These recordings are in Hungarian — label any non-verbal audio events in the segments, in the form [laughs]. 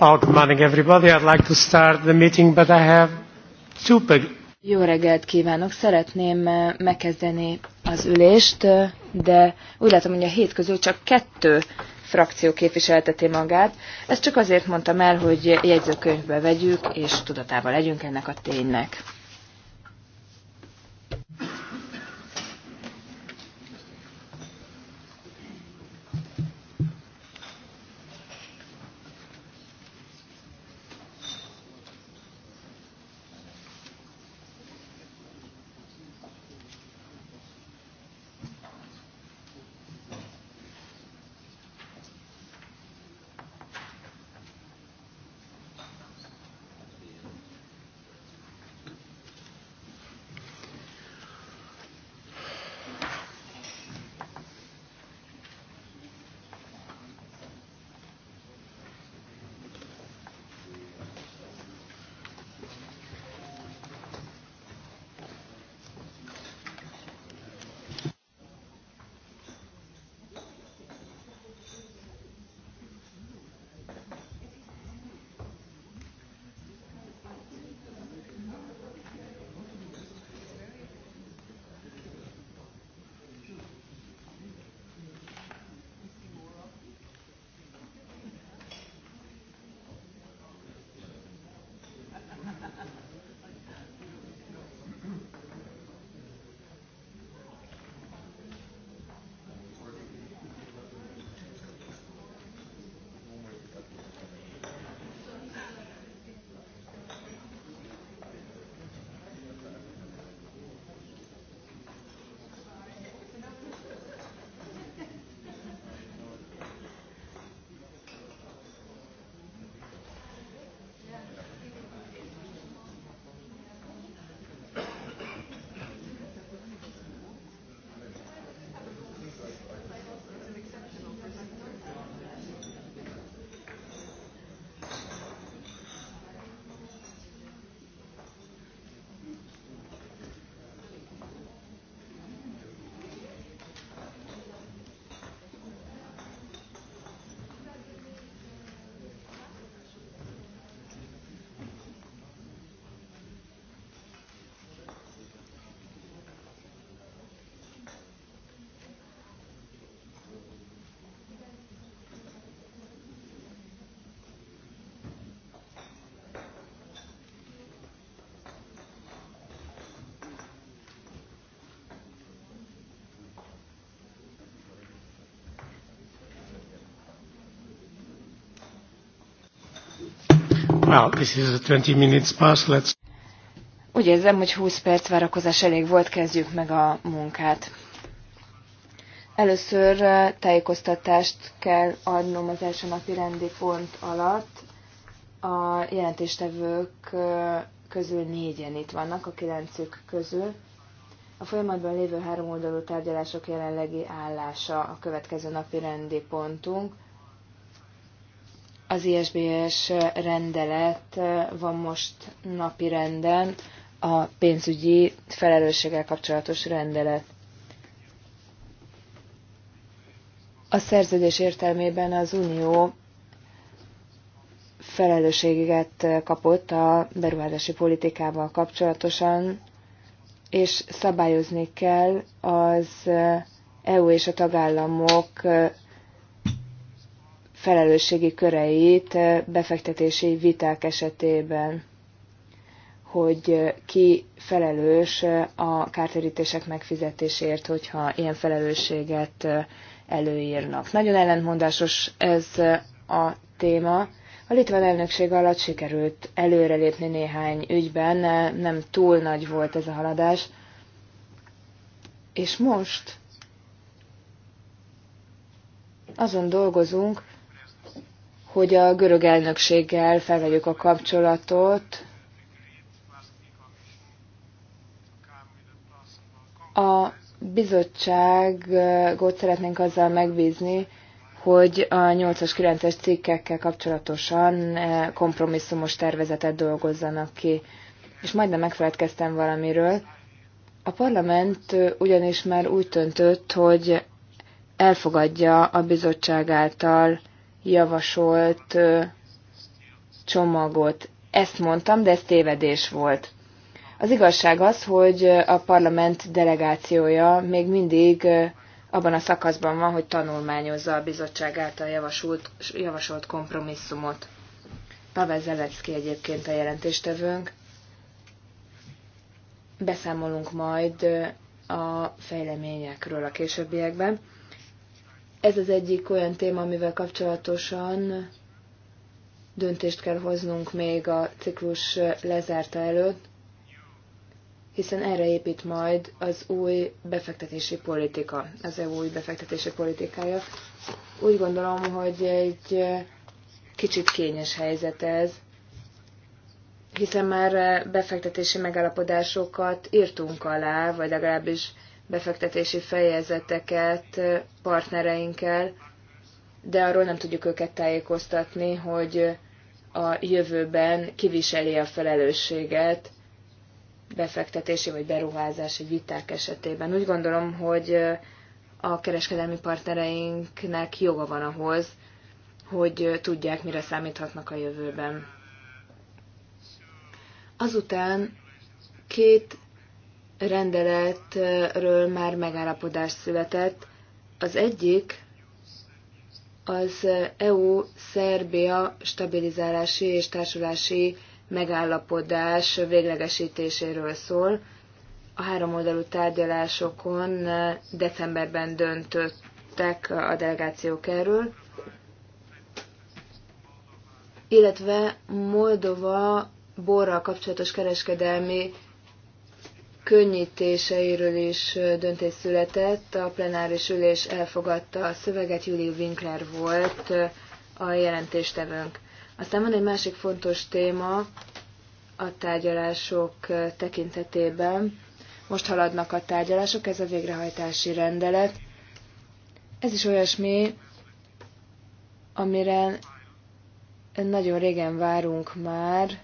morning everybody. I'd like to start the meeting, but I have two Jó reggelt kívánok! Szeretném eh, megkezdeni az ülést, eh, de úgy látom, hogy a hét közül csak kettő frakció képviselteti magát. Ezt csak azért mondtam el, hogy jegyzőkönyvbe vegyük, és tudatában legyünk ennek a ténynek. Now, this is 20 minutes let's... Úgy érzem, hogy 20 perc várakozás elég volt, kezdjük meg a munkát. Először tájékoztatást kell adnom az első napi rendi pont alatt. A jelentéstevők közül négyen itt vannak, a kilencük közül. A folyamatban lévő három oldalú tárgyalások jelenlegi állása a következő napi rendi pontunk. Az ISBS rendelet eh, van most napi renden, a pénzügyi felelősséggel kapcsolatos rendelet. A szerződés értelmében az Unió felelősséget eh, kapott a beruházási politikával kapcsolatosan, és szabályozni kell az EU eh, e és a tagállamok felelősségi köreit befektetési viták esetében, hogy ki felelős a kártérítések megfizetéséért, hogyha ilyen felelősséget előírnak. Nagyon ellentmondásos ez a téma. A litván elnökség alatt sikerült előrelépni néhány ügyben, nem túl nagy volt ez a haladás. És most azon dolgozunk, hogy a görög elnökséggel felvegyük a kapcsolatot. A bizottságot szeretnénk azzal megbízni, hogy a 8-as, 9-es cikkekkel kapcsolatosan eh, kompromisszumos tervezetet dolgozzanak ki. És majdnem megfelelkeztem valamiről. A parlament eh, ugyanis már úgy döntött, hogy elfogadja a bizottság által javasolt csomagot. Ezt mondtam, de ez tévedés volt. Az igazság az, hogy a parlament delegációja még mindig abban a szakaszban van, hogy tanulmányozza a bizottság által javasolt, javasolt kompromisszumot. Pavel Zelecki egyébként a jelentéstevőnk. Beszámolunk majd a fejleményekről a későbbiekben. Ez az egyik olyan téma, amivel kapcsolatosan döntést kell hoznunk még a ciklus lezárta előtt, hiszen erre épít majd az új befektetési politika, az EU új befektetési politikája. Úgy gondolom, hogy egy kicsit kényes helyzet ez, hiszen már befektetési megállapodásokat írtunk alá, vagy legalábbis befektetési fejezeteket partnereinkkel, de arról nem tudjuk őket tájékoztatni, hogy a jövőben kiviseli a felelősséget befektetési vagy beruházási viták esetében. Úgy gondolom, hogy a kereskedelmi partnereinknek joga van ahhoz, hogy tudják, mire számíthatnak a jövőben. Azután két rendeletről már megállapodás született. Az egyik az EU-Szerbia stabilizálási és társulási megállapodás véglegesítéséről szól. A három oldalú tárgyalásokon decemberben döntöttek a delegációk erről, illetve Moldova borral kapcsolatos kereskedelmi könnyítéseiről is döntés született. A plenáris ülés elfogadta a szöveget, Júli Winkler volt a jelentéstevőnk. Aztán van egy másik fontos téma a tárgyalások tekintetében. Most haladnak a tárgyalások, ez a végrehajtási rendelet. Ez is olyasmi, amire nagyon régen várunk már,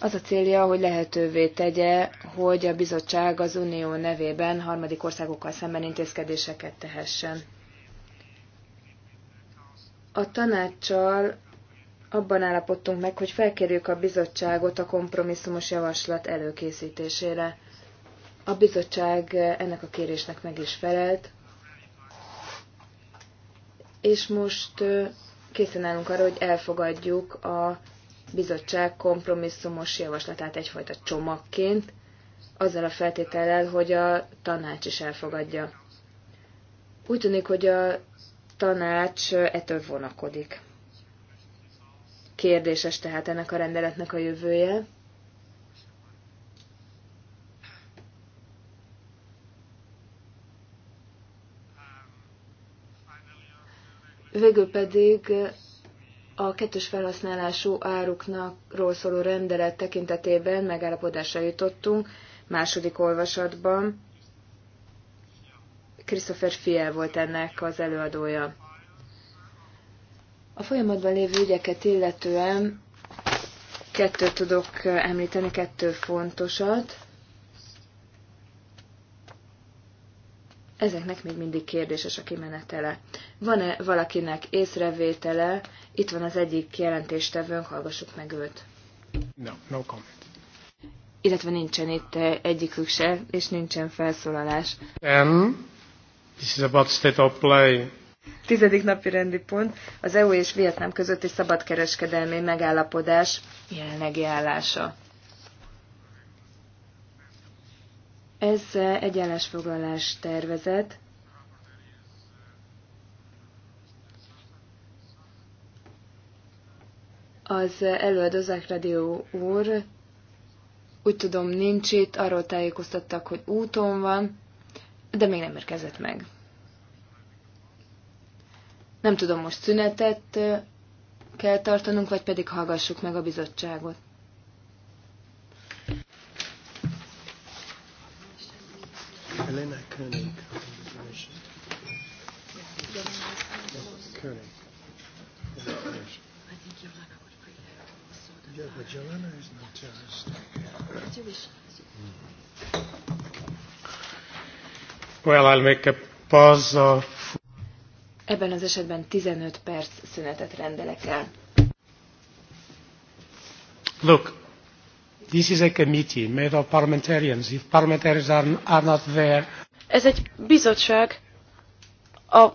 az a célja, hogy lehetővé tegye, hogy a bizottság az unió nevében harmadik országokkal szemben intézkedéseket tehessen. A tanácssal abban állapodtunk meg, hogy felkérjük a bizottságot a kompromisszumos javaslat előkészítésére. A bizottság ennek a kérésnek meg is felelt, és most készen állunk arra, hogy elfogadjuk a bizottság kompromisszumos javaslatát egyfajta csomagként, azzal a feltétellel, hogy a tanács is elfogadja. Úgy tűnik, hogy a tanács ettől vonakodik. Kérdéses tehát ennek a rendeletnek a jövője. Végül pedig a kettős felhasználású áruknakról szóló rendelet tekintetében megállapodásra jutottunk második olvasatban. Christopher Fiel volt ennek az előadója. A folyamatban lévő ügyeket illetően kettőt tudok említeni, kettő fontosat. Ezeknek még mindig kérdéses a kimenetele. Van-e valakinek észrevétele, itt van az egyik jelentéstevőnk, hallgassuk meg őt. No, no comment. Illetve nincsen itt eh, egyikük se, és nincsen felszólalás. Um, this is about state of play. Tizedik napi rendi pont, az EU és Vietnám közötti szabadkereskedelmi megállapodás jelenlegi állása. Ez eh, egy állásfoglalás tervezet, Az előadó Radio úr, úgy tudom, nincs itt, arról tájékoztattak, hogy úton van, de még nem érkezett meg. Nem tudom, most szünetet kell tartanunk, vagy pedig hallgassuk meg a bizottságot. Elena König. I think you're Well, I'll make a pause of... Ebben az esetben 15 perc szünetet rendelek el. Look, this is a committee made of parliamentarians. If parliamentarians are, are not there... Ez egy bizottság. A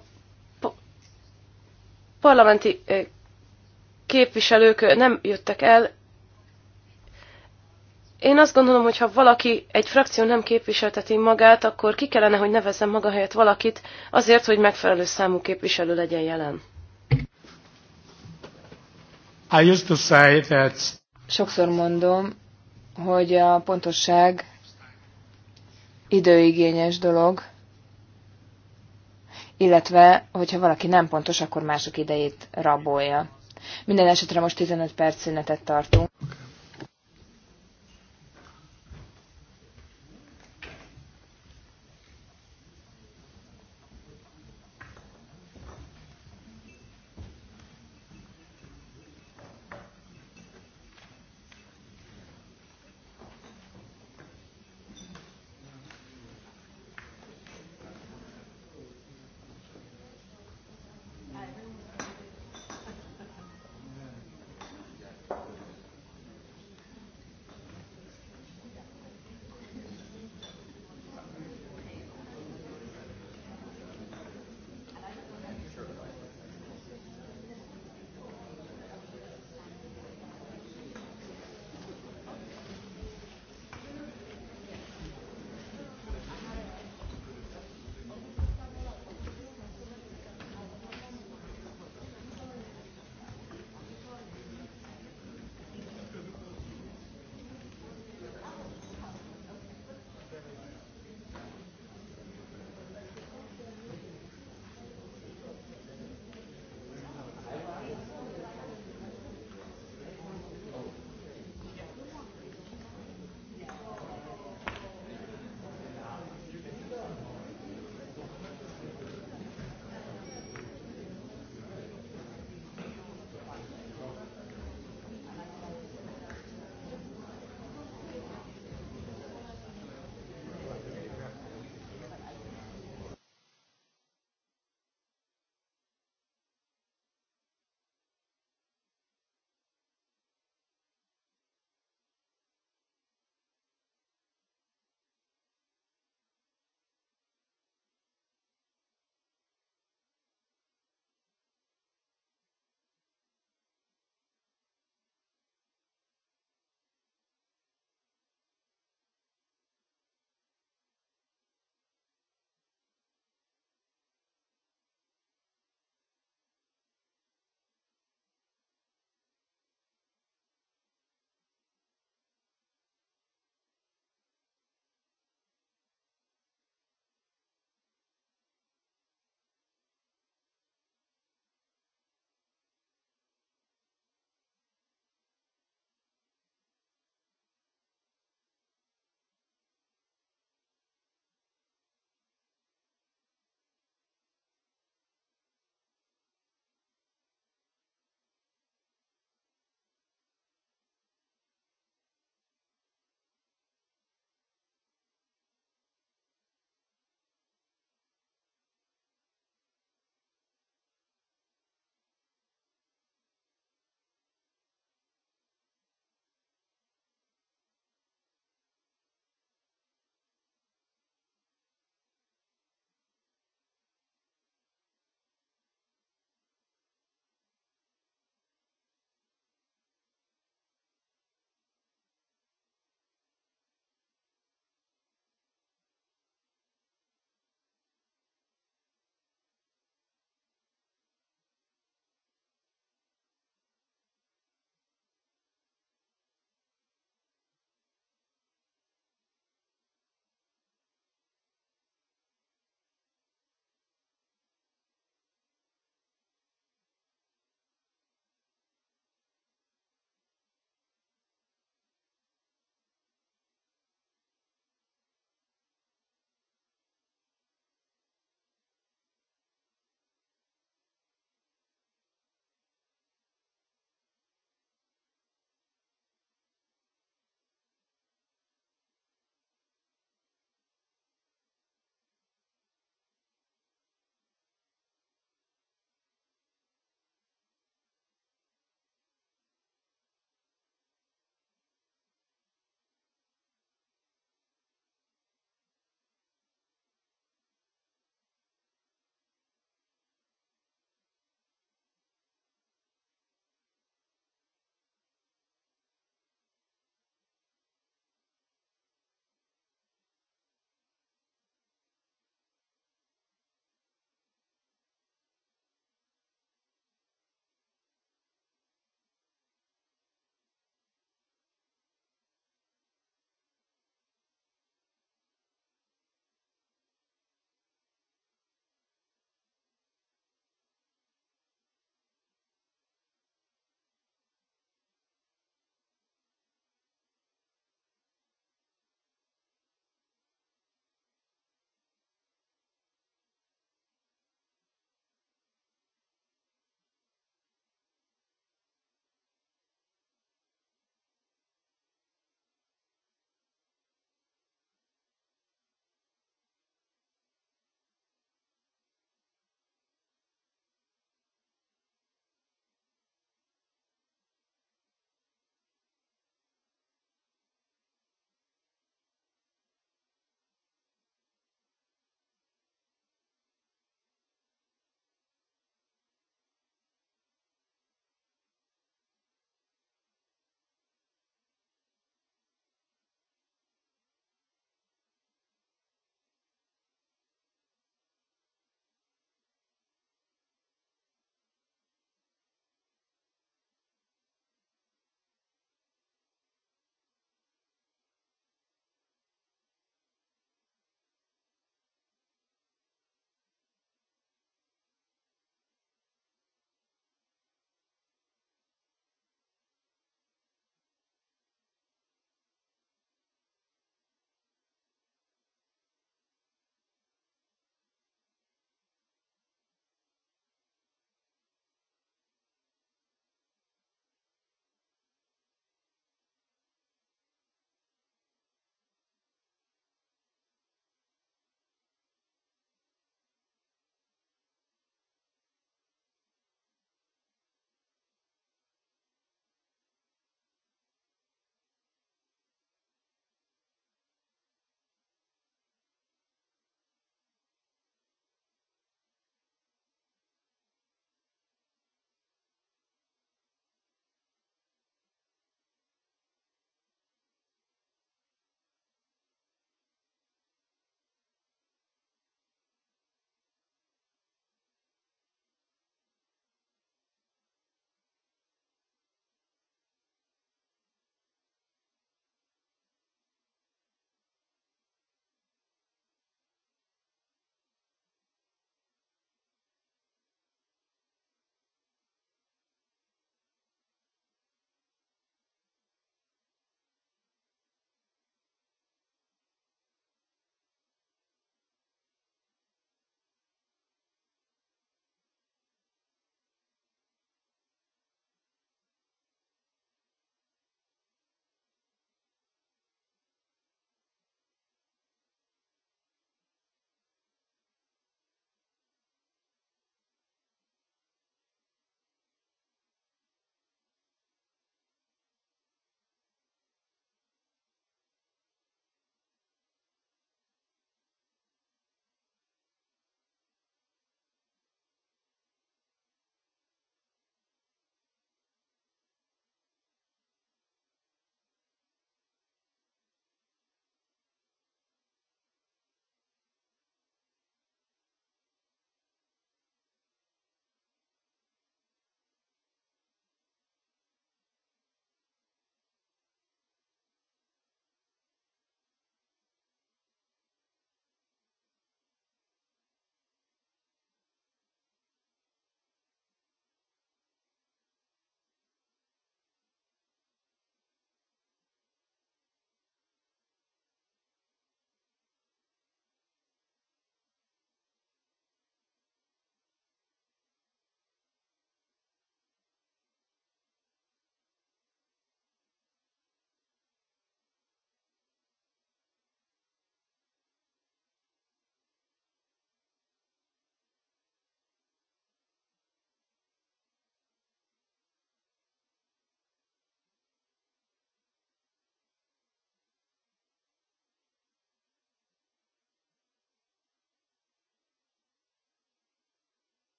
parlamenti képviselők nem jöttek el. Én azt gondolom, hogy ha valaki egy frakció nem képviselteti magát, akkor ki kellene, hogy nevezzem maga helyett valakit, azért, hogy megfelelő számú képviselő legyen jelen. I used to say that... Sokszor mondom, hogy a pontosság időigényes dolog, illetve, hogyha valaki nem pontos, akkor mások idejét rabolja. Minden esetre most 15 perc szünetet tartunk.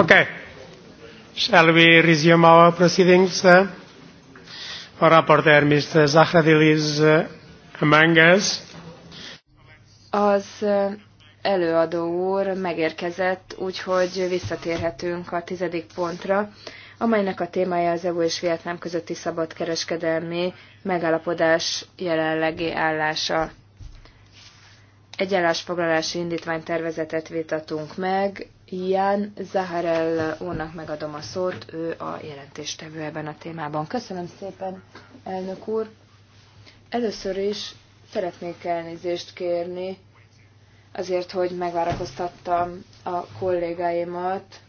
Okay. Shall we resume our proceedings? Uh, our rapporteur, Mr. Zahradil, is uh, among us. Az uh, előadó úr megérkezett, úgyhogy visszatérhetünk a tizedik pontra, amelynek a témája az EU és Vietnám közötti szabadkereskedelmi megállapodás jelenlegi állása. Egy állásfoglalási indítványtervezetet vitatunk meg, Ján Zaharel úrnak megadom a szót, ő a jelentéstevő ebben a témában. Köszönöm szépen, elnök úr. Először is szeretnék elnézést kérni azért, hogy megvárakoztattam a kollégáimat.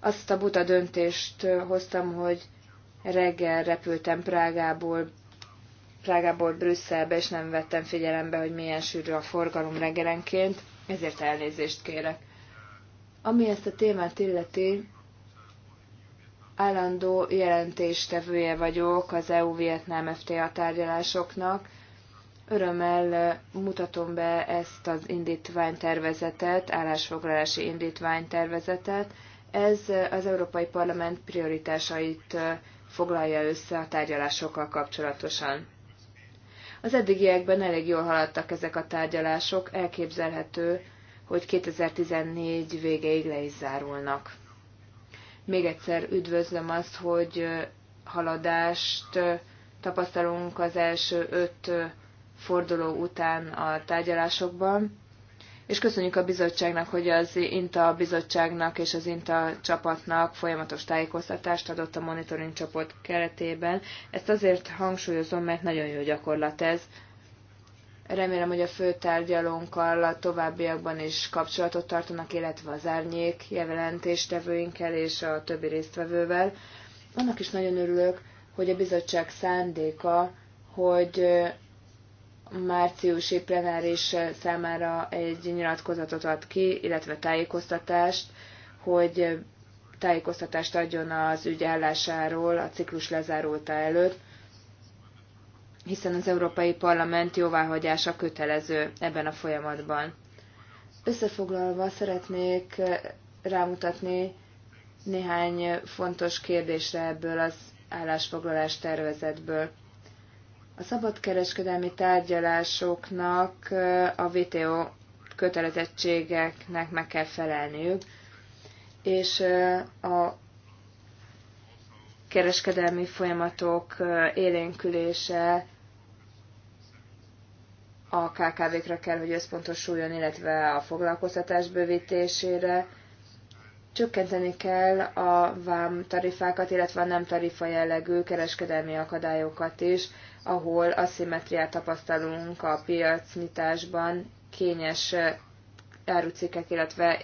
Azt a buta döntést hoztam, hogy reggel repültem Prágából Prágából Brüsszelbe, és nem vettem figyelembe, hogy milyen sűrű a forgalom reggelenként ezért elnézést kérek. Ami ezt a témát illeti, állandó jelentéstevője vagyok az EU-Vietnám FTA tárgyalásoknak. Örömmel mutatom be ezt az indítványtervezetet, állásfoglalási indítványtervezetet. Ez az Európai Parlament prioritásait foglalja össze a tárgyalásokkal kapcsolatosan. Az eddigiekben elég jól haladtak ezek a tárgyalások, elképzelhető, hogy 2014 végéig le is zárulnak. Még egyszer üdvözlöm azt, hogy haladást tapasztalunk az első öt forduló után a tárgyalásokban és köszönjük a bizottságnak, hogy az INTA bizottságnak és az INTA csapatnak folyamatos tájékoztatást adott a monitoring csoport keretében. Ezt azért hangsúlyozom, mert nagyon jó gyakorlat ez. Remélem, hogy a főtárgyalónkkal a továbbiakban is kapcsolatot tartanak, illetve az árnyék jelentéstevőinkkel és a többi résztvevővel. Annak is nagyon örülök, hogy a bizottság szándéka, hogy márciusi plenáris számára egy nyilatkozatot ad ki, illetve tájékoztatást, hogy tájékoztatást adjon az ügy állásáról a ciklus lezárulta előtt, hiszen az Európai Parlament jóváhagyása kötelező ebben a folyamatban. Összefoglalva szeretnék rámutatni néhány fontos kérdésre ebből az állásfoglalás tervezetből. A szabadkereskedelmi tárgyalásoknak a VTO kötelezettségeknek meg kell felelniük, és a kereskedelmi folyamatok élénkülése a KKV-kra kell, hogy összpontosuljon, illetve a foglalkoztatás bővítésére, csökkenteni kell a vám tarifákat, illetve a nem tarifa jellegű kereskedelmi akadályokat is, ahol aszimetriát tapasztalunk a piacnyitásban, kényes eh, árucikkek, illetve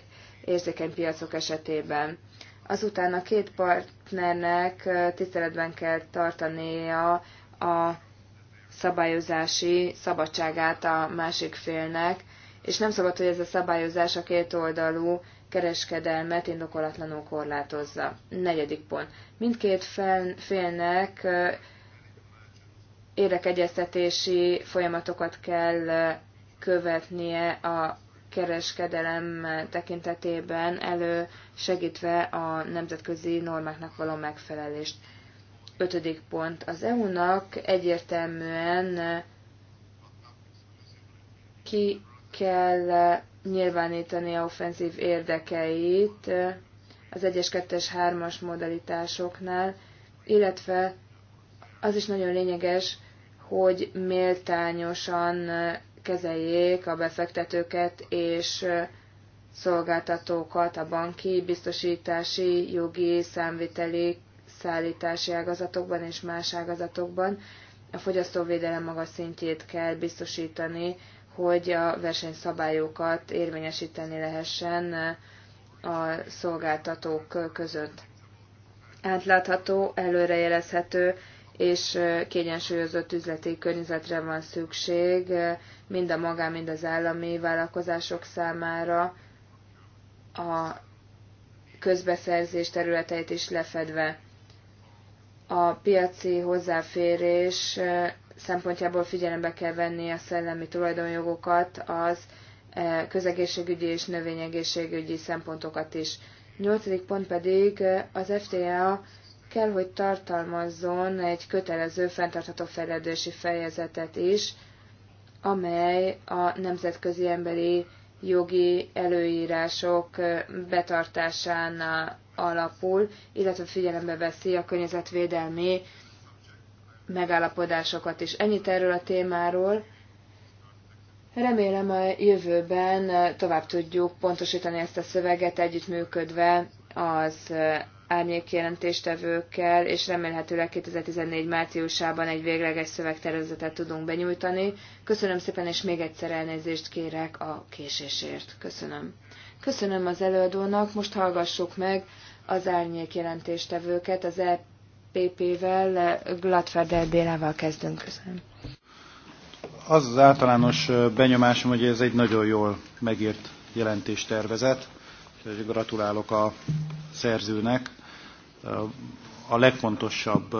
érzékeny piacok esetében. Azután a két partnernek eh, tiszteletben kell tartania a szabályozási szabadságát a másik félnek, és nem szabad, hogy ez a szabályozás a oldalú kereskedelmet indokolatlanul korlátozza. Negyedik pont. Mindkét félnek érdekegyeztetési folyamatokat kell követnie a kereskedelem tekintetében elő segítve a nemzetközi normáknak való megfelelést. Ötödik pont. Az EU-nak egyértelműen ki kell nyilvánítani a offenzív érdekeit az 1-es, 2-es, 3-as modalitásoknál, illetve az is nagyon lényeges, hogy méltányosan kezeljék a befektetőket és szolgáltatókat a banki, biztosítási, jogi, számviteli, szállítási ágazatokban és más ágazatokban. A fogyasztóvédelem magas szintjét kell biztosítani hogy a versenyszabályokat érvényesíteni lehessen a szolgáltatók között. Átlátható, előrejelezhető és kiegyensúlyozott üzleti környezetre van szükség mind a magán, mind az állami vállalkozások számára a közbeszerzés területeit is lefedve. A piaci hozzáférés szempontjából figyelembe kell venni a szellemi tulajdonjogokat, az e, közegészségügyi és növényegészségügyi szempontokat is. Nyolcadik pont pedig e, az FTA kell, hogy tartalmazzon egy kötelező fenntartható fejlődési fejezetet is, amely a nemzetközi emberi jogi előírások e, betartásán alapul, illetve figyelembe veszi a környezetvédelmi megállapodásokat is. Ennyit erről a témáról. Remélem a jövőben eh, tovább tudjuk pontosítani ezt a szöveget együttműködve az eh, árnyék jelentéstevőkkel, és remélhetőleg 2014 márciusában egy végleges szövegtervezetet tudunk benyújtani. Köszönöm szépen, és még egyszer elnézést kérek a késésért. Köszönöm. Köszönöm az előadónak, most hallgassuk meg az árnyék jelentéstevőket, az EP PP-vel, Gladfeder Bélával kezdünk. Köszönöm. Az az általános benyomásom, hogy ez egy nagyon jól megírt jelentéstervezet, úgyhogy gratulálok a szerzőnek. A legfontosabb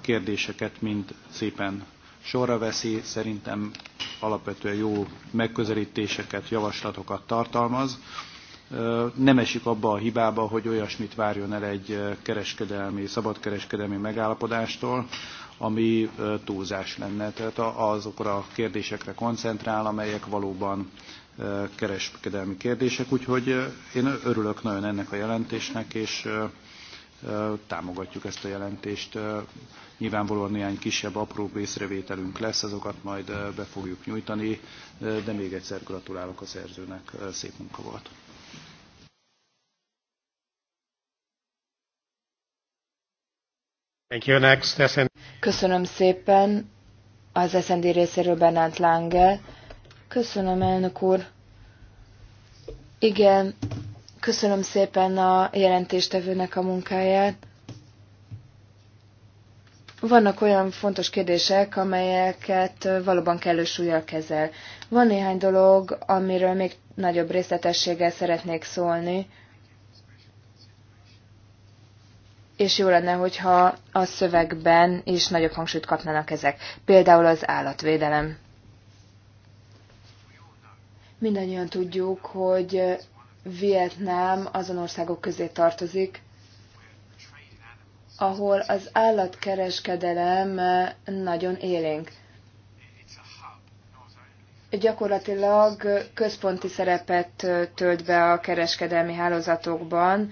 kérdéseket mind szépen sorra veszi, szerintem alapvetően jó megközelítéseket, javaslatokat tartalmaz nem esik abba a hibába, hogy olyasmit várjon el egy kereskedelmi, szabadkereskedelmi megállapodástól, ami túlzás lenne. Tehát azokra a kérdésekre koncentrál, amelyek valóban kereskedelmi kérdések. Úgyhogy én örülök nagyon ennek a jelentésnek, és támogatjuk ezt a jelentést. Nyilvánvalóan néhány kisebb, apró észrevételünk lesz, azokat majd be fogjuk nyújtani, de még egyszer gratulálok a szerzőnek, szép munka volt. Thank you, next, SND. Köszönöm szépen az SND részéről Bernát Lange. Köszönöm, elnök úr. Igen, köszönöm szépen a jelentéstevőnek a munkáját. Vannak olyan fontos kérdések, amelyeket valóban kellő súlyjal kezel. Van néhány dolog, amiről még nagyobb részletességgel szeretnék szólni. és jó lenne, hogyha a szövegben is nagyobb hangsúlyt kapnának ezek. Például az állatvédelem. Mindannyian tudjuk, hogy Vietnám azon országok közé tartozik, ahol az állatkereskedelem nagyon élénk. Gyakorlatilag központi szerepet tölt be a kereskedelmi hálózatokban,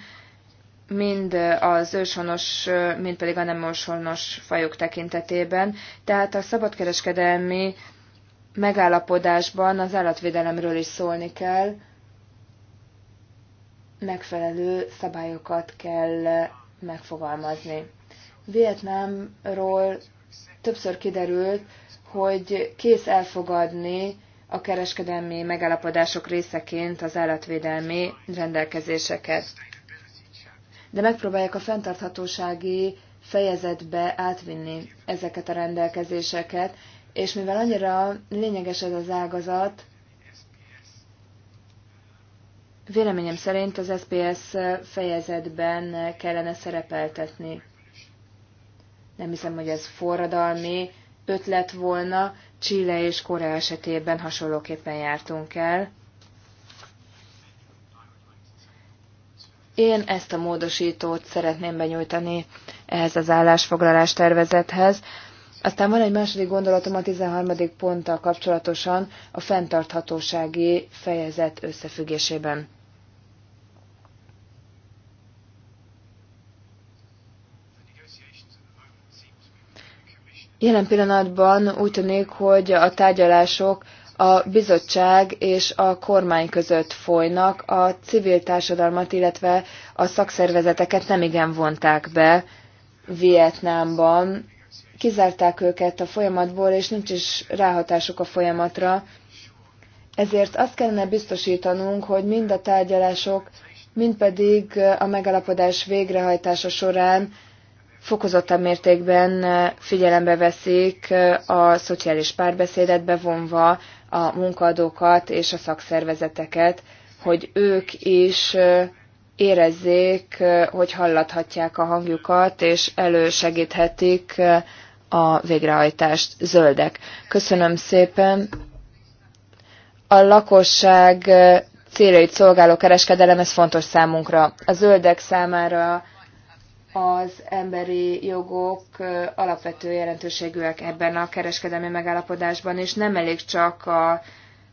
mind az őshonos, mind pedig a nem őshonos fajok tekintetében. Tehát a szabadkereskedelmi megállapodásban az állatvédelemről is szólni kell, megfelelő szabályokat kell megfogalmazni. Vietnámról többször kiderült, hogy kész elfogadni a kereskedelmi megállapodások részeként az állatvédelmi rendelkezéseket de megpróbálják a fenntarthatósági fejezetbe átvinni ezeket a rendelkezéseket, és mivel annyira lényeges ez az ágazat, véleményem szerint az SPS fejezetben kellene szerepeltetni. Nem hiszem, hogy ez forradalmi ötlet volna, Chile és Korea esetében hasonlóképpen jártunk el. Én ezt a módosítót szeretném benyújtani ehhez az állásfoglalás tervezethez. Aztán van egy második gondolatom a 13. ponttal kapcsolatosan a fenntarthatósági fejezet összefüggésében. Jelen pillanatban úgy tűnik, hogy a tárgyalások a bizottság és a kormány között folynak, a civil társadalmat, illetve a szakszervezeteket nemigen vonták be Vietnámban. Kizárták őket a folyamatból, és nincs is ráhatásuk a folyamatra. Ezért azt kellene biztosítanunk, hogy mind a tárgyalások, mind pedig a megalapodás végrehajtása során fokozottabb mértékben figyelembe veszik a szociális párbeszédet bevonva a munkadókat és a szakszervezeteket, hogy ők is érezzék, hogy hallathatják a hangjukat, és elősegíthetik a végrehajtást zöldek. Köszönöm szépen. A lakosság céljait szolgáló kereskedelem, ez fontos számunkra. A zöldek számára az emberi jogok alapvető jelentőségűek ebben a kereskedelmi megállapodásban, és nem elég csak a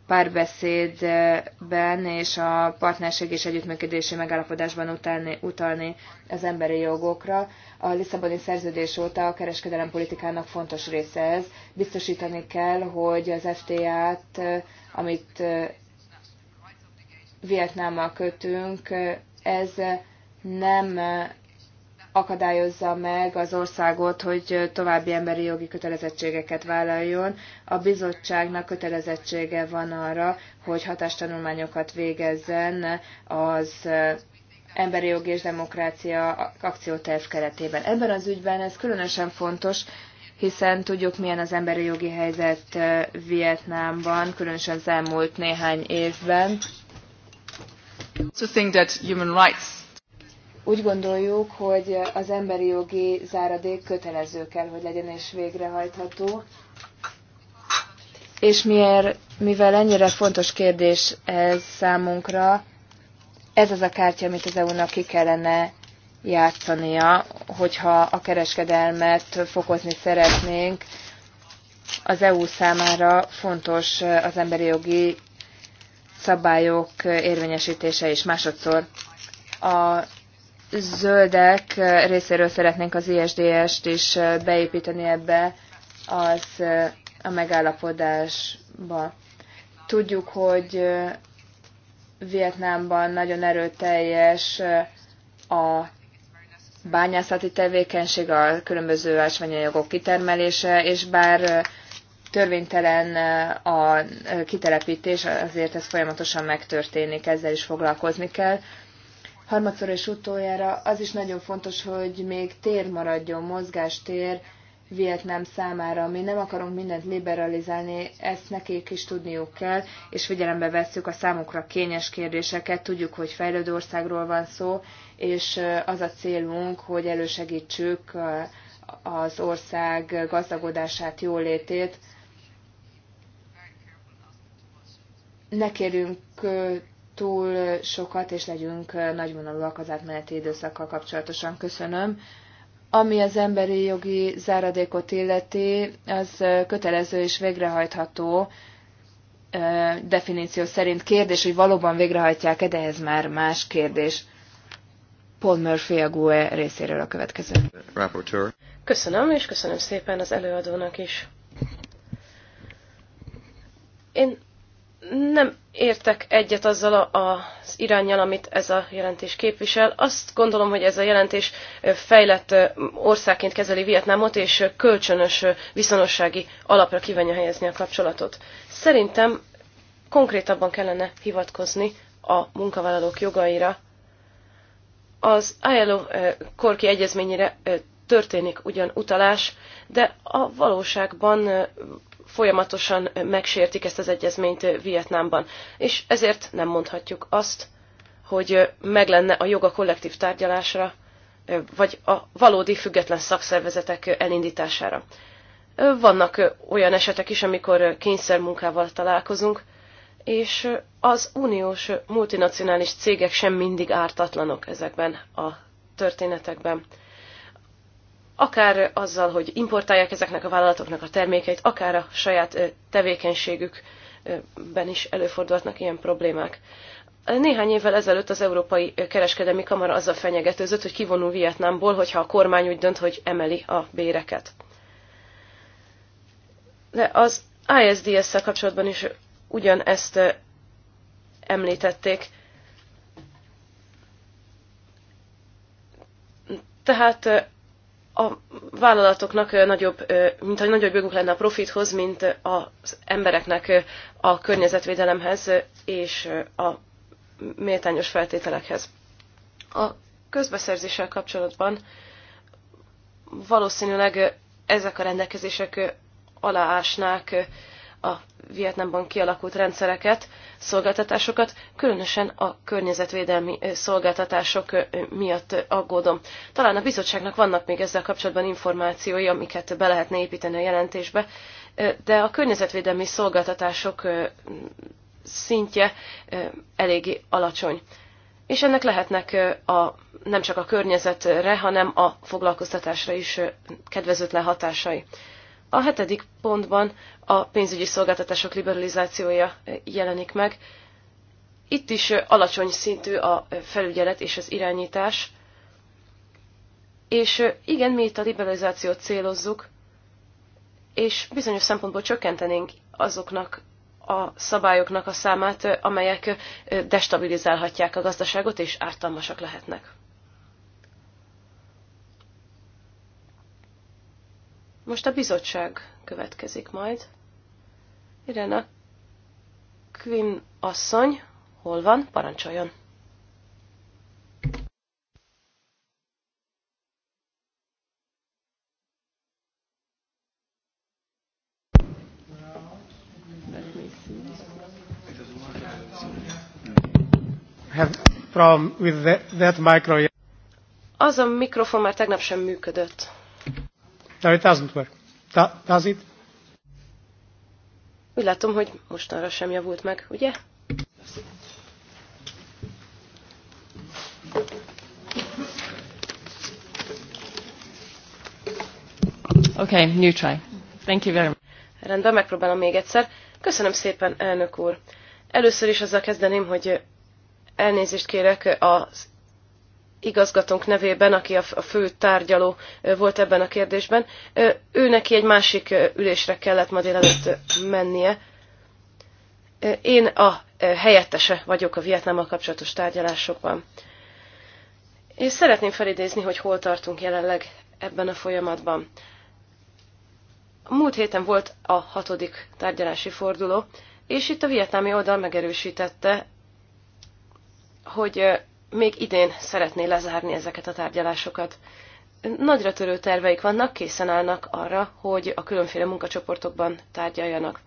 párbeszédben és a partnerség és együttműködési megállapodásban utalni, utalni az emberi jogokra. A Lisszaboni szerződés óta a kereskedelem politikának fontos része ez. Biztosítani kell, hogy az FTA-t, amit Vietnámmal kötünk, ez nem akadályozza meg az országot, hogy további emberi jogi kötelezettségeket vállaljon. A bizottságnak kötelezettsége van arra, hogy hatástanulmányokat végezzen az emberi jogi és demokrácia akcióterv keretében. Ebben az ügyben ez különösen fontos, hiszen tudjuk, milyen az emberi jogi helyzet eh, Vietnámban, különösen az elmúlt néhány évben. To think that human rights úgy gondoljuk, hogy az emberi jogi záradék kötelező kell, hogy legyen és végrehajtható. És miért, mivel ennyire fontos kérdés ez számunkra, ez az a kártya, amit az EU-nak ki kellene játszania, hogyha a kereskedelmet fokozni szeretnénk. Az EU számára fontos az emberi jogi szabályok érvényesítése is másodszor. A zöldek eh, részéről szeretnénk az ISDS-t is eh, beépíteni ebbe az eh, a megállapodásba. Tudjuk, hogy Vietnámban nagyon erőteljes a bányászati tevékenység, a különböző ásványanyagok kitermelése, és bár törvénytelen a kitelepítés, azért ez folyamatosan megtörténik, ezzel is foglalkozni kell harmadszor és utoljára az is nagyon fontos, hogy még tér maradjon, mozgástér Vietnám számára. Mi nem akarunk mindent liberalizálni, ezt nekik is tudniuk kell, és figyelembe vesszük a számukra kényes kérdéseket, tudjuk, hogy fejlődő országról van szó, és az a célunk, hogy elősegítsük az ország gazdagodását, jólétét. Ne kérünk túl sokat, és legyünk nagyvonalúak az átmeneti időszakkal kapcsolatosan. Köszönöm. Ami az emberi jogi záradékot illeti, az kötelező és végrehajtható definíció szerint kérdés, hogy valóban végrehajtják-e, de ez már más kérdés. Paul Murphy a GUE részéről a következő. Rapporteur. Köszönöm, és köszönöm szépen az előadónak is. Én nem értek egyet azzal az irányjal, amit ez a jelentés képvisel. Azt gondolom, hogy ez a jelentés fejlett országként kezeli Vietnámot, és kölcsönös viszonossági alapra kívánja helyezni a kapcsolatot. Szerintem konkrétabban kellene hivatkozni a munkavállalók jogaira. Az ILO korki egyezményére történik ugyan utalás, de a valóságban folyamatosan megsértik ezt az egyezményt Vietnámban. És ezért nem mondhatjuk azt, hogy meg lenne a joga kollektív tárgyalásra, vagy a valódi független szakszervezetek elindítására. Vannak olyan esetek is, amikor kényszermunkával találkozunk, és az uniós multinacionális cégek sem mindig ártatlanok ezekben a történetekben akár azzal, hogy importálják ezeknek a vállalatoknak a termékeit, akár a saját tevékenységükben is előfordulhatnak ilyen problémák. Néhány évvel ezelőtt az Európai Kereskedelmi Kamara azzal fenyegetőzött, hogy kivonul Vietnámból, hogyha a kormány úgy dönt, hogy emeli a béreket. De az ISDS-szel kapcsolatban is ugyanezt említették. Tehát a vállalatoknak nagyobb, mint hogy nagyobb jogunk lenne a profithoz, mint az embereknek a környezetvédelemhez és a méltányos feltételekhez. A közbeszerzéssel kapcsolatban valószínűleg ezek a rendelkezések aláásnák a vietnamban kialakult rendszereket, szolgáltatásokat, különösen a környezetvédelmi szolgáltatások miatt aggódom. Talán a bizottságnak vannak még ezzel kapcsolatban információi, amiket be lehetne építeni a jelentésbe, de a környezetvédelmi szolgáltatások szintje eléggé alacsony. És ennek lehetnek a, nem csak a környezetre, hanem a foglalkoztatásra is kedvezőtlen hatásai. A hetedik pontban a pénzügyi szolgáltatások liberalizációja jelenik meg. Itt is alacsony szintű a felügyelet és az irányítás. És igen, mi itt a liberalizációt célozzuk, és bizonyos szempontból csökkentenénk azoknak a szabályoknak a számát, amelyek destabilizálhatják a gazdaságot és ártalmasak lehetnek. Most a bizottság következik majd. Irena Quinn asszony, hol van? Parancsoljon! Have problem with that, that micro. Az a mikrofon már tegnap sem működött. No, it doesn't work. does it? Úgy látom, hogy mostanra sem javult meg, ugye? Okay, new try. Thank you very much. Rendben, megpróbálom még egyszer. Köszönöm szépen, elnök úr. Először is azzal kezdeném, hogy elnézést kérek az igazgatónk nevében, aki a fő tárgyaló volt ebben a kérdésben. Ő neki egy másik ülésre kellett ma délelőtt mennie. Én a helyettese vagyok a Vietnámmal kapcsolatos tárgyalásokban. És szeretném felidézni, hogy hol tartunk jelenleg ebben a folyamatban. Múlt héten volt a hatodik tárgyalási forduló, és itt a vietnámi oldal megerősítette, hogy még idén szeretné lezárni ezeket a tárgyalásokat. Nagyra törő terveik vannak, készen állnak arra, hogy a különféle munkacsoportokban tárgyaljanak.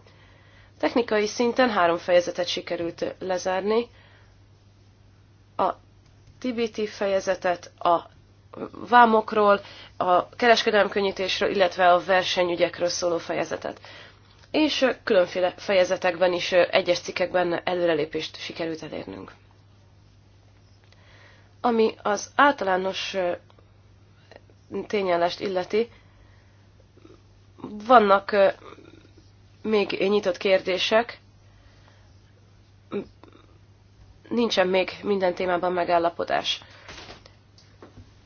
Technikai szinten három fejezetet sikerült lezárni. A TBT fejezetet, a vámokról, a kereskedelemkönnyítésről, illetve a versenyügyekről szóló fejezetet. És különféle fejezetekben is egyes cikkekben előrelépést sikerült elérnünk. Ami az általános tényállást illeti, vannak még nyitott kérdések, nincsen még minden témában megállapodás.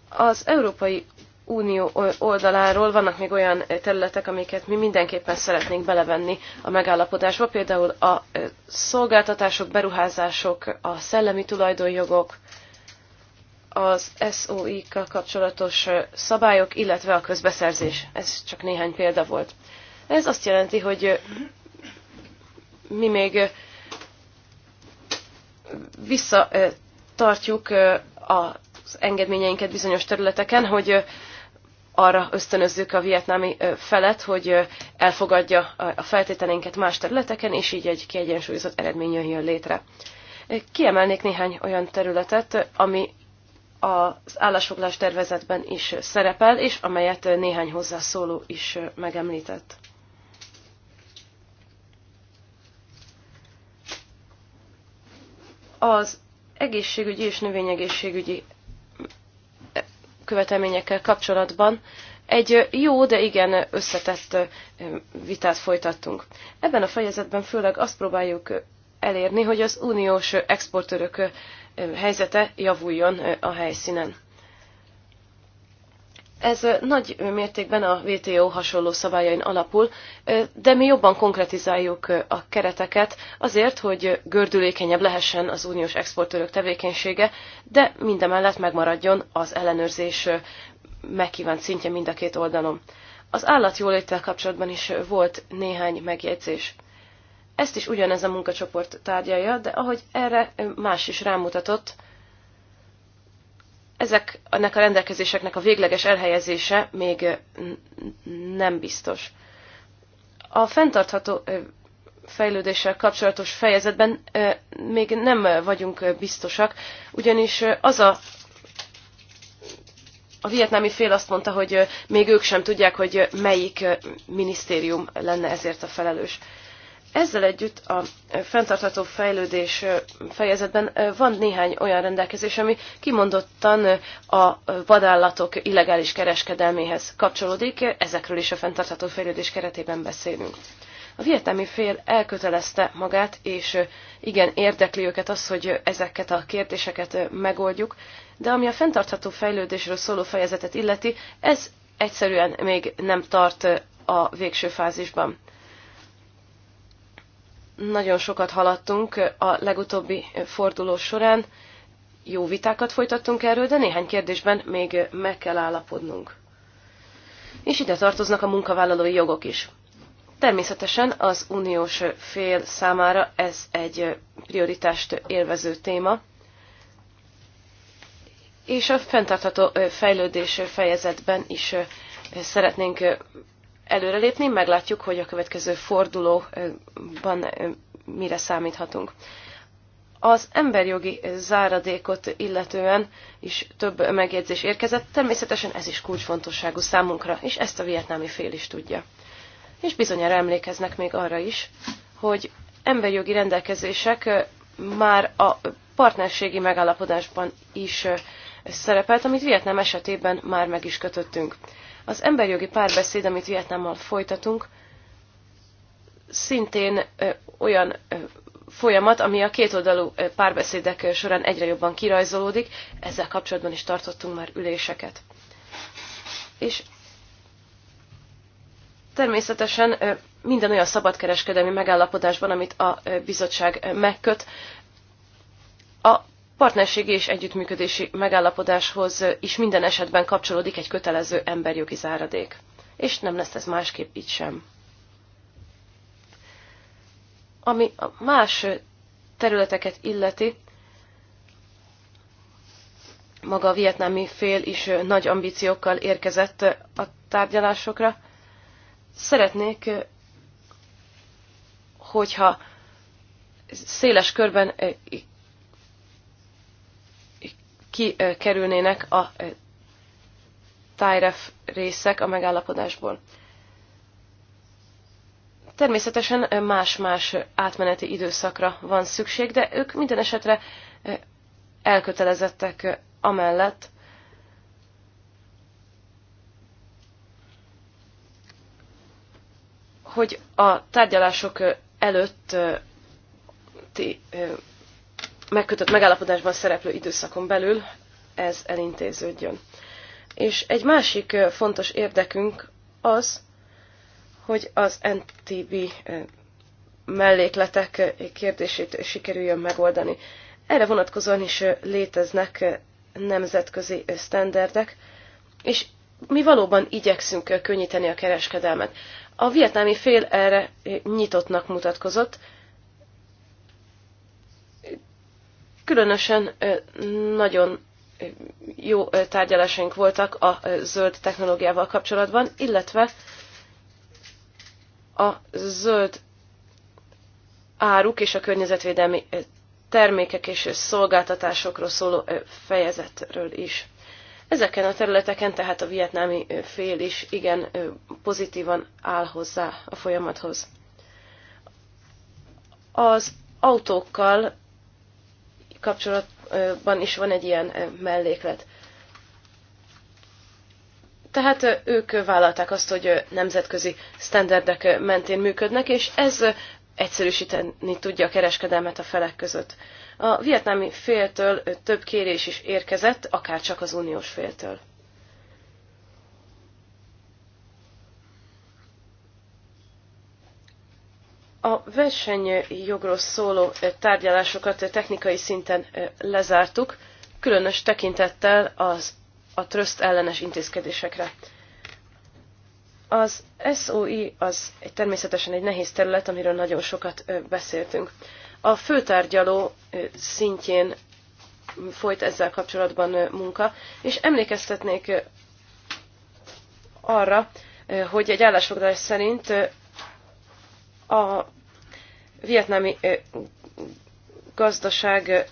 Az Európai Unió oldaláról vannak még olyan területek, amiket mi mindenképpen szeretnénk belevenni a megállapodásba, például a szolgáltatások, beruházások, a szellemi tulajdonjogok, az SOI-kkal kapcsolatos szabályok, illetve a közbeszerzés. Ez csak néhány példa volt. Ez azt jelenti, hogy mi még visszatartjuk az engedményeinket bizonyos területeken, hogy arra ösztönözzük a vietnámi felet, hogy elfogadja a feltételeinket más területeken, és így egy kiegyensúlyozott eredmény jön létre. Kiemelnék néhány olyan területet, ami az állásfoglalás tervezetben is szerepel, és amelyet néhány hozzászóló is megemlített. Az egészségügyi és növényegészségügyi követelményekkel kapcsolatban egy jó, de igen összetett vitát folytattunk. Ebben a fejezetben főleg azt próbáljuk elérni, hogy az uniós exportőrök helyzete javuljon a helyszínen. Ez nagy mértékben a WTO hasonló szabályain alapul, de mi jobban konkretizáljuk a kereteket azért, hogy gördülékenyebb lehessen az uniós exportőrök tevékenysége, de mindemellett megmaradjon az ellenőrzés megkívánt szintje mind a két oldalon. Az állatjóléttel kapcsolatban is volt néhány megjegyzés. Ezt is ugyanez a munkacsoport tárgyalja, de ahogy erre más is rámutatott, ennek a rendelkezéseknek a végleges elhelyezése még nem biztos. A fenntartható fejlődéssel kapcsolatos fejezetben még nem vagyunk biztosak, ugyanis az a a vietnámi fél azt mondta, hogy még ők sem tudják, hogy melyik minisztérium lenne ezért a felelős. Ezzel együtt a fenntartható fejlődés fejezetben van néhány olyan rendelkezés, ami kimondottan a vadállatok illegális kereskedelméhez kapcsolódik, ezekről is a fenntartható fejlődés keretében beszélünk. A vietnámi fél elkötelezte magát, és igen, érdekli őket az, hogy ezeket a kérdéseket megoldjuk, de ami a fenntartható fejlődésről szóló fejezetet illeti, ez egyszerűen még nem tart a végső fázisban. Nagyon sokat haladtunk a legutóbbi forduló során, jó vitákat folytattunk erről, de néhány kérdésben még meg kell állapodnunk. És ide tartoznak a munkavállalói jogok is. Természetesen az uniós fél számára ez egy prioritást élvező téma, és a fenntartható fejlődés fejezetben is szeretnénk előrelépni, meglátjuk, hogy a következő fordulóban mire számíthatunk. Az emberjogi záradékot illetően is több megjegyzés érkezett, természetesen ez is kulcsfontosságú számunkra, és ezt a vietnámi fél is tudja. És bizonyára emlékeznek még arra is, hogy emberjogi rendelkezések már a partnerségi megállapodásban is szerepelt, amit Vietnám esetében már meg is kötöttünk. Az emberjogi párbeszéd, amit Vietnámmal folytatunk, szintén olyan folyamat, ami a kétoldalú párbeszédek során egyre jobban kirajzolódik, ezzel kapcsolatban is tartottunk már üléseket. És természetesen minden olyan szabadkereskedelmi megállapodásban, amit a bizottság megköt, a partnerségi és együttműködési megállapodáshoz is minden esetben kapcsolódik egy kötelező emberjogi záradék. És nem lesz ez másképp így sem. Ami a más területeket illeti, maga a vietnámi fél is nagy ambíciókkal érkezett a tárgyalásokra. Szeretnék, hogyha széles körben kikerülnének a tájref részek a megállapodásból. Természetesen más-más átmeneti időszakra van szükség, de ők minden esetre elkötelezettek amellett, hogy a tárgyalások előtt megkötött megállapodásban szereplő időszakon belül ez elintéződjön. És egy másik fontos érdekünk az, hogy az NTB mellékletek kérdését sikerüljön megoldani. Erre vonatkozóan is léteznek nemzetközi sztenderdek, és mi valóban igyekszünk könnyíteni a kereskedelmet. A vietnámi fél erre nyitottnak mutatkozott, különösen nagyon jó tárgyalásaink voltak a zöld technológiával kapcsolatban, illetve a zöld áruk és a környezetvédelmi termékek és szolgáltatásokról szóló fejezetről is. Ezeken a területeken tehát a vietnámi fél is igen pozitívan áll hozzá a folyamathoz. Az autókkal kapcsolatban is van egy ilyen eh, melléklet. Tehát eh, ők vállalták azt, hogy eh, nemzetközi sztenderdek mentén működnek, és ez egyszerűsíteni tudja a kereskedelmet a felek között. A vietnámi féltől több kérés is érkezett, akár csak az uniós féltől. A versenyjogról szóló tárgyalásokat technikai szinten lezártuk, különös tekintettel az, a tröszt ellenes intézkedésekre. Az SOI az egy, természetesen egy nehéz terület, amiről nagyon sokat beszéltünk. A főtárgyaló szintjén folyt ezzel kapcsolatban munka, és emlékeztetnék arra, hogy egy állásfoglalás szerint a vietnámi gazdaság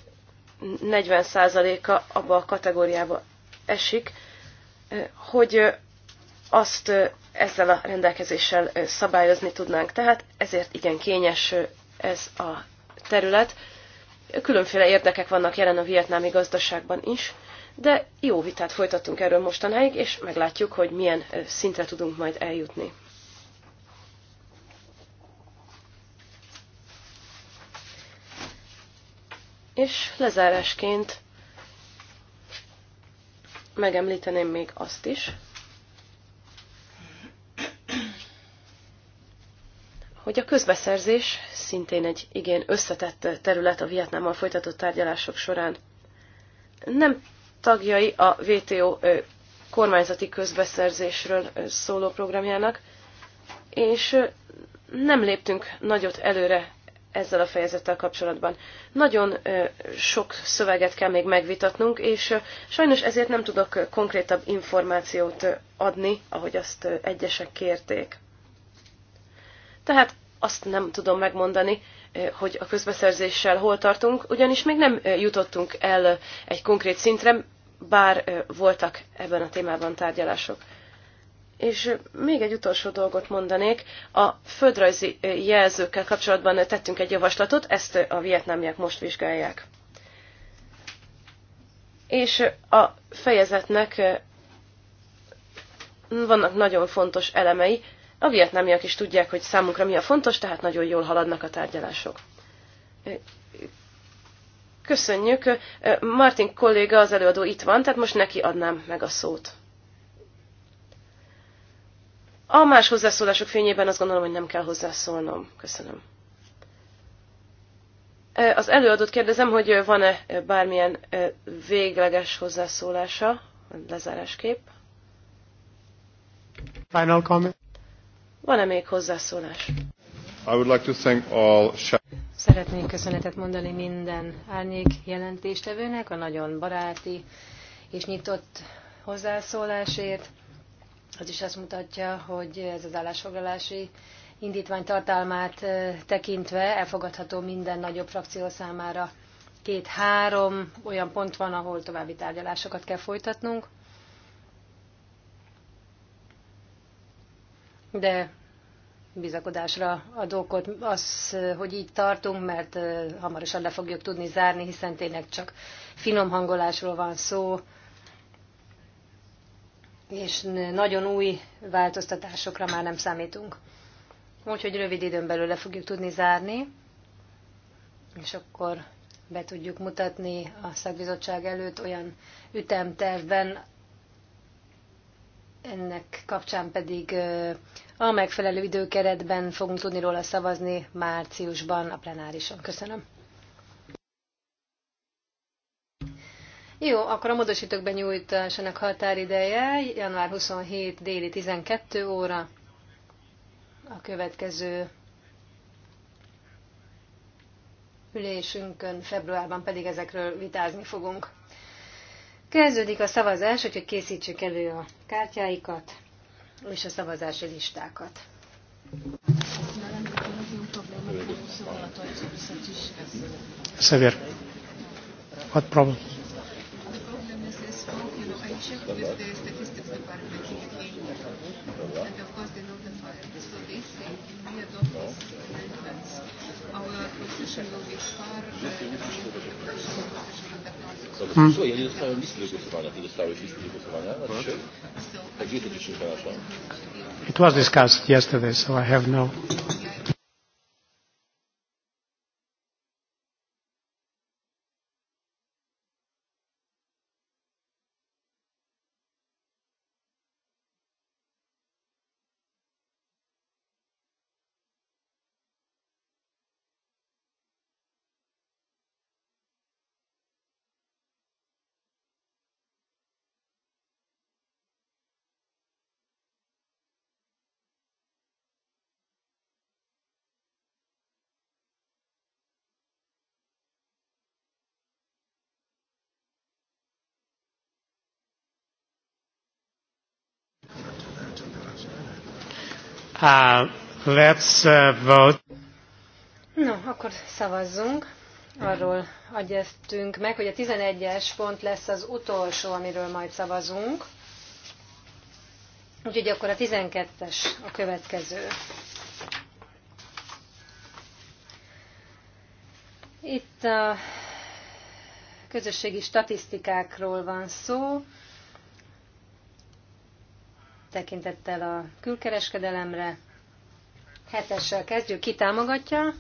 40%-a abba a kategóriába esik, hogy azt ezzel a rendelkezéssel szabályozni tudnánk. Tehát ezért igen kényes ez a terület. Különféle érdekek vannak jelen a vietnámi gazdaságban is, de jó vitát folytattunk erről mostanáig, és meglátjuk, hogy milyen szintre tudunk majd eljutni. És lezárásként megemlíteném még azt is, hogy a közbeszerzés szintén egy igen összetett terület a Vietnámmal folytatott tárgyalások során. Nem tagjai a WTO kormányzati közbeszerzésről szóló programjának, és nem léptünk nagyot előre ezzel a fejezettel kapcsolatban. Nagyon sok szöveget kell még megvitatnunk, és sajnos ezért nem tudok konkrétabb információt adni, ahogy azt egyesek kérték. Tehát azt nem tudom megmondani, hogy a közbeszerzéssel hol tartunk, ugyanis még nem jutottunk el egy konkrét szintre, bár voltak ebben a témában tárgyalások. És még egy utolsó dolgot mondanék. A földrajzi jelzőkkel kapcsolatban tettünk egy javaslatot, ezt a vietnámiak most vizsgálják. És a fejezetnek vannak nagyon fontos elemei. A vietnámiak is tudják, hogy számunkra mi a fontos, tehát nagyon jól haladnak a tárgyalások. Köszönjük. Martin kolléga, az előadó itt van, tehát most neki adnám meg a szót. A más hozzászólások fényében azt gondolom, hogy nem kell hozzászólnom. Köszönöm. Az előadót kérdezem, hogy van-e bármilyen végleges hozzászólása, lezáráskép? Final comment. Van-e még hozzászólás? I would like to thank all... Szeretnék köszönetet mondani minden árnyék jelentéstevőnek a nagyon baráti és nyitott hozzászólásért. Az is azt mutatja, hogy ez az állásfoglalási indítvány tartalmát tekintve elfogadható minden nagyobb frakció számára. Két-három olyan pont van, ahol további tárgyalásokat kell folytatnunk. De bizakodásra ad okot az, hogy így tartunk, mert hamarosan le fogjuk tudni zárni, hiszen tényleg csak finom hangolásról van szó, és nagyon új változtatásokra már nem számítunk. Úgyhogy rövid időn belül le fogjuk tudni zárni, és akkor be tudjuk mutatni a szakbizottság előtt olyan ütemtervben, ennek kapcsán pedig a megfelelő időkeretben fogunk tudni róla szavazni márciusban a plenárison. Köszönöm. Jó, akkor a módosítók benyújtásának határideje január 27 déli 12 óra. A következő ülésünkön februárban pedig ezekről vitázni fogunk. Kezdődik a szavazás, úgyhogy készítsük elő a kártyáikat és a szavazási listákat. Szevér. What problem? check the statistics department And of course they So they say if we adopt amendments, our position will be far ja nie dostałem listy do głosowania. Ty dostałeś listy do głosowania dzisiaj? Tak, gdzie to dzisiaj, przepraszam? It was discussed yesterday, so I have no... Uh, let's uh, vote. No, akkor szavazzunk. Arról agyeztünk meg, hogy a 11-es pont lesz az utolsó, amiről majd szavazunk. Úgyhogy akkor a 12-es a következő. Itt a közösségi statisztikákról van szó tekintettel a külkereskedelemre. Hetessel kezdjük, ki támogatja?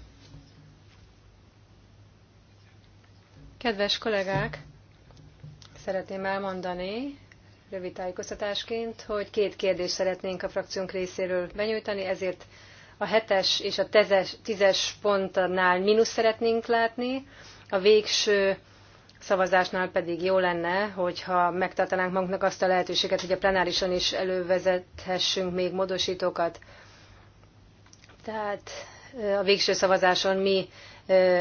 Kedves kollégák, szeretném elmondani rövid tájékoztatásként, hogy két kérdést szeretnénk a frakciónk részéről benyújtani, ezért a hetes és a tízes pontnál mínusz szeretnénk látni, a végső szavazásnál pedig jó lenne, hogyha megtartanánk magunknak azt a lehetőséget, hogy a plenárison is elővezethessünk még módosítókat. Tehát a végső szavazáson mi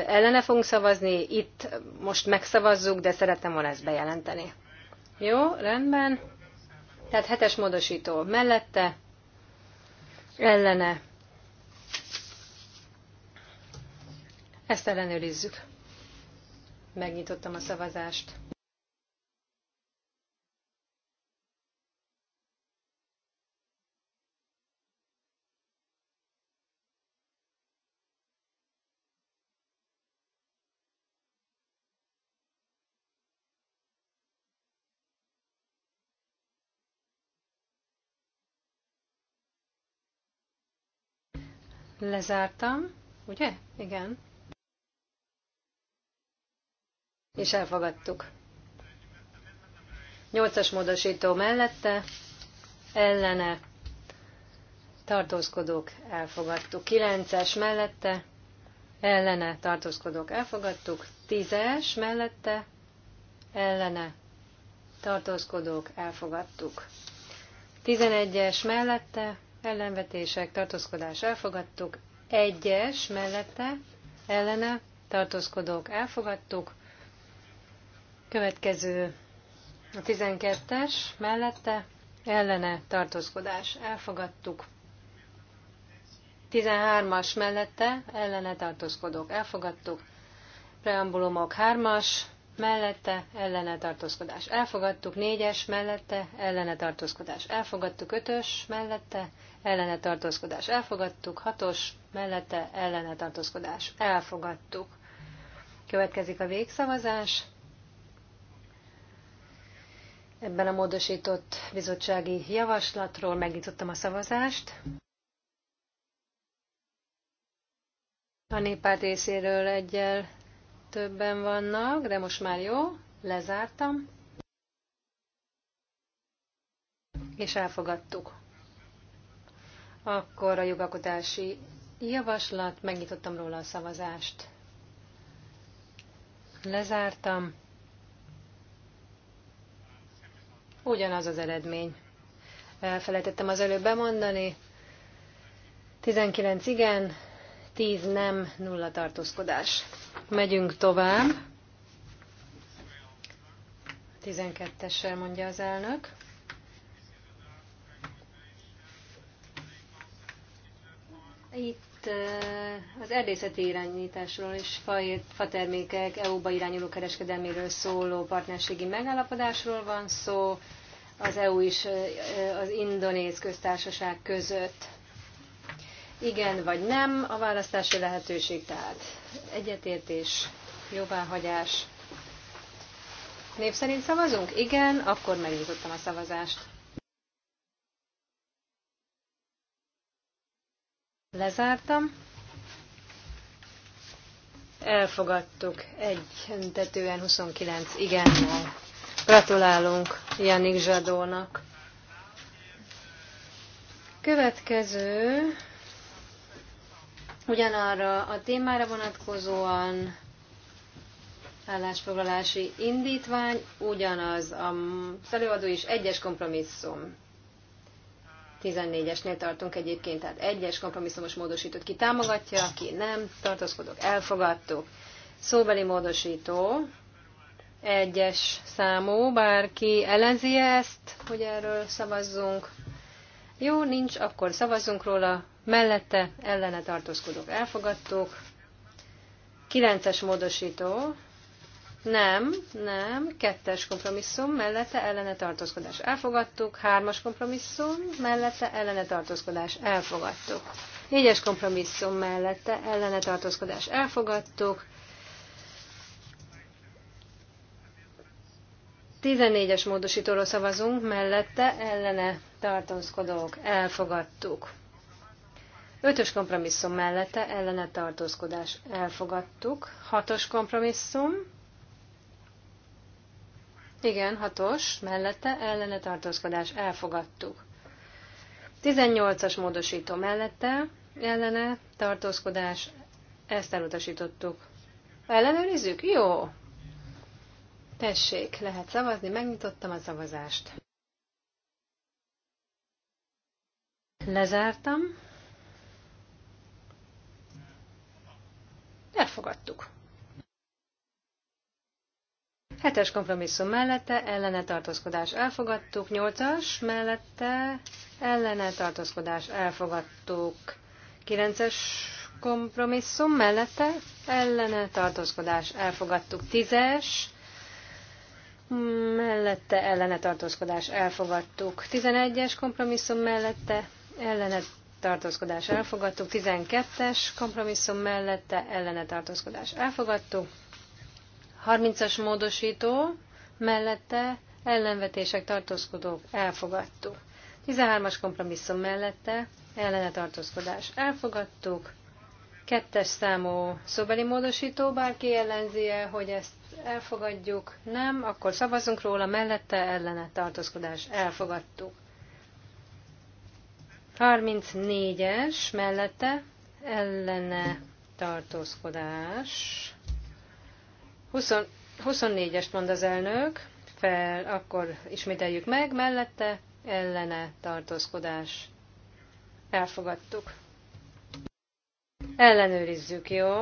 ellene fogunk szavazni, itt most megszavazzuk, de szerettem volna ezt bejelenteni. Jó, rendben. Tehát hetes módosító mellette, ellene. Ezt ellenőrizzük. Megnyitottam a szavazást. Lezártam, ugye? Igen és elfogadtuk. Nyolcas módosító mellette, ellene, tartózkodók, elfogadtuk. Kilences mellette, ellene, tartózkodók, elfogadtuk. Tízes mellette, ellene, tartózkodók, elfogadtuk. Tizenegyes mellette, ellenvetések, tartózkodás, elfogadtuk. Egyes mellette, ellene, tartózkodók, elfogadtuk. Következő a 12-es mellette ellene tartózkodás elfogadtuk. 13-as mellette ellene tartózkodók elfogadtuk. Preambulumok 3-as mellette ellene tartózkodás elfogadtuk. 4-es mellette ellene tartózkodás elfogadtuk. 5-ös mellette ellene tartózkodás elfogadtuk. 6-os mellette ellene tartózkodás elfogadtuk. Következik a végszavazás ebben a módosított bizottsági javaslatról. Megnyitottam a szavazást. A néppárt részéről egyel többen vannak, de most már jó, lezártam. És elfogadtuk. Akkor a jogalkotási javaslat, megnyitottam róla a szavazást. Lezártam. ugyanaz az eredmény. Elfelejtettem az előbb bemondani. 19 igen, 10 nem, nulla tartózkodás. Megyünk tovább. 12-essel mondja az elnök. Itt itt az erdészeti irányításról és fatermékek EU-ba irányuló kereskedelméről szóló partnerségi megállapodásról van szó, az EU és az indonéz köztársaság között. Igen vagy nem a választási lehetőség, tehát egyetértés, jóváhagyás. Népszerint szavazunk? Igen, akkor megnyitottam a szavazást. Lezártam. Elfogadtuk tetően 29 igennel. Gratulálunk Janik Zsadónak. Következő ugyanarra a témára vonatkozóan állásfoglalási indítvány, ugyanaz a előadó is egyes kompromisszum 14-esnél tartunk egyébként, tehát egyes kompromisszumos módosítót ki támogatja, ki nem, tartózkodok, elfogadtuk. Szóbeli módosító, egyes számú, bárki elezi -e ezt, hogy erről szavazzunk. Jó, nincs, akkor szavazzunk róla, mellette ellene tartózkodok, elfogadtuk. es módosító, nem, nem. Kettes kompromisszum, mellette ellene tartózkodás elfogadtuk. Hármas kompromisszum, mellette ellene tartózkodás elfogadtuk. Négyes kompromisszum mellette ellene tartózkodás elfogadtuk. Tizennégyes módosítóról szavazunk, mellette ellene tartózkodók elfogadtuk. Ötös kompromisszum mellette ellene tartózkodás elfogadtuk. Hatos kompromisszum igen, hatos, mellette ellene tartózkodás elfogadtuk. 18-as módosító mellette ellene tartózkodás, ezt elutasítottuk. Ellenőrizzük? Jó. Tessék, lehet szavazni, megnyitottam a szavazást. Lezártam. Elfogadtuk. Hetes kompromisszum mellette ellene tartózkodás elfogadtuk, nyolcas mellette ellene tartózkodás elfogadtuk, kilences kompromisszum mellette ellene tartózkodás elfogadtuk, tízes mellette ellene tartózkodás elfogadtuk, tizenegyes kompromisszum mellette ellene tartózkodás elfogadtuk, tizenkettes kompromisszum mellette ellene tartózkodás elfogadtuk, 30-as módosító mellette ellenvetések tartózkodók elfogadtuk. 13-as kompromisszum mellette ellene tartózkodás elfogadtuk. Kettes számú szobeli módosító, bárki ellenzi -e, hogy ezt elfogadjuk, nem, akkor szavazunk róla, mellette ellene tartózkodás elfogadtuk. 34-es mellette ellene tartózkodás 24-est mond az elnök, fel, akkor ismételjük meg, mellette ellene tartózkodás. Elfogadtuk. Ellenőrizzük, jó?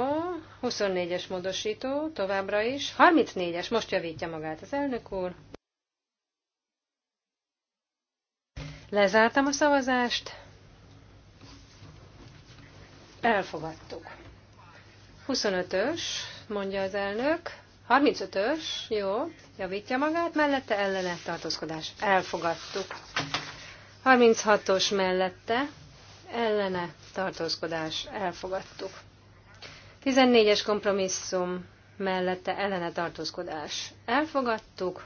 24-es módosító, továbbra is. 34-es, most javítja magát az elnök úr. Lezártam a szavazást. Elfogadtuk. 25-ös, mondja az elnök. 35-ös, jó, javítja magát, mellette ellene tartózkodás. Elfogadtuk. 36-os mellette ellene tartózkodás. Elfogadtuk. 14-es kompromisszum mellette ellene tartózkodás. Elfogadtuk.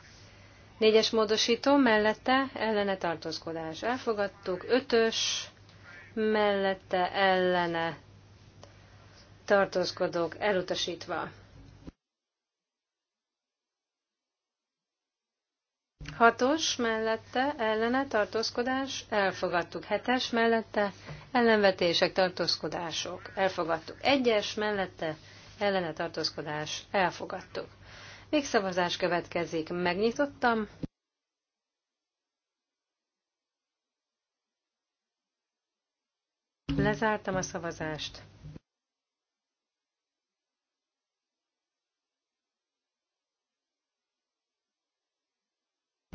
4-es módosító mellette ellene tartózkodás. Elfogadtuk. 5-ös mellette ellene tartózkodók elutasítva. Hatos mellette ellene tartózkodás, elfogadtuk Hetes mellette, ellenvetések, tartózkodások, elfogadtuk Egyes mellette, ellene tartózkodás, elfogadtuk. Végszavazás következik, megnyitottam. Lezártam a szavazást.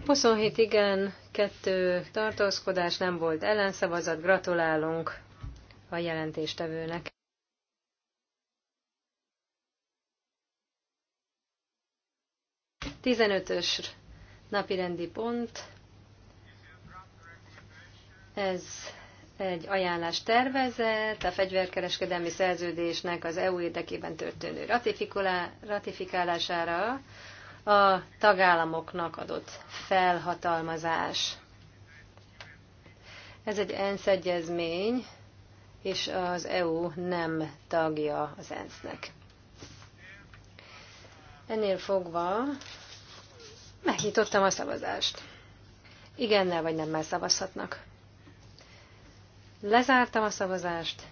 27 igen, kettő tartózkodás, nem volt ellenszavazat. Gratulálunk a jelentéstevőnek. Tizenötös napirendi pont. Ez egy ajánlás tervezet a fegyverkereskedelmi szerződésnek az EU érdekében történő ratifikálására a tagállamoknak adott felhatalmazás. Ez egy ENSZ egyezmény, és az EU nem tagja az ENSZ-nek. Ennél fogva megnyitottam a szavazást. Igennel vagy nemmel szavazhatnak. Lezártam a szavazást.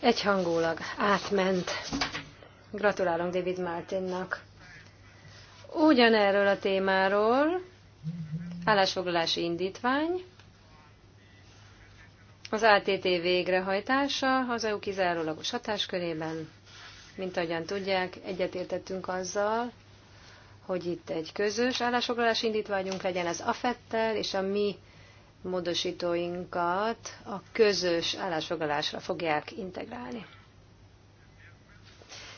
egyhangulag átment. Gratulálunk David Martinnak. Ugyanerről a témáról állásfoglalási indítvány, az ATT végrehajtása az EU kizárólagos hatáskörében, mint ahogyan tudják, egyetértettünk azzal, hogy itt egy közös állásfoglalási indítványunk legyen az AFET-tel és a mi módosítóinkat a közös állásfoglalásra fogják integrálni.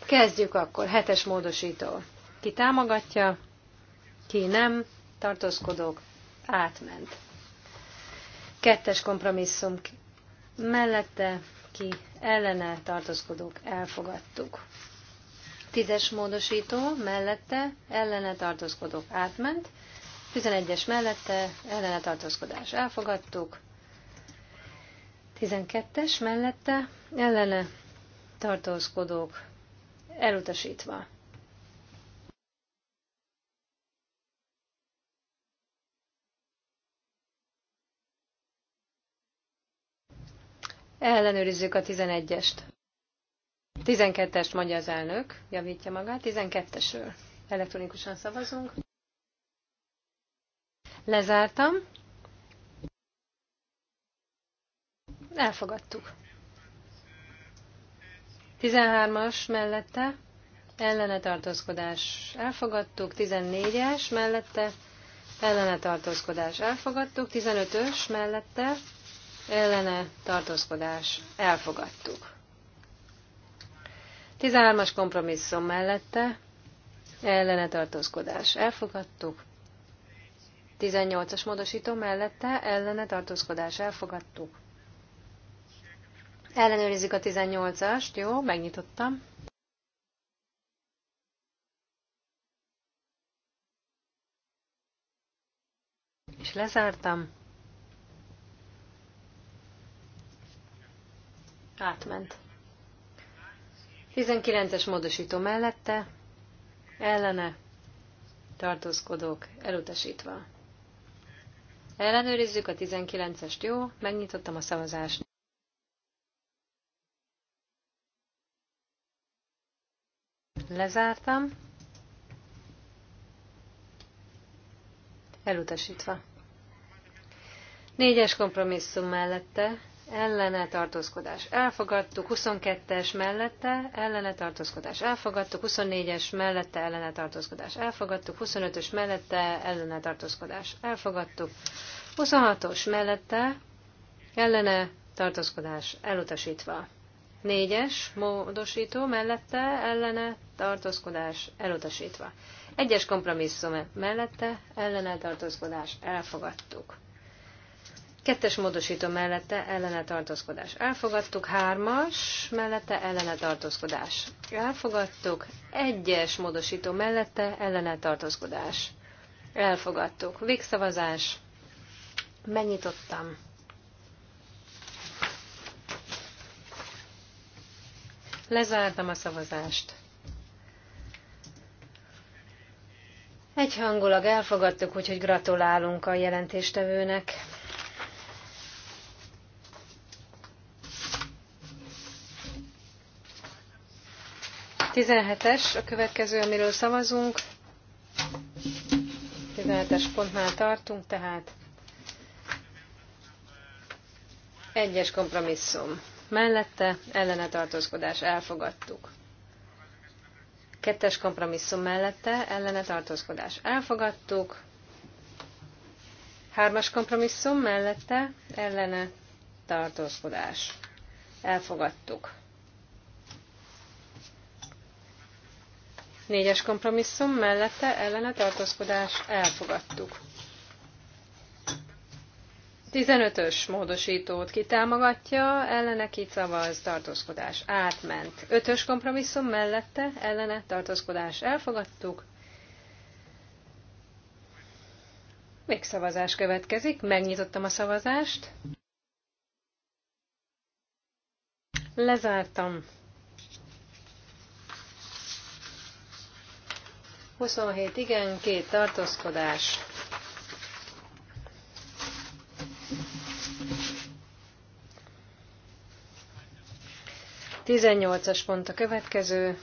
Kezdjük akkor. Hetes módosító. Ki támogatja, ki nem, tartózkodók, átment. Kettes kompromisszum mellette, ki ellene tartózkodók, elfogadtuk. Tízes módosító mellette, ellene tartózkodók, átment. 11-es mellette ellene tartózkodás elfogadtuk. 12-es mellette ellene tartózkodók elutasítva. Ellenőrizzük a 11-est. 12-est mondja az elnök, javítja magát, 12-esről elektronikusan szavazunk. Lezártam. Elfogadtuk. 13-as mellette ellene tartózkodás elfogadtuk, 14-es mellette ellene tartózkodás elfogadtuk, 15-ös mellette ellene tartózkodás elfogadtuk. 13-as kompromisszum mellette ellene tartózkodás elfogadtuk, 18-as módosító mellette ellene tartózkodás elfogadtuk. Ellenőrizik a 18-ast, jó, megnyitottam. És lezártam. Átment. 19-es módosító mellette, ellene, tartózkodók elutasítva. Ellenőrizzük a 19-est, jó? Megnyitottam a szavazást. Lezártam. Elutasítva. Négyes kompromisszum mellette ellene tartózkodás elfogadtuk, 22-es mellette ellene tartózkodás elfogadtuk, 24-es mellette ellene tartózkodás elfogadtuk, 25-ös mellette ellene tartózkodás elfogadtuk, 26-os mellette ellene tartózkodás elutasítva. 4-es módosító mellette ellene tartózkodás elutasítva. 1-es kompromisszum mellette ellene tartózkodás elfogadtuk. Kettes módosító mellette ellene tartózkodás. Elfogadtuk. Hármas mellette ellene tartózkodás. Elfogadtuk. Egyes módosító mellette ellene tartózkodás. Elfogadtuk. Végszavazás. Megnyitottam. Lezártam a szavazást. Egyhangulag elfogadtuk, úgyhogy gratulálunk a jelentéstevőnek. 17-es a következő, amiről szavazunk. 17-es pontnál tartunk, tehát egyes kompromisszum. Mellette ellene tartózkodás elfogadtuk. Kettes kompromisszum mellette ellene tartózkodás elfogadtuk. Hármas kompromisszum mellette ellene tartózkodás elfogadtuk. Négyes kompromisszum mellette ellene tartózkodás elfogadtuk. 15-ös módosítót kitámogatja, ellene kiszavaz, tartózkodás átment. 5-ös kompromisszum mellette ellene tartózkodás elfogadtuk. Még szavazás következik, megnyitottam a szavazást. Lezártam. 27 igen, két tartózkodás. Tizennyolcas pont a következő.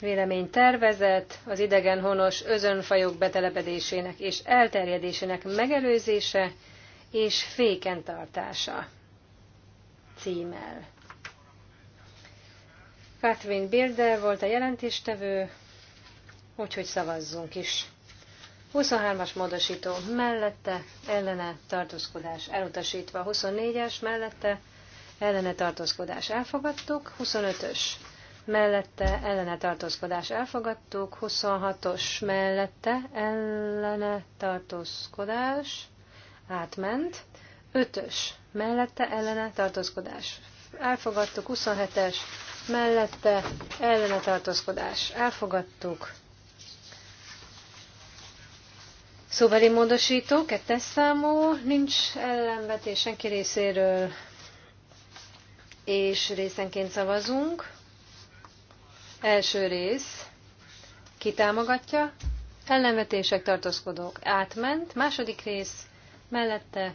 Vélemény tervezett az idegen honos özönfajok betelepedésének és elterjedésének megelőzése és féken tartása címmel. Katrin Birder volt a jelentéstevő, úgyhogy szavazzunk is. 23-as módosító mellette, ellene tartózkodás elutasítva, 24-es mellette, ellene tartózkodás elfogadtuk, 25-ös mellette, ellene tartózkodás elfogadtuk, 26-os mellette, ellene tartózkodás átment, 5-ös mellette, ellene tartózkodás elfogadtuk, 27-es mellette ellene tartózkodás elfogadtuk. Szóval én módosító, kettes számú, nincs ellenvetés senki részéről, és részenként szavazunk. Első rész, ki támogatja, ellenvetések tartózkodók átment, második rész, mellette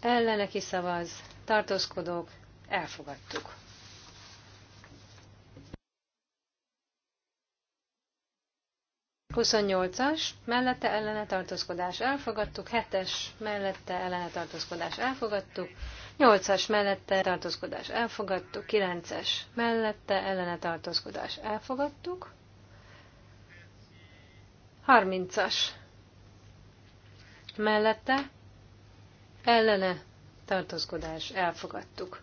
ellene kiszavaz, tartózkodók, elfogadtuk. 28-as, mellette ellene tartózkodás elfogadtuk, 7-es, mellette ellene tartózkodás elfogadtuk, 8-as mellette tartózkodás elfogadtuk, 9-es mellette ellene tartózkodás elfogadtuk, 30-as mellette ellene tartózkodás elfogadtuk.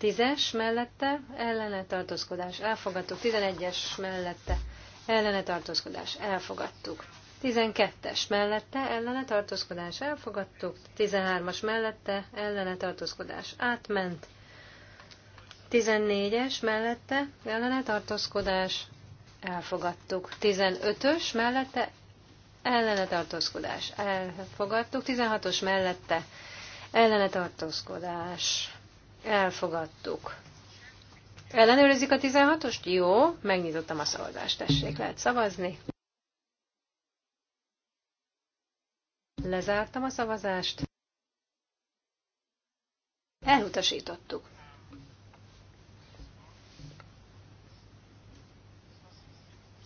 10-es mellette ellene tartózkodás elfogadtuk, 11-es mellette ellene tartózkodás elfogadtuk. 12-es mellette ellene tartózkodás elfogadtuk, 13-as mellette ellene tartózkodás átment, 14-es mellette ellene tartózkodás elfogadtuk, 15-ös mellette ellene tartózkodás elfogadtuk, 16-os mellette ellene tartózkodás elfogadtuk. Ellenőrizik a 16-ost? Jó, megnyitottam a szavazást, tessék, lehet szavazni. Lezártam a szavazást. Elutasítottuk.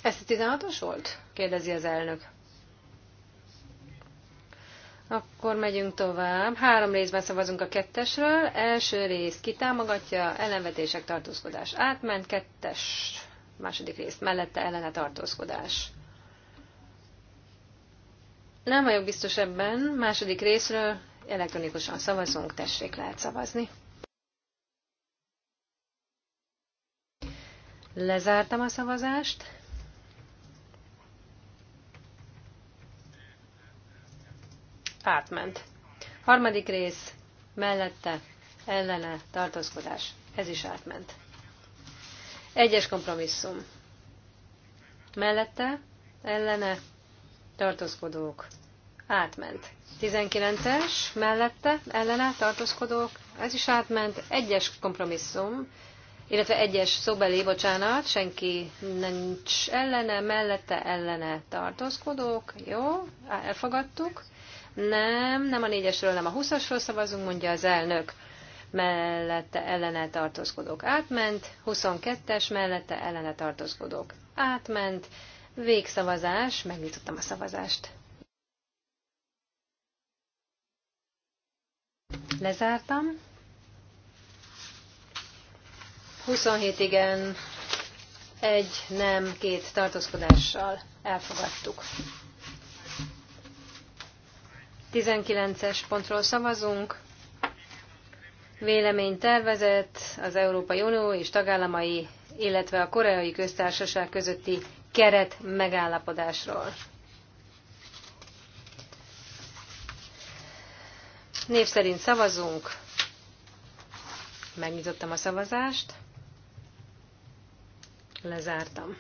Ez a 16-os volt? kérdezi az elnök. Akkor megyünk tovább. Három részben szavazunk a kettesről. Első rész kitámogatja, ellenvetések, tartózkodás. Átment kettes. Második rész mellette ellene tartózkodás. Nem vagyok biztos ebben. Második részről elektronikusan szavazunk, tessék lehet szavazni. Lezártam a szavazást. átment. Harmadik rész, mellette, ellene, tartózkodás, ez is átment. Egyes kompromisszum. Mellette, ellene, tartózkodók, átment. 19-es, mellette, ellene, tartózkodók, ez is átment. Egyes kompromisszum, illetve egyes szóbeli, bocsánat, senki nincs ellene, mellette ellene tartózkodók, jó, elfogadtuk. Nem, nem a négyesről, nem a 20-asról szavazunk, mondja az elnök. Mellette ellene tartózkodók átment, 22-es mellette ellene tartózkodók átment, végszavazás, megnyitottam a szavazást. Lezártam. 27 igen, egy nem, két tartózkodással elfogadtuk. 19-es pontról szavazunk. tervezett az Európai Unió és tagállamai, illetve a Koreai Köztársaság közötti keret megállapodásról. Név szerint szavazunk. Megnyitottam a szavazást. Lezártam.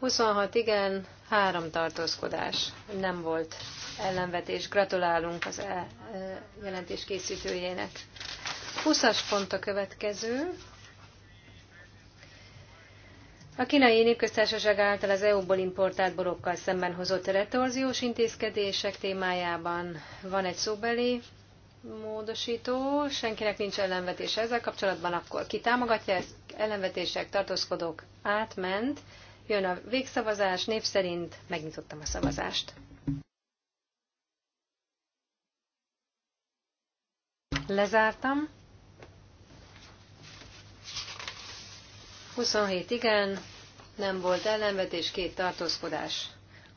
26 igen, Három tartózkodás. Nem volt ellenvetés. Gratulálunk az e, e jelentés készítőjének. 20-as pont a következő. A kínai népköztársaság által az EU-ból importált borokkal szemben hozott retorziós intézkedések témájában van egy szóbeli módosító, senkinek nincs ellenvetése ezzel kapcsolatban, akkor ki támogatja ezt? Ellenvetések, tartózkodók átment. Jön a végszavazás, név szerint megnyitottam a szavazást. Lezártam. 27 igen, nem volt ellenvetés, két tartózkodás.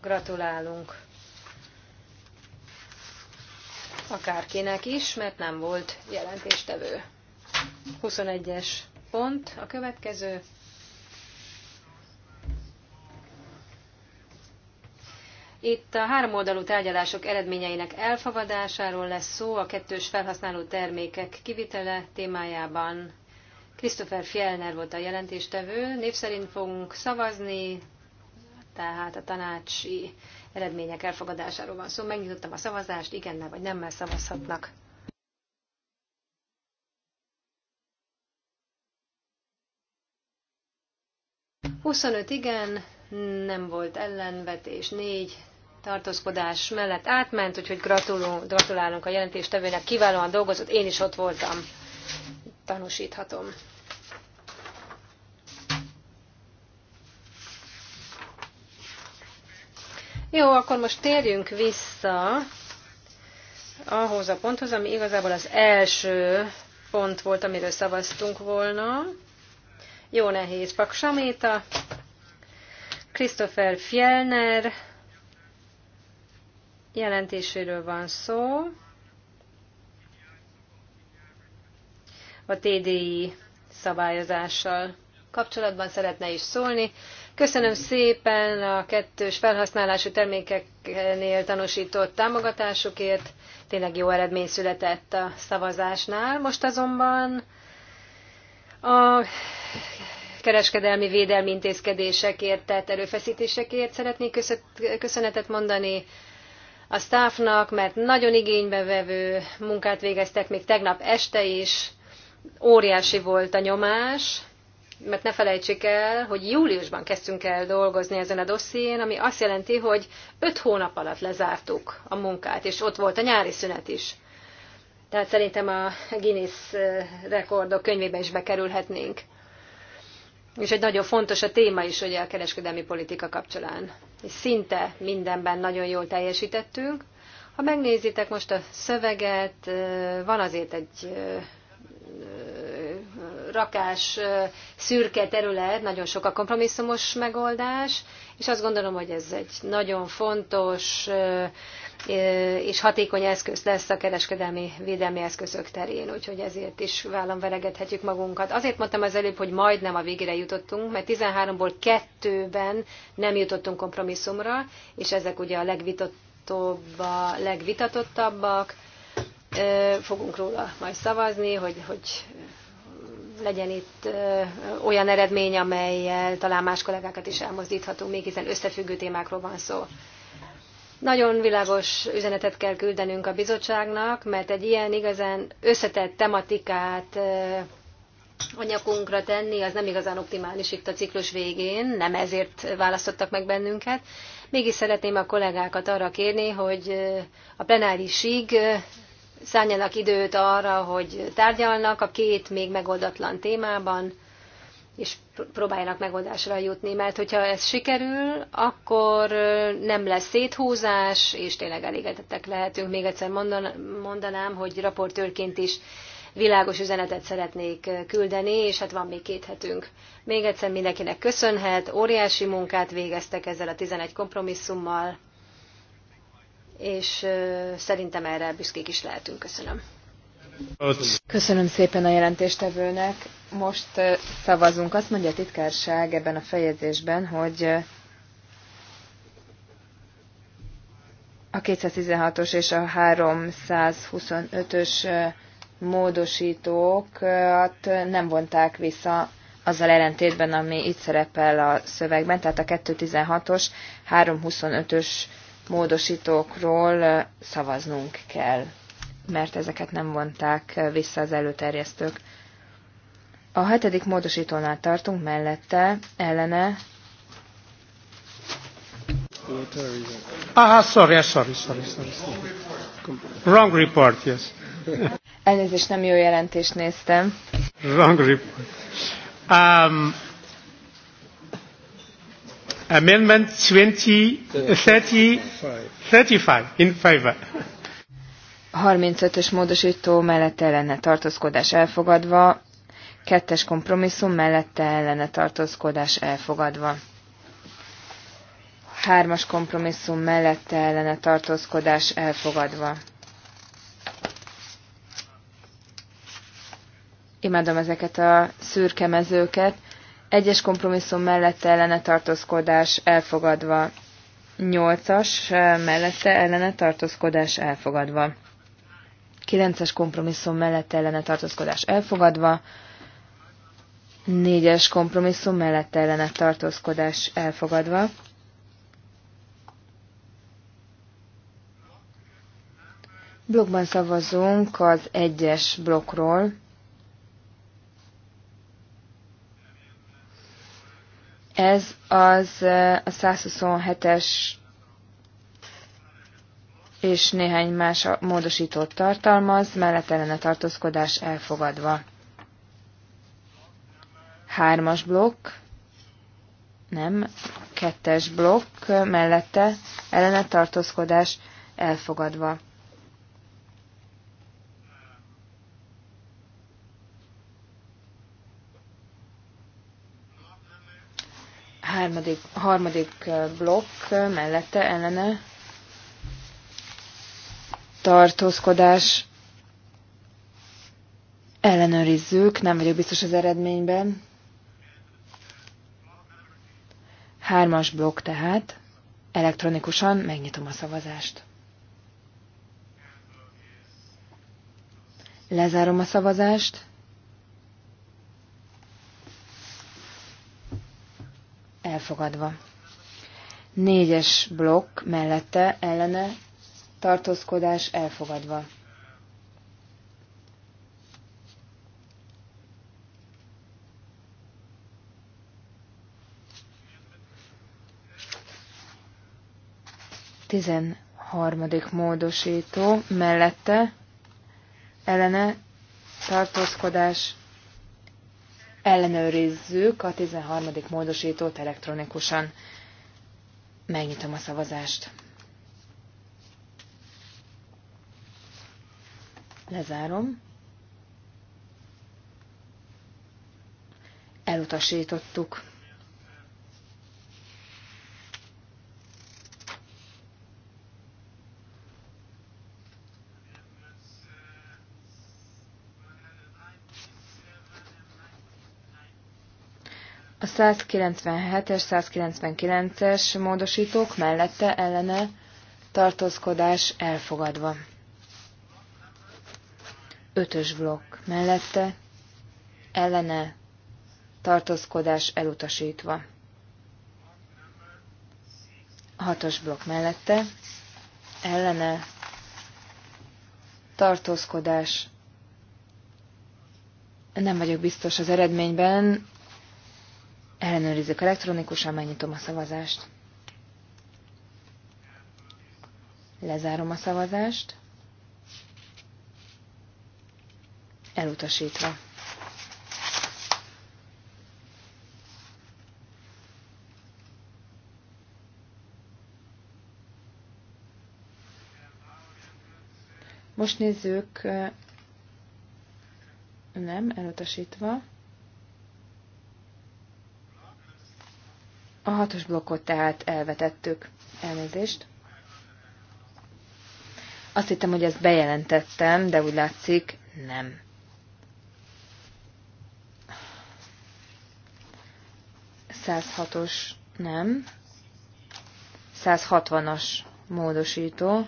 Gratulálunk akárkinek is, mert nem volt jelentéstevő. 21-es pont a következő. Itt a háromoldalú tárgyalások eredményeinek elfogadásáról lesz szó a kettős felhasználó termékek kivitele témájában. Christopher Fjellner volt a jelentéstevő, név szerint fogunk szavazni, tehát a tanácsi eredmények elfogadásáról van szó. Szóval megnyitottam a szavazást, igennel vagy nemmel szavazhatnak. Huszonöt igen, nem volt ellenvetés, négy tartózkodás mellett átment, úgyhogy gratulunk, gratulálunk a jelentéstevőnek, kiválóan dolgozott, én is ott voltam, tanúsíthatom. Jó, akkor most térjünk vissza ahhoz a ponthoz, ami igazából az első pont volt, amiről szavaztunk volna. Jó nehéz, Pak Saméta, Christopher Fjellner, jelentéséről van szó. A TDI szabályozással kapcsolatban szeretne is szólni. Köszönöm szépen a kettős felhasználású termékeknél tanúsított támogatásukért, Tényleg jó eredmény született a szavazásnál. Most azonban a kereskedelmi védelmi intézkedésekért, tehát erőfeszítésekért szeretnék köszönetet mondani a staffnak, mert nagyon igénybevevő munkát végeztek még tegnap este is, óriási volt a nyomás, mert ne felejtsék el, hogy júliusban kezdtünk el dolgozni ezen a dosszién, ami azt jelenti, hogy öt hónap alatt lezártuk a munkát, és ott volt a nyári szünet is. Tehát szerintem a Guinness eh, rekordok könyvébe is bekerülhetnénk és egy nagyon fontos a téma is, hogy a kereskedelmi politika kapcsolán. És szinte mindenben nagyon jól teljesítettünk. Ha megnézitek most a szöveget, van azért egy rakás szürke terület, nagyon sok a kompromisszumos megoldás, és azt gondolom, hogy ez egy nagyon fontos és hatékony eszköz lesz a kereskedelmi védelmi eszközök terén, úgyhogy ezért is vállam veregethetjük magunkat. Azért mondtam az előbb, hogy majdnem a végére jutottunk, mert 13-ból 2-ben nem jutottunk kompromisszumra, és ezek ugye a legvitatottabbak, legvitatottabbak, fogunk róla majd szavazni, hogy, hogy legyen itt olyan eredmény, amelyel talán más kollégákat is elmozdíthatunk, még hiszen összefüggő témákról van szó. Nagyon világos üzenetet kell küldenünk a bizottságnak, mert egy ilyen igazán összetett tematikát a nyakunkra tenni, az nem igazán optimális itt a ciklus végén, nem ezért választottak meg bennünket. Mégis szeretném a kollégákat arra kérni, hogy a plenárisig szálljanak időt arra, hogy tárgyalnak a két még megoldatlan témában, és próbáljanak megoldásra jutni, mert hogyha ez sikerül, akkor nem lesz széthúzás, és tényleg elégedettek lehetünk. Még egyszer mondanám, hogy raportőrként is világos üzenetet szeretnék küldeni, és hát van még két hetünk. Még egyszer mindenkinek köszönhet, óriási munkát végeztek ezzel a 11 kompromisszummal, és szerintem erre büszkék is lehetünk. Köszönöm. Köszönöm szépen a jelentéstevőnek. Most szavazunk. Azt mondja a titkárság ebben a fejezésben, hogy a 216-os és a 325-ös módosítókat nem vonták vissza azzal ellentétben, ami itt szerepel a szövegben, tehát a 216-os, 325-ös módosítókról szavaznunk kell, mert ezeket nem vonták vissza az előterjesztők. A hetedik módosítónál tartunk, mellette, ellene. Ah, sorry, ah, sorry, sorry, sorry. Wrong report, yes. Elnézést, nem jó jelentést néztem. Wrong report. Um, Amendment 20, 30, 35 in favor. 35-ös módosító mellette ellene tartózkodás elfogadva, kettes kompromisszum mellette ellene tartózkodás elfogadva. Hármas kompromisszum mellette ellene tartózkodás elfogadva. Imádom ezeket a szürke mezőket. Egyes kompromisszum mellette ellene tartózkodás elfogadva. Nyolcas mellette ellene tartózkodás elfogadva. Kilences kompromisszum mellette ellene tartózkodás elfogadva. Négyes kompromisszum mellette ellene tartózkodás elfogadva. Blokkban szavazunk az egyes blokkról. Ez az eh, a 127-es és néhány más módosítót tartalmaz, mellett ellene tartózkodás elfogadva. Hármas blokk, nem, kettes blokk mellette ellene tartózkodás elfogadva. Harmadik, harmadik blokk mellette ellene tartózkodás ellenőrizzük, nem vagyok biztos az eredményben. Hármas blokk tehát. Elektronikusan megnyitom a szavazást. Lezárom a szavazást. elfogadva. Négyes blokk mellette ellene tartózkodás elfogadva. Tizenharmadik módosító mellette ellene tartózkodás ellenőrizzük a 13. módosítót elektronikusan. Megnyitom a szavazást. Lezárom. Elutasítottuk. 197-es, 199-es módosítók mellette ellene tartózkodás elfogadva. Ötös blokk mellette ellene tartózkodás elutasítva. Hatos blokk mellette ellene tartózkodás. Nem vagyok biztos az eredményben, Ellenőrizzük elektronikusan, megnyitom a szavazást. Lezárom a szavazást. Elutasítva. Most nézzük, nem, elutasítva. A hatos blokkot tehát elvetettük. Elnézést. Azt hittem, hogy ezt bejelentettem, de úgy látszik, nem. Százhatos nem. 160-as módosító.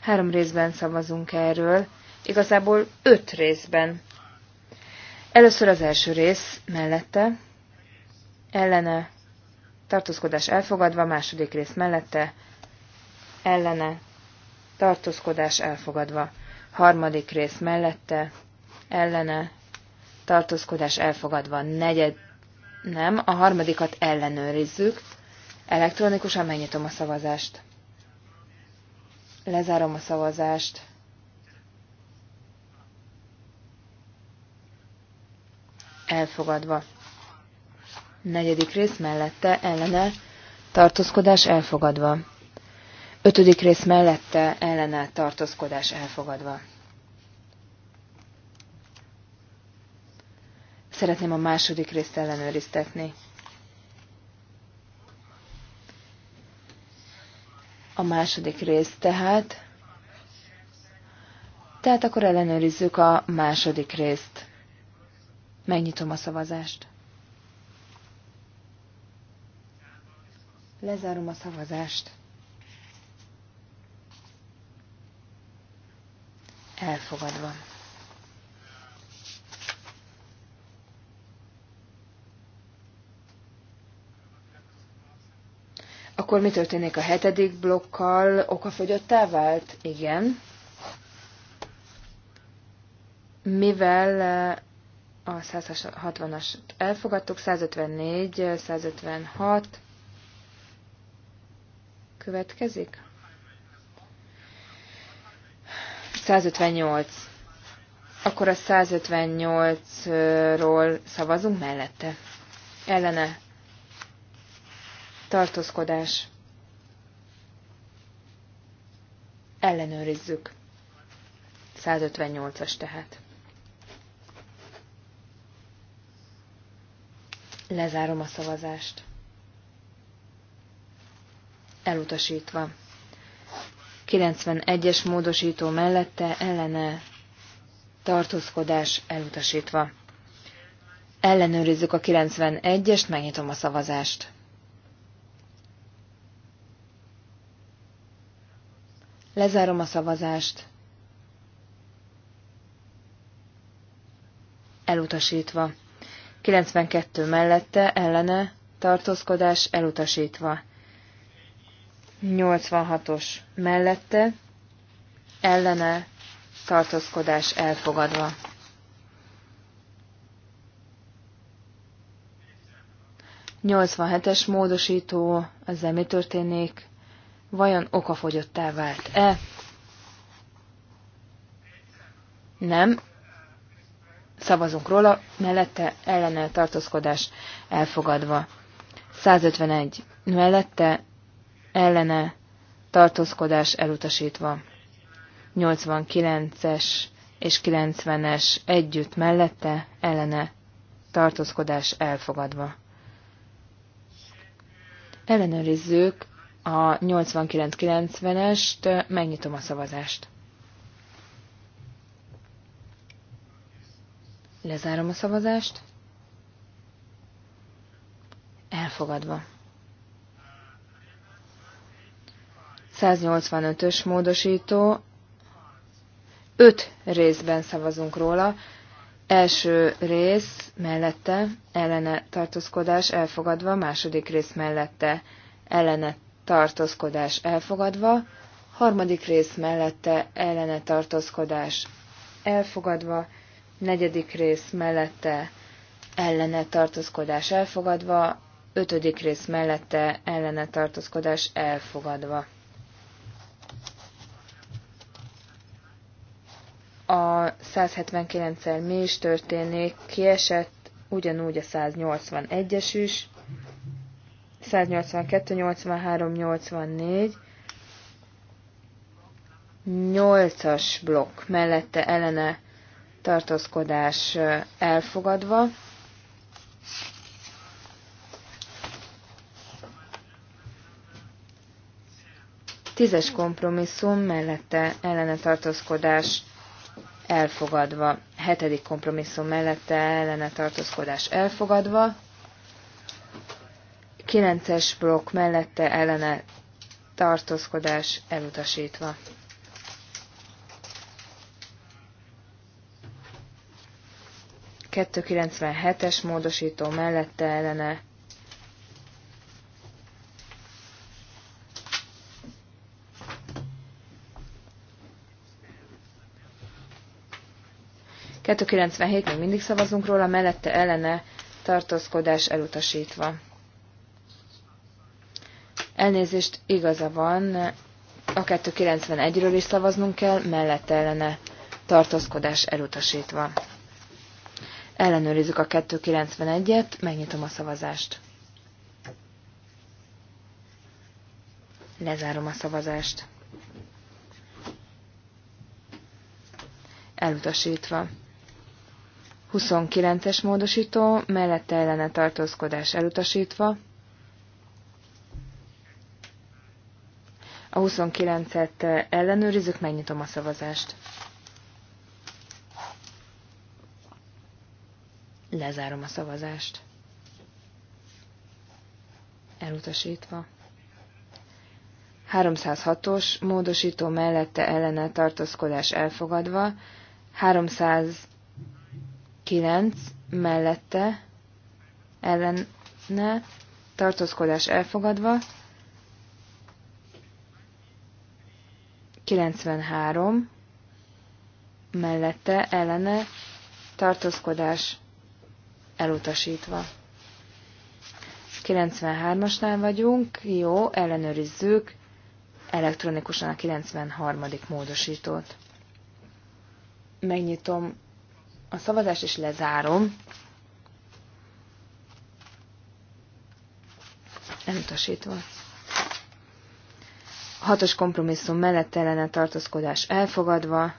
Három részben szavazunk erről, igazából öt részben. Először az első rész mellette, ellene tartózkodás elfogadva, második rész mellette, ellene, tartózkodás elfogadva, harmadik rész mellette, ellene, tartózkodás elfogadva, negyed, nem, a harmadikat ellenőrizzük, elektronikusan megnyitom a szavazást. Lezárom a szavazást. Elfogadva. Negyedik rész mellette ellene tartózkodás elfogadva. Ötödik rész mellette ellene tartózkodás elfogadva. Szeretném a második részt ellenőriztetni. A második rész tehát. Tehát akkor ellenőrizzük a második részt. Megnyitom a szavazást. Lezárom a szavazást. Elfogadva. Akkor mi történik a hetedik blokkal? Okafogyottá vált? Igen. Mivel eh, a 160-as elfogadtuk, 154, 156, Következik. 158. Akkor a 158-ról szavazunk mellette. Ellene. Tartózkodás. Ellenőrizzük. 158-as tehát. Lezárom a szavazást elutasítva. 91-es módosító mellette ellene tartózkodás elutasítva. Ellenőrizzük a 91-est, megnyitom a szavazást. Lezárom a szavazást. Elutasítva. 92 mellette, ellene, tartózkodás elutasítva. 86-os mellette, ellene tartózkodás elfogadva. es módosító, ezzel mi történik? Vajon okafogyottá vált-e? Nem. Szavazunk róla, mellette ellene tartózkodás elfogadva. 151. Mellette ellene tartózkodás elutasítva. 89-es és 90-es együtt mellette ellene tartózkodás elfogadva. Ellenőrizzük a 89-90-est, megnyitom a szavazást. Lezárom a szavazást. Elfogadva. 185-ös módosító, öt részben szavazunk róla. Első rész mellette ellene tartózkodás elfogadva, második rész mellette ellene tartózkodás elfogadva, harmadik rész mellette ellene tartózkodás elfogadva, negyedik rész mellette ellene tartózkodás elfogadva, ötödik rész mellette ellene tartózkodás elfogadva. a 179-el mi is történik, kiesett ugyanúgy a 181-es is, 182, 83, 84, 8-as blokk mellette ellene tartózkodás elfogadva, tízes kompromisszum mellette ellene tartózkodás elfogadva. Hetedik kompromisszum mellette ellene tartózkodás elfogadva. Kilences blokk mellette ellene tartózkodás elutasítva. kettő es módosító mellette ellene 297 még mindig szavazunk róla, mellette ellene tartózkodás elutasítva. Elnézést igaza van, a 291-ről is szavaznunk kell, mellette ellene tartózkodás elutasítva. Ellenőrizzük a 291-et, megnyitom a szavazást. Lezárom a szavazást. Elutasítva. 29-es módosító, mellette ellene tartózkodás elutasítva. A 29-et ellenőrizzük, megnyitom a szavazást. Lezárom a szavazást. Elutasítva. 306-os módosító mellette ellene tartózkodás elfogadva, 300 9 mellette ellene tartózkodás elfogadva, 93 mellette ellene tartózkodás elutasítva. 93-asnál vagyunk, jó, ellenőrizzük elektronikusan a 93. módosítót. Megnyitom a szavazás is lezárom. Elutasítva. Hatos kompromisszum mellett ellene tartózkodás elfogadva.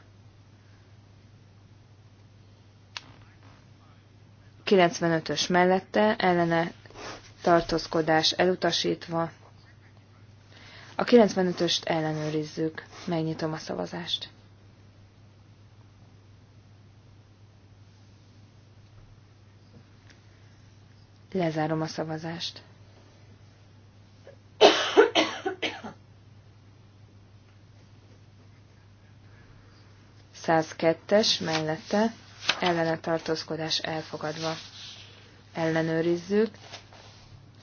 95-ös mellette ellene tartózkodás elutasítva. A 95-öst ellenőrizzük. Megnyitom a szavazást. Lezárom a szavazást. Százkettes mellette ellene tartózkodás elfogadva. Ellenőrizzük.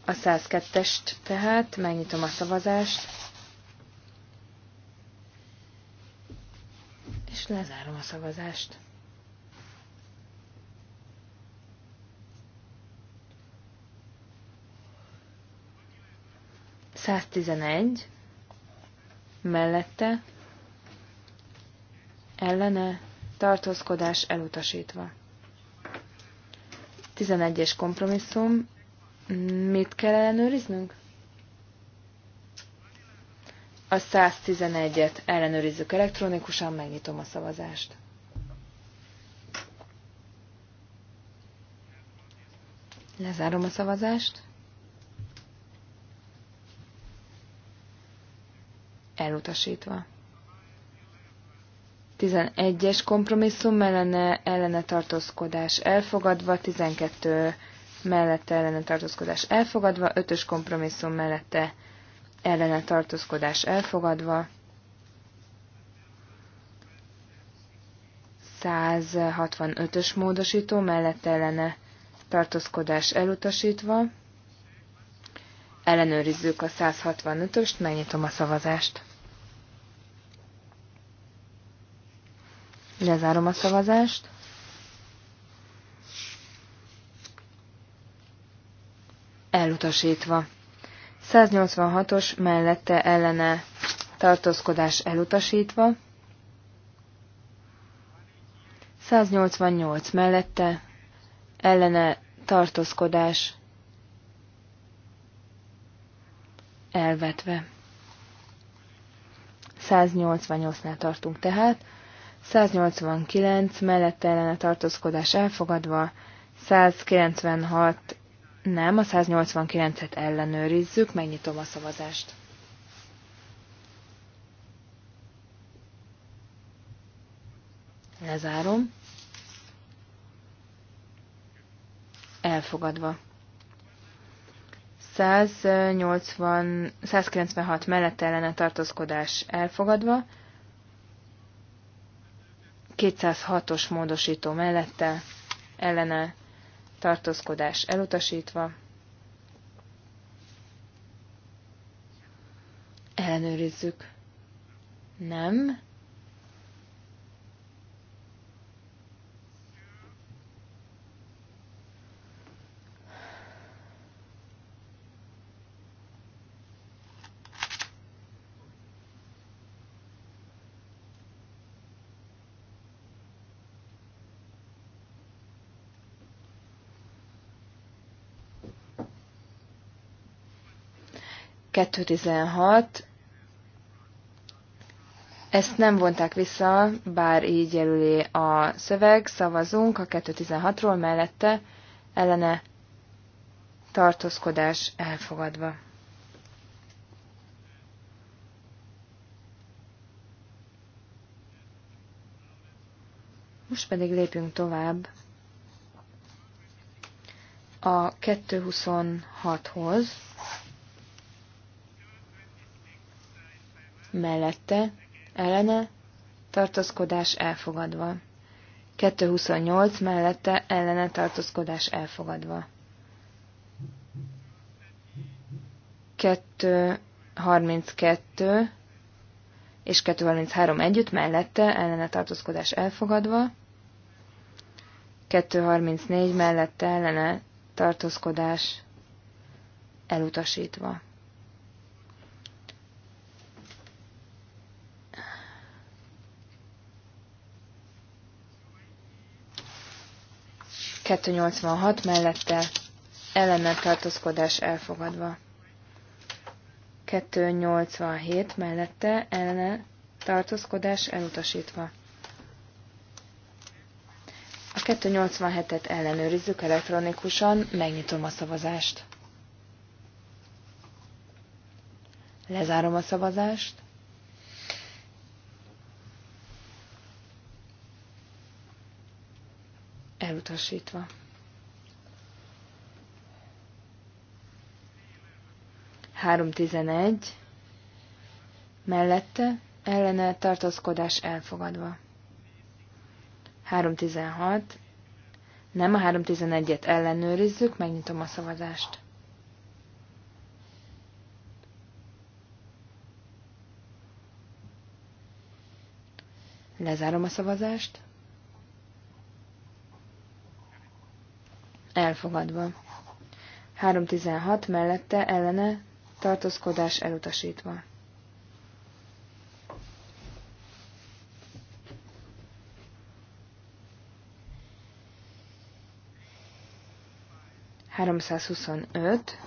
A 102-est tehát, megnyitom a szavazást, és lezárom a szavazást. 111 mellette ellene tartózkodás elutasítva. 11-es kompromisszum. Mit kell ellenőriznünk? A 111-et ellenőrizzük elektronikusan, megnyitom a szavazást. Lezárom a szavazást. elutasítva. 11-es kompromisszum ellene, ellene tartózkodás elfogadva, 12 mellette ellene tartózkodás elfogadva, 5-ös kompromisszum mellette ellene tartózkodás elfogadva, 165-ös módosító mellette ellene tartózkodás elutasítva, ellenőrizzük a 165-öst, megnyitom a szavazást. Lezárom a szavazást. Elutasítva. 186-os mellette ellene tartózkodás elutasítva. 188 mellette ellene tartózkodás elvetve. 188-nál tartunk tehát. 189 mellette ellene tartózkodás elfogadva, 196 nem, a 189-et ellenőrizzük, megnyitom a szavazást. Lezárom. Elfogadva. 180, 196 mellette ellene tartózkodás elfogadva, 206-os módosító mellette ellene tartózkodás elutasítva. Ellenőrizzük. Nem. 216. Ezt nem vonták vissza, bár így jelöli a szöveg, szavazunk a 216-ról mellette, ellene tartózkodás elfogadva. Most pedig lépjünk tovább a 226-hoz. mellette, ellene, tartózkodás elfogadva. 228 mellette, ellene, tartózkodás elfogadva. 232 és 233 együtt mellette, ellene tartózkodás elfogadva. 234 mellette ellene tartózkodás elutasítva. 286 mellette ellenem tartózkodás elfogadva. 287 mellette ellene tartózkodás elutasítva. A 287-et ellenőrizzük elektronikusan, megnyitom a szavazást. Lezárom a szavazást. elutasítva. Három tizenegy mellette ellene tartózkodás elfogadva. 3.16 nem a 3.11-et ellenőrizzük, megnyitom a szavazást. Lezárom a szavazást. elfogadva. 316 mellette ellene tartózkodás elutasítva. Háromszázhuszonöt.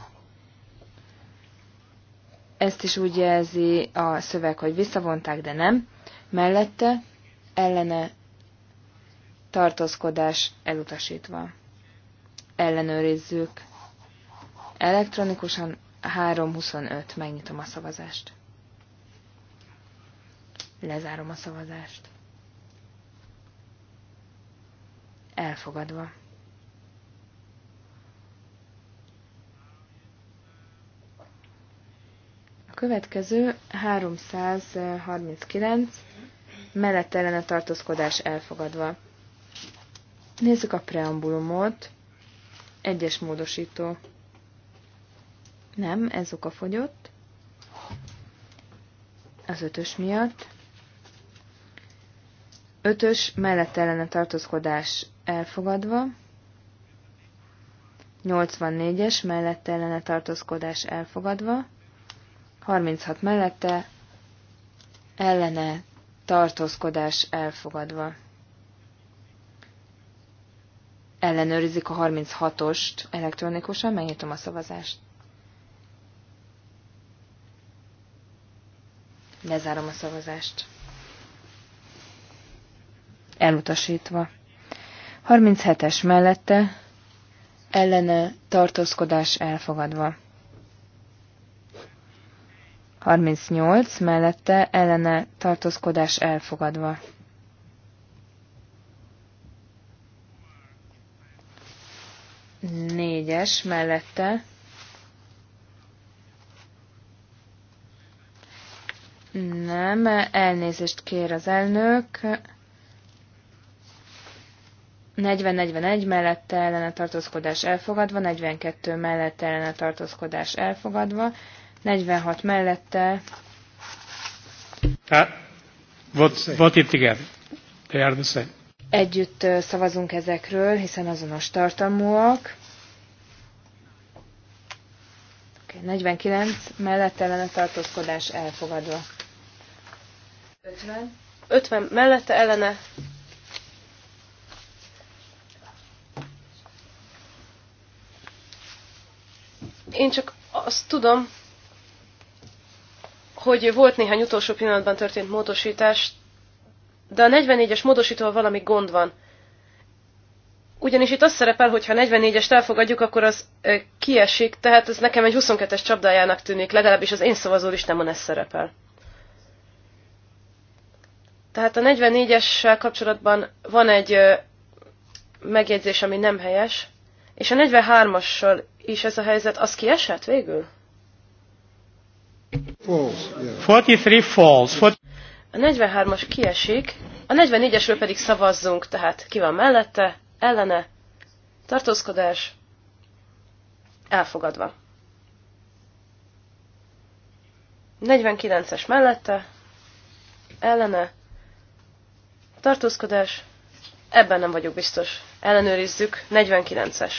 Ezt is úgy jelzi a szöveg, hogy visszavonták, de nem. Mellette ellene tartózkodás elutasítva ellenőrizzük. Elektronikusan 3.25. Megnyitom a szavazást. Lezárom a szavazást. Elfogadva. A következő 339 mellett ellene tartózkodás elfogadva. Nézzük a preambulumot. Egyes módosító. Nem, ez oka fogyott. Az ötös miatt. Ötös mellett ellene tartózkodás elfogadva. 84-es mellette ellene tartózkodás elfogadva. 36 mellette ellene tartózkodás elfogadva ellenőrizik a 36-ost elektronikusan, megnyitom a szavazást. Lezárom a szavazást. Elutasítva. 37-es mellette, ellene tartózkodás elfogadva. 38 mellette, ellene tartózkodás elfogadva. négyes mellette nem, elnézést kér az elnök. 40-41 mellette ellene tartózkodás elfogadva, 42 mellette ellene tartózkodás elfogadva, 46 mellette... Hát, ah, what, what it again? They are the same. Együtt szavazunk ezekről, hiszen azonos tartalmúak. 49 mellett ellene tartózkodás elfogadva. 50. 50 mellette ellene. Én csak azt tudom, hogy volt néhány utolsó pillanatban történt módosítás, de a 44-es módosítóval valami gond van. Ugyanis itt az szerepel, hogy ha 44-est elfogadjuk, akkor az ö, kiesik, tehát ez nekem egy 22-es csapdájának tűnik, legalábbis az én szavazó szavazólistámon ez szerepel. Tehát a 44-essel kapcsolatban van egy ö, megjegyzés, ami nem helyes, és a 43-assal is ez a helyzet, az kiesett végül? False, yeah. 43 false. A 43-as kiesik, a 44-esről pedig szavazzunk, tehát ki van mellette, ellene, tartózkodás, elfogadva. 49-es mellette, ellene, tartózkodás, ebben nem vagyok biztos. Ellenőrizzük, 49-es.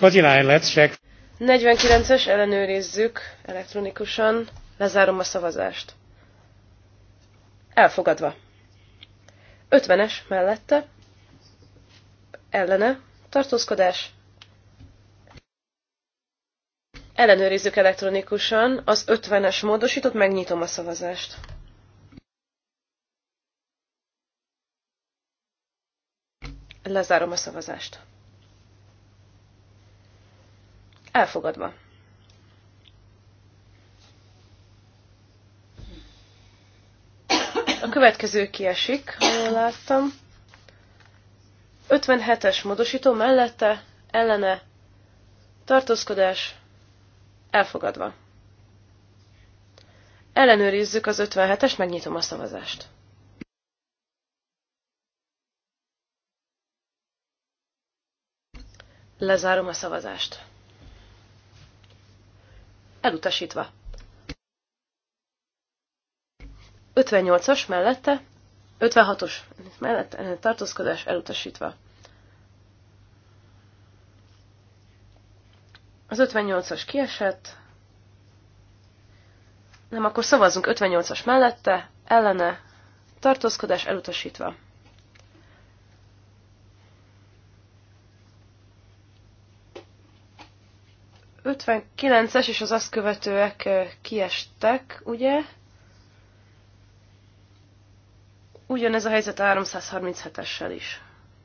49, 49-es, ellenőrizzük elektronikusan. Lezárom a szavazást. Elfogadva. 50-es mellette. Ellene. Tartózkodás. Ellenőrizzük elektronikusan az 50-es módosított, megnyitom a szavazást. Lezárom a szavazást. Elfogadva. A következő kiesik, ha jól láttam. 57-es módosító mellette, ellene, tartózkodás, elfogadva. Ellenőrizzük az 57-es, megnyitom a szavazást. Lezárom a szavazást. Elutasítva. 58-as mellette, 56-os mellette eh, tartózkodás elutasítva. Az 58-as kiesett. Nem, akkor szavazzunk 58-as mellette, ellene, tartózkodás elutasítva. es és az azt követőek eh, kiestek, ugye? Ugyanez a helyzet a 337-essel is.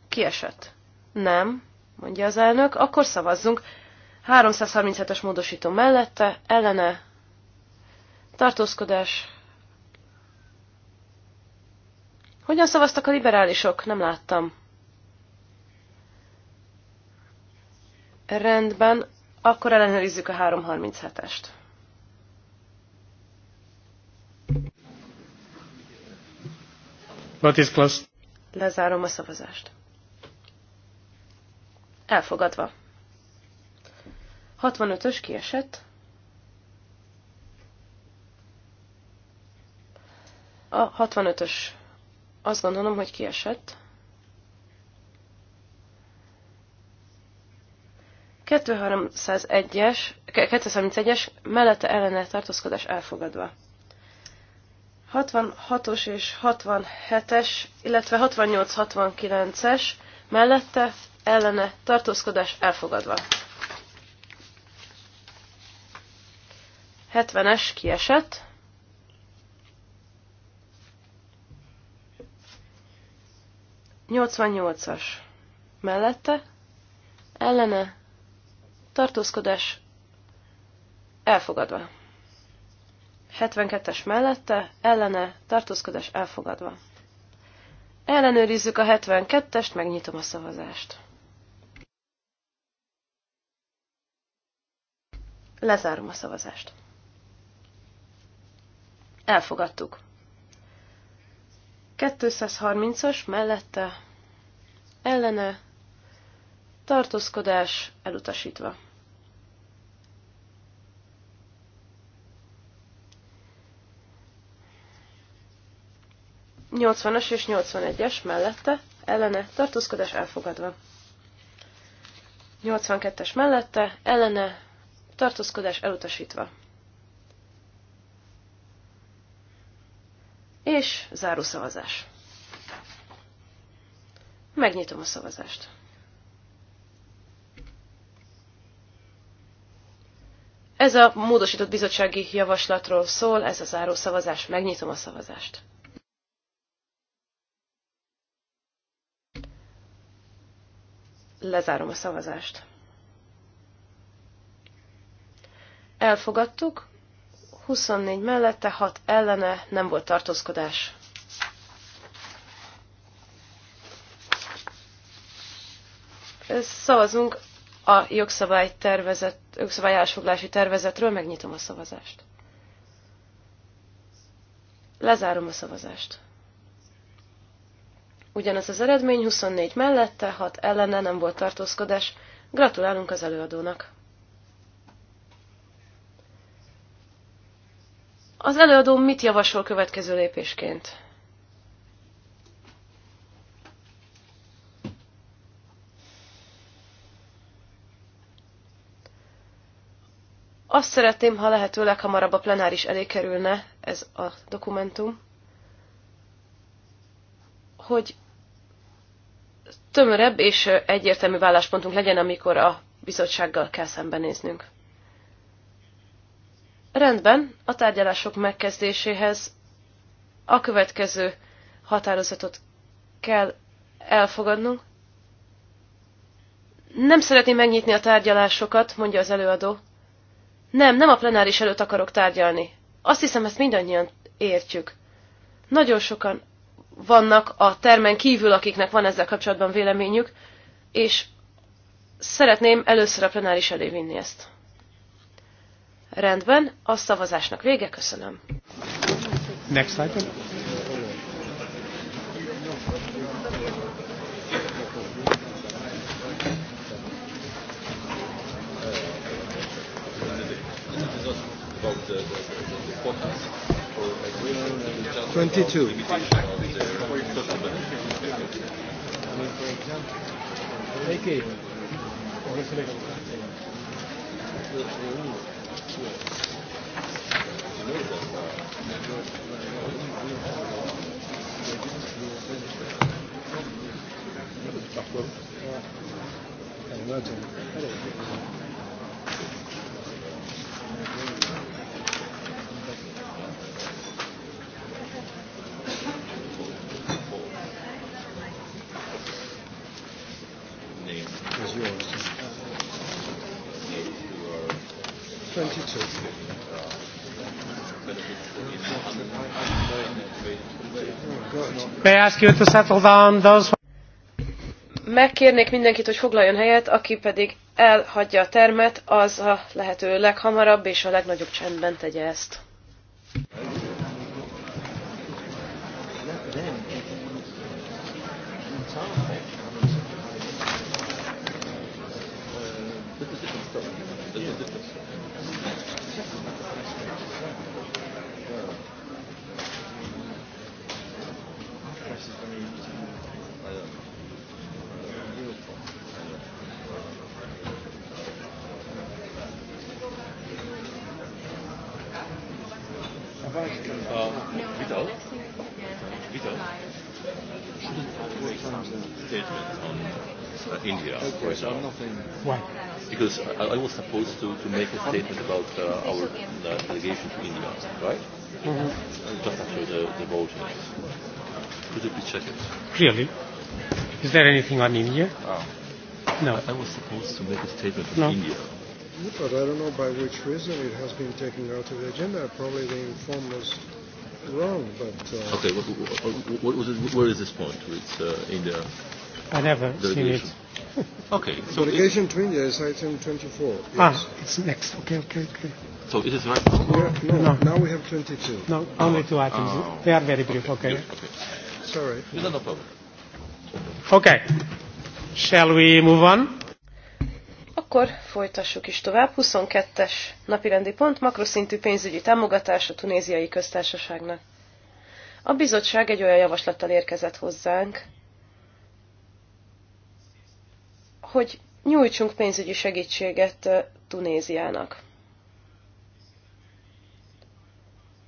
Kiesett. Nem, mondja az elnök, akkor szavazzunk. 337-es módosító mellette, ellene, tartózkodás. Hogyan szavaztak a liberálisok? Nem láttam. Rendben, akkor ellenőrizzük a 337-est. What Lezárom a szavazást. Elfogadva. 65-ös kiesett. A 65-ös azt gondolom, hogy kiesett. 231 es 231-es mellette ellene tartózkodás elfogadva. 66-os és 67-es, illetve 68-69-es mellette ellene tartózkodás elfogadva. 70-es kiesett. 88-as Mellette. Ellene. Tartózkodás. Elfogadva. 72-es mellette, ellene, tartózkodás elfogadva. Ellenőrizzük a 72-est, megnyitom a szavazást. Lezárom a szavazást. Elfogadtuk. 230-as mellette, ellene, tartózkodás elutasítva. 80-as és 81-es mellette, ellene, tartózkodás elfogadva. 82-es mellette, ellene, tartózkodás elutasítva. És záró szavazás. Megnyitom a szavazást. Ez a módosított bizottsági javaslatról szól, ez a záró szavazás. Megnyitom a szavazást. Lezárom a szavazást. Elfogadtuk. 24 mellette, 6 ellene, nem volt tartózkodás. Szavazunk a jogszabály tervezet, jogszabály elsfoglási tervezetről, megnyitom a szavazást. Lezárom a szavazást. Ugyanaz az eredmény 24 mellette, 6 ellene nem volt tartózkodás. Gratulálunk az előadónak! Az előadó mit javasol következő lépésként? Azt szeretném, ha lehetőleg hamarabb a plenáris elé kerülne ez a dokumentum, hogy tömörebb és egyértelmű válláspontunk legyen, amikor a bizottsággal kell szembenéznünk. Rendben, a tárgyalások megkezdéséhez a következő határozatot kell elfogadnunk. Nem szeretném megnyitni a tárgyalásokat, mondja az előadó. Nem, nem a plenáris előtt akarok tárgyalni. Azt hiszem, ezt mindannyian értjük. Nagyon sokan vannak a termen kívül, akiknek van ezzel kapcsolatban véleményük, és szeretném először a plenáris elé vinni ezt. Rendben, a szavazásnak vége, köszönöm. Next slide. 22. Peki. Parfois. Alors, attends. Alors. Megkérnék mindenkit, hogy foglaljon helyet, aki pedig elhagyja a termet, az a lehető leghamarabb és a legnagyobb csendben tegye ezt. engagement on uh, India okay, right now. Nothing. Why? Because I, I was supposed to, to make a um, statement about uh, our uh, delegation to India, right? Mm-hmm. Just after the, the voting. Could you please check it? Really? Is there anything on India? Oh. No. I, I was supposed to make a statement on no. India. but I don't know by which reason it has been taken out of the agenda. Probably the inform was wrong, but... Uh, okay, what, what, what what was it, where is this point? It's uh, in the... I never seen it. [laughs] Okay. So Delegation to India is item 24. Yes. Ah, it's next. Okay, okay, okay. So it is right. Yeah, no, no, now we have 22. No, oh, only two items. Oh. They are very brief. Okay. okay. okay. Sorry. No, no problem. Okay. Shall we move on? Akkor folytassuk is tovább. 22-es napirendi pont, makroszintű pénzügyi támogatás a tunéziai köztársaságnak. A bizottság egy olyan javaslattal érkezett hozzánk, hogy nyújtsunk pénzügyi segítséget Tunéziának.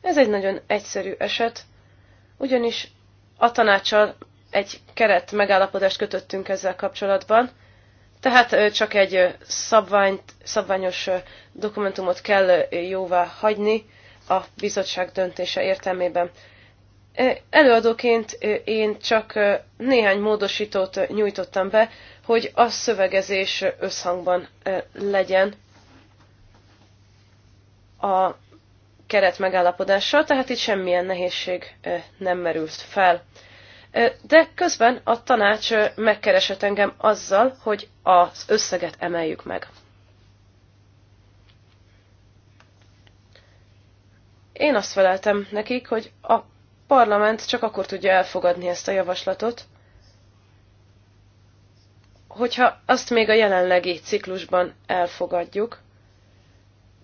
Ez egy nagyon egyszerű eset, ugyanis a tanácsal egy keret megállapodást kötöttünk ezzel kapcsolatban, tehát csak egy szabványt, szabványos dokumentumot kell jóvá hagyni a bizottság döntése értelmében. Előadóként én csak néhány módosítót nyújtottam be, hogy a szövegezés összhangban legyen a keret megállapodással, tehát itt semmilyen nehézség nem merült fel. De közben a tanács megkeresett engem azzal, hogy az összeget emeljük meg. Én azt feleltem nekik, hogy a parlament csak akkor tudja elfogadni ezt a javaslatot, hogyha azt még a jelenlegi ciklusban elfogadjuk,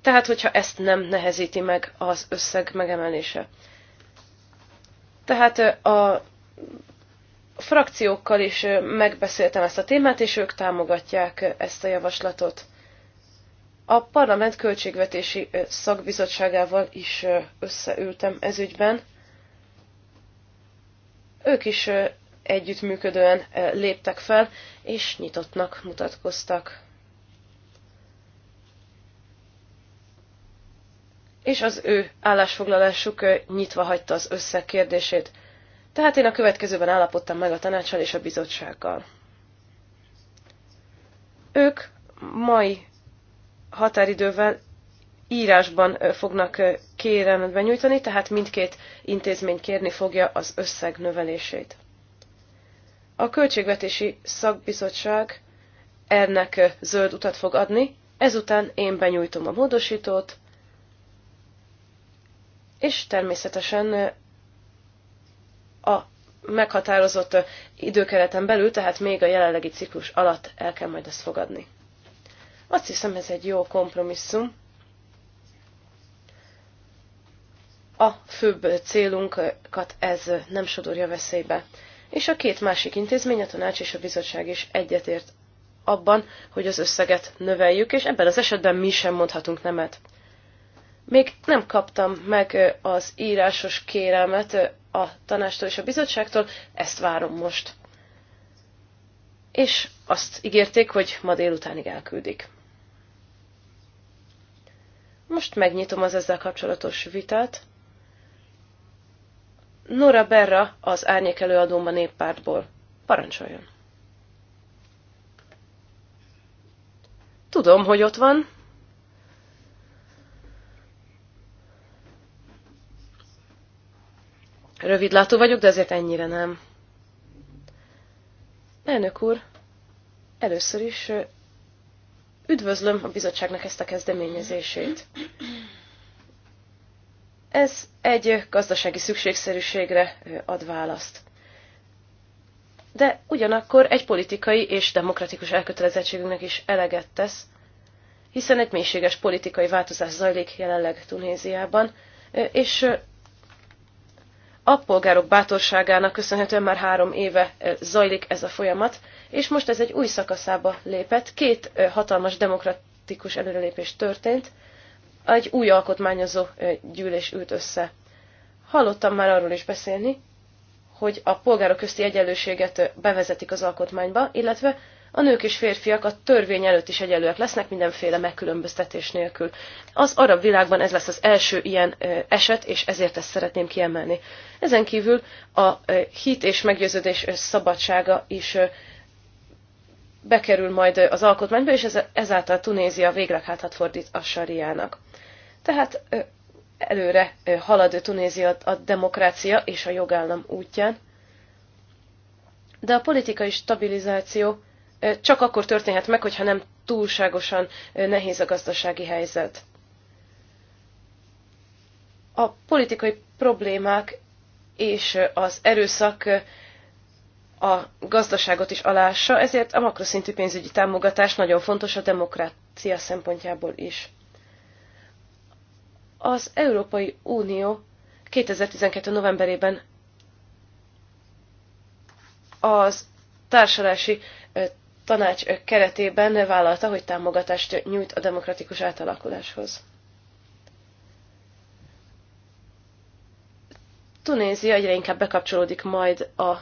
tehát hogyha ezt nem nehezíti meg az összeg megemelése. Tehát a frakciókkal is megbeszéltem ezt a témát, és ők támogatják ezt a javaslatot. A parlament költségvetési szakbizottságával is összeültem ezügyben, ők is együttműködően léptek fel, és nyitottnak mutatkoztak. És az ő állásfoglalásuk nyitva hagyta az összeg kérdését. Tehát én a következőben állapodtam meg a tanácsal és a bizottsággal. Ők mai határidővel írásban fognak kérelmet benyújtani, tehát mindkét intézmény kérni fogja az összeg növelését. A Költségvetési Szakbizottság ennek zöld utat fog adni, ezután én benyújtom a módosítót, és természetesen a meghatározott időkereten belül, tehát még a jelenlegi ciklus alatt el kell majd ezt fogadni. Azt hiszem, ez egy jó kompromisszum. a főbb célunkat ez nem sodorja veszélybe. És a két másik intézmény, a tanács és a bizottság is egyetért abban, hogy az összeget növeljük, és ebben az esetben mi sem mondhatunk nemet. Még nem kaptam meg az írásos kérelmet a tanástól és a bizottságtól, ezt várom most. És azt ígérték, hogy ma délutánig elküldik. Most megnyitom az ezzel kapcsolatos vitát. Nora Berra az árnyék előadómban néppártból. Parancsoljon! Tudom, hogy ott van. Rövidlátó vagyok, de azért ennyire nem. Elnök úr, először is üdvözlöm a bizottságnak ezt a kezdeményezését. Ez egy gazdasági szükségszerűségre ad választ. De ugyanakkor egy politikai és demokratikus elkötelezettségünknek is eleget tesz, hiszen egy mélységes politikai változás zajlik jelenleg Tunéziában, és a polgárok bátorságának köszönhetően már három éve zajlik ez a folyamat, és most ez egy új szakaszába lépett, két hatalmas demokratikus előrelépés történt, egy új alkotmányozó gyűlés ült össze. Hallottam már arról is beszélni, hogy a polgárok közti egyenlőséget bevezetik az alkotmányba, illetve a nők és férfiak a törvény előtt is egyenlőek lesznek mindenféle megkülönböztetés nélkül. Az arab világban ez lesz az első ilyen eset, és ezért ezt szeretném kiemelni. Ezen kívül a hit és meggyőződés szabadsága is bekerül majd az alkotmányba, és ezáltal Tunézia végleg hátat fordít a sariának. Tehát előre halad Tunézia a demokrácia és a jogállam útján, de a politikai stabilizáció csak akkor történhet meg, hogyha nem túlságosan nehéz a gazdasági helyzet. A politikai problémák és az erőszak a gazdaságot is alássa, ezért a makroszintű pénzügyi támogatás nagyon fontos a demokrácia szempontjából is. Az Európai Unió 2012. novemberében az társadalási tanács keretében vállalta, hogy támogatást nyújt a demokratikus átalakuláshoz. Tunézia egyre inkább bekapcsolódik majd a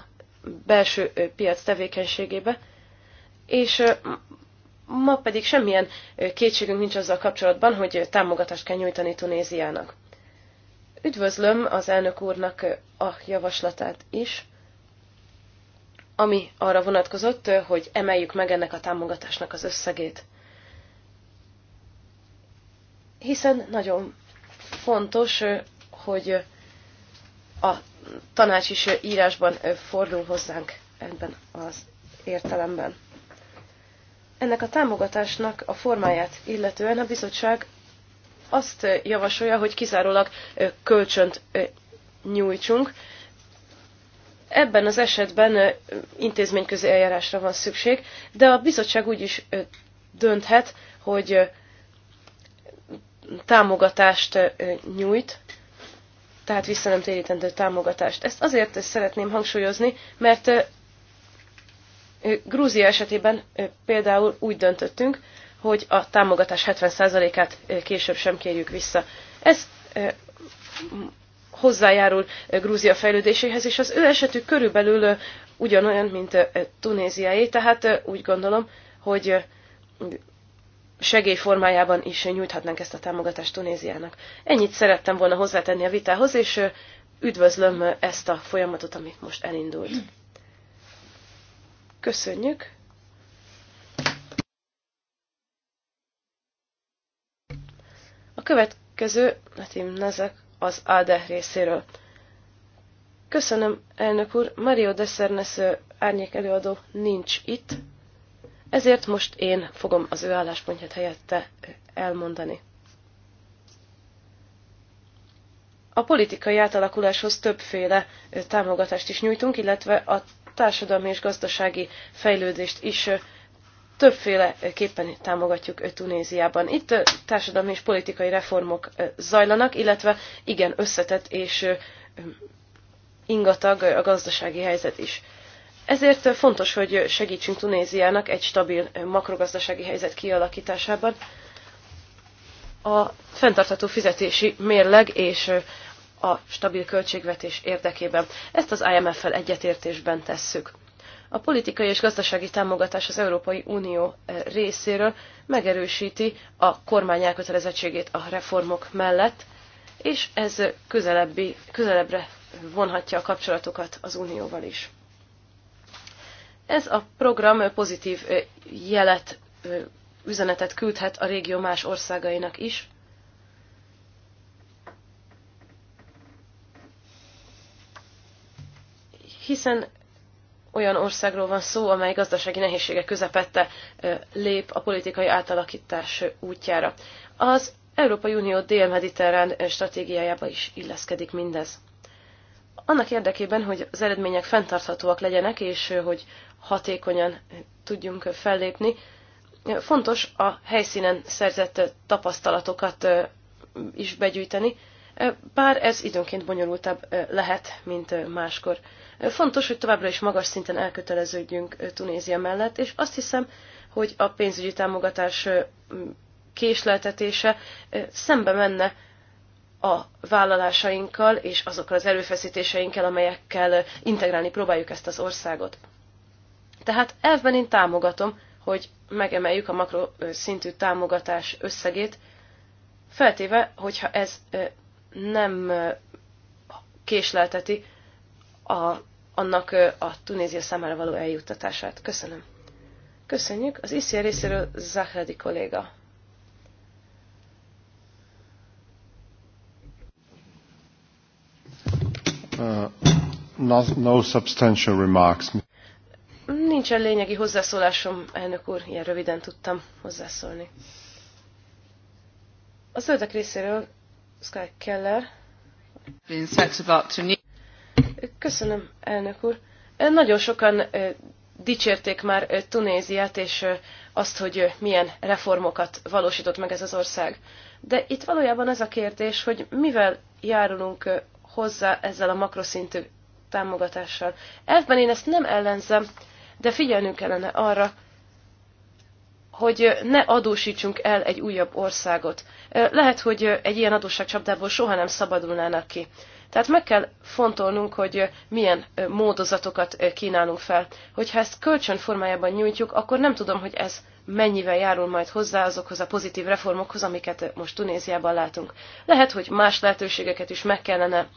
belső piac tevékenységébe, és Ma pedig semmilyen kétségünk nincs azzal kapcsolatban, hogy támogatást kell nyújtani Tunéziának. Üdvözlöm az elnök úrnak a javaslatát is, ami arra vonatkozott, hogy emeljük meg ennek a támogatásnak az összegét. Hiszen nagyon fontos, hogy a tanács is írásban fordul hozzánk ebben az értelemben. Ennek a támogatásnak a formáját illetően a bizottság azt javasolja, hogy kizárólag kölcsönt nyújtsunk. Ebben az esetben intézményközi eljárásra van szükség, de a bizottság úgy is dönthet, hogy támogatást nyújt, tehát vissza nem térítendő támogatást. Ezt azért szeretném hangsúlyozni, mert Grúzia esetében például úgy döntöttünk, hogy a támogatás 70%-át később sem kérjük vissza. Ez hozzájárul Grúzia fejlődéséhez, és az ő esetük körülbelül ugyanolyan, mint Tunéziáé, tehát úgy gondolom, hogy segélyformájában is nyújthatnánk ezt a támogatást Tunéziának. Ennyit szerettem volna hozzátenni a vitához, és üdvözlöm ezt a folyamatot, amit most elindult. Köszönjük! A következő, Netim Nezek, az ADE részéről. Köszönöm, elnök úr, Mario Deszernes árnyék előadó nincs itt, ezért most én fogom az ő álláspontját helyette elmondani. A politikai átalakuláshoz többféle támogatást is nyújtunk, illetve a társadalmi és gazdasági fejlődést is többféleképpen támogatjuk Tunéziában. Itt társadalmi és politikai reformok zajlanak, illetve igen összetett és ingatag a gazdasági helyzet is. Ezért fontos, hogy segítsünk Tunéziának egy stabil makrogazdasági helyzet kialakításában. A fenntartható fizetési mérleg és a stabil költségvetés érdekében. Ezt az IMF-fel egyetértésben tesszük. A politikai és gazdasági támogatás az Európai Unió eh, részéről megerősíti a kormány elkötelezettségét a reformok mellett, és ez közelebbi, közelebbre vonhatja a kapcsolatokat az Unióval is. Ez a program eh, pozitív eh, jelet, üzenetet küldhet a régió más országainak is, hiszen olyan országról van szó, amely gazdasági nehézségek közepette lép a politikai átalakítás útjára. Az Európai Unió dél-mediterrán stratégiájába is illeszkedik mindez. Annak érdekében, hogy az eredmények fenntarthatóak legyenek, és hogy hatékonyan tudjunk fellépni, fontos a helyszínen szerzett tapasztalatokat is begyűjteni, bár ez időnként bonyolultabb lehet, mint máskor. Fontos, hogy továbbra is magas szinten elköteleződjünk Tunézia mellett, és azt hiszem, hogy a pénzügyi támogatás késleltetése szembe menne a vállalásainkkal és azokkal az erőfeszítéseinkkel, amelyekkel integrálni próbáljuk ezt az országot. Tehát elvben én támogatom, hogy megemeljük a makroszintű támogatás összegét, feltéve, hogyha ez nem késlelteti a, annak a Tunézia számára való eljuttatását. Köszönöm. Köszönjük. Az ICR részéről Zahradi kolléga. Uh, no, no substantial remarks. Nincsen lényegi hozzászólásom, elnök úr, ilyen röviden tudtam hozzászólni. A zöldek részéről Sky Keller. Köszönöm, elnök úr. Nagyon sokan dicsérték már Tunéziát, és azt, hogy milyen reformokat valósított meg ez az ország. De itt valójában ez a kérdés, hogy mivel járulunk hozzá ezzel a makroszintű támogatással. Elfben én ezt nem ellenzem, de figyelnünk kellene arra, hogy ne adósítsunk el egy újabb országot lehet, hogy egy ilyen adósságcsapdából soha nem szabadulnának ki. Tehát meg kell fontolnunk, hogy milyen módozatokat kínálunk fel. Hogyha ezt kölcsön formájában nyújtjuk, akkor nem tudom, hogy ez mennyivel járul majd hozzá azokhoz a pozitív reformokhoz, amiket most Tunéziában látunk. Lehet, hogy más lehetőségeket is meg kellene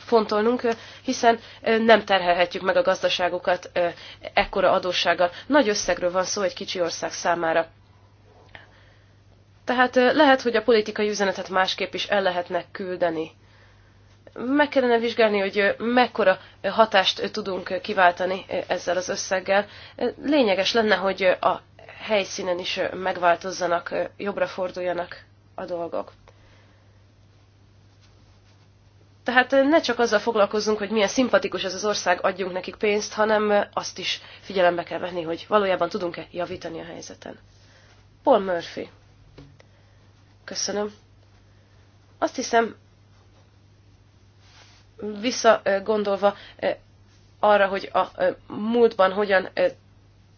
fontolnunk, hiszen nem terhelhetjük meg a gazdaságokat ekkora adóssággal. Nagy összegről van szó egy kicsi ország számára. Tehát lehet, hogy a politikai üzenetet másképp is el lehetne küldeni. Meg kellene vizsgálni, hogy mekkora hatást tudunk kiváltani ezzel az összeggel. Lényeges lenne, hogy a helyszínen is megváltozzanak, jobbra forduljanak a dolgok. Tehát ne csak azzal foglalkozzunk, hogy milyen szimpatikus ez az ország, adjunk nekik pénzt, hanem azt is figyelembe kell venni, hogy valójában tudunk-e javítani a helyzeten. Paul Murphy. Köszönöm. Azt hiszem, visszagondolva arra, hogy a múltban hogyan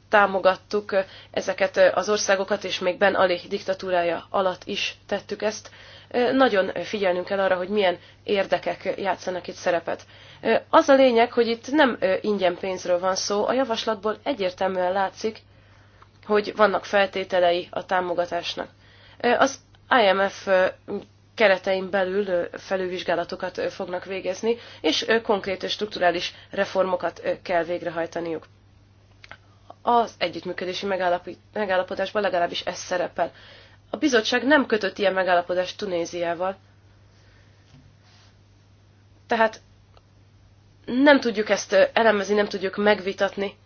támogattuk ezeket az országokat, és még Ben Ali diktatúrája alatt is tettük ezt. Nagyon figyelnünk kell arra, hogy milyen érdekek játszanak itt szerepet. Az a lényeg, hogy itt nem ingyen pénzről van szó, a javaslatból egyértelműen látszik, hogy vannak feltételei a támogatásnak. Az IMF keretein belül felülvizsgálatokat fognak végezni, és konkrét strukturális reformokat kell végrehajtaniuk. Az együttműködési megállapodásban legalábbis ez szerepel. A bizottság nem kötött ilyen megállapodást Tunéziával. Tehát nem tudjuk ezt elemezni, nem tudjuk megvitatni,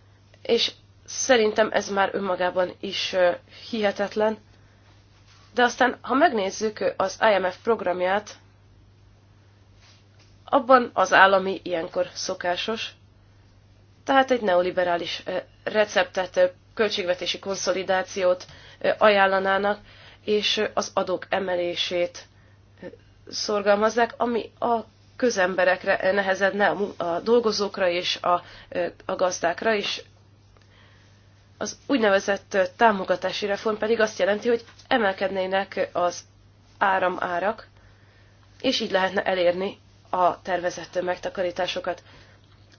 és szerintem ez már önmagában is hihetetlen de aztán, ha megnézzük az IMF programját, abban az állami ilyenkor szokásos, tehát egy neoliberális eh, receptet, eh, költségvetési konszolidációt eh, ajánlanának, és az adók emelését szorgalmazzák, ami a közemberekre nehezedne, a dolgozókra és a, a gazdákra, és az úgynevezett támogatási reform pedig azt jelenti, hogy emelkednének az áramárak, és így lehetne elérni a tervezett megtakarításokat.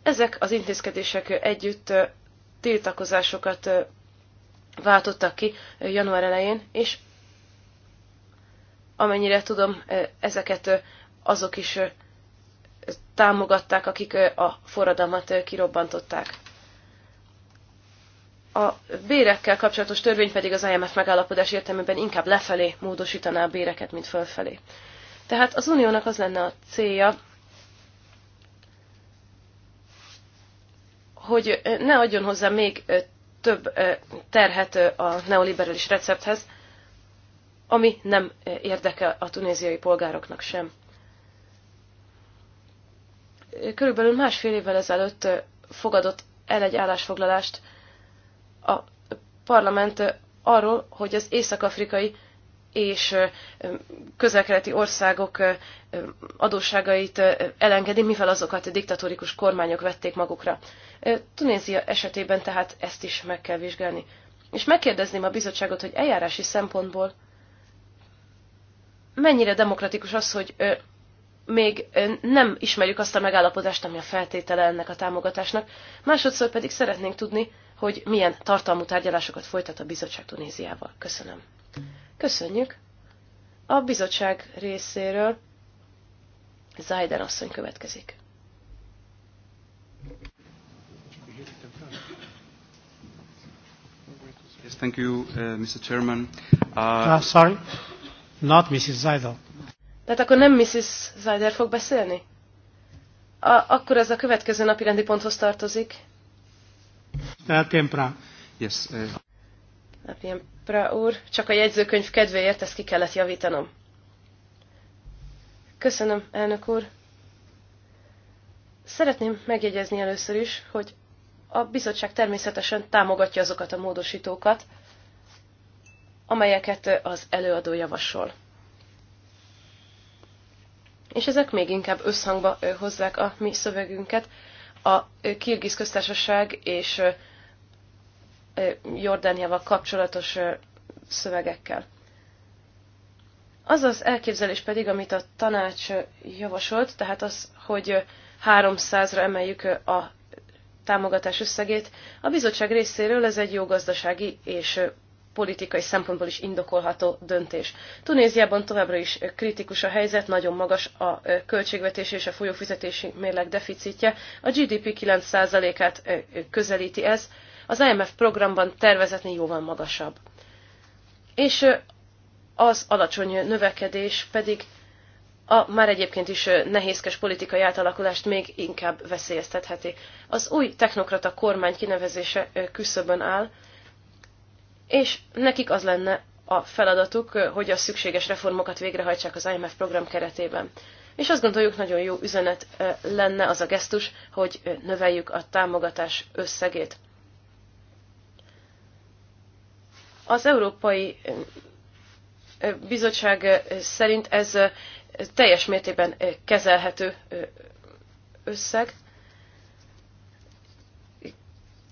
Ezek az intézkedések együtt tiltakozásokat váltottak ki január elején, és amennyire tudom, ezeket azok is támogatták, akik a forradalmat kirobbantották. A bérekkel kapcsolatos törvény pedig az IMF megállapodás értelmében inkább lefelé módosítaná a béreket, mint fölfelé. Tehát az uniónak az lenne a célja, hogy ne adjon hozzá még több terhet a neoliberális recepthez, ami nem érdeke a tunéziai polgároknak sem. Körülbelül másfél évvel ezelőtt fogadott el egy állásfoglalást a parlament arról, hogy az észak-afrikai és közelkeleti országok adósságait elengedi, mivel azokat diktatórikus kormányok vették magukra. Tunézia esetében tehát ezt is meg kell vizsgálni. És megkérdezném a bizottságot, hogy eljárási szempontból mennyire demokratikus az, hogy még nem ismerjük azt a megállapodást, ami a feltétele ennek a támogatásnak. Másodszor pedig szeretnénk tudni, hogy milyen tartalmú tárgyalásokat folytat a bizottság Tunéziával. Köszönöm. Köszönjük. A bizottság részéről Zajden asszony következik. Yes, thank you, uh, Mr. Chairman. Uh, uh, sorry, not Mrs. Zajdel. Tehát akkor nem Mrs. Zajder fog beszélni? A, akkor ez a következő napi rendi ponthoz tartozik. Tempra. Yes. Tempra uh, úr, csak a jegyzőkönyv kedvéért ezt ki kellett javítanom. Köszönöm, elnök úr. Szeretném megjegyezni először is, hogy a bizottság természetesen támogatja azokat a módosítókat, amelyeket az előadó javasol. És ezek még inkább összhangba hozzák a mi szövegünket. A Kirgiz köztársaság és Jordániával kapcsolatos szövegekkel. Az az elképzelés pedig, amit a tanács javasolt, tehát az, hogy 300-ra emeljük a támogatás összegét, a bizottság részéről ez egy jó gazdasági és politikai szempontból is indokolható döntés. Tunéziában továbbra is kritikus a helyzet, nagyon magas a költségvetés és a folyófizetési mérleg deficitje. A GDP 9%-át közelíti ez, az IMF programban tervezetni jóval magasabb. És az alacsony növekedés pedig a már egyébként is nehézkes politikai átalakulást még inkább veszélyeztetheti. Az új technokrata kormány kinevezése küszöbön áll, és nekik az lenne a feladatuk, hogy a szükséges reformokat végrehajtsák az IMF program keretében. És azt gondoljuk, nagyon jó üzenet lenne az a gesztus, hogy növeljük a támogatás összegét. Az Európai Bizottság szerint ez teljes mértékben kezelhető összeg.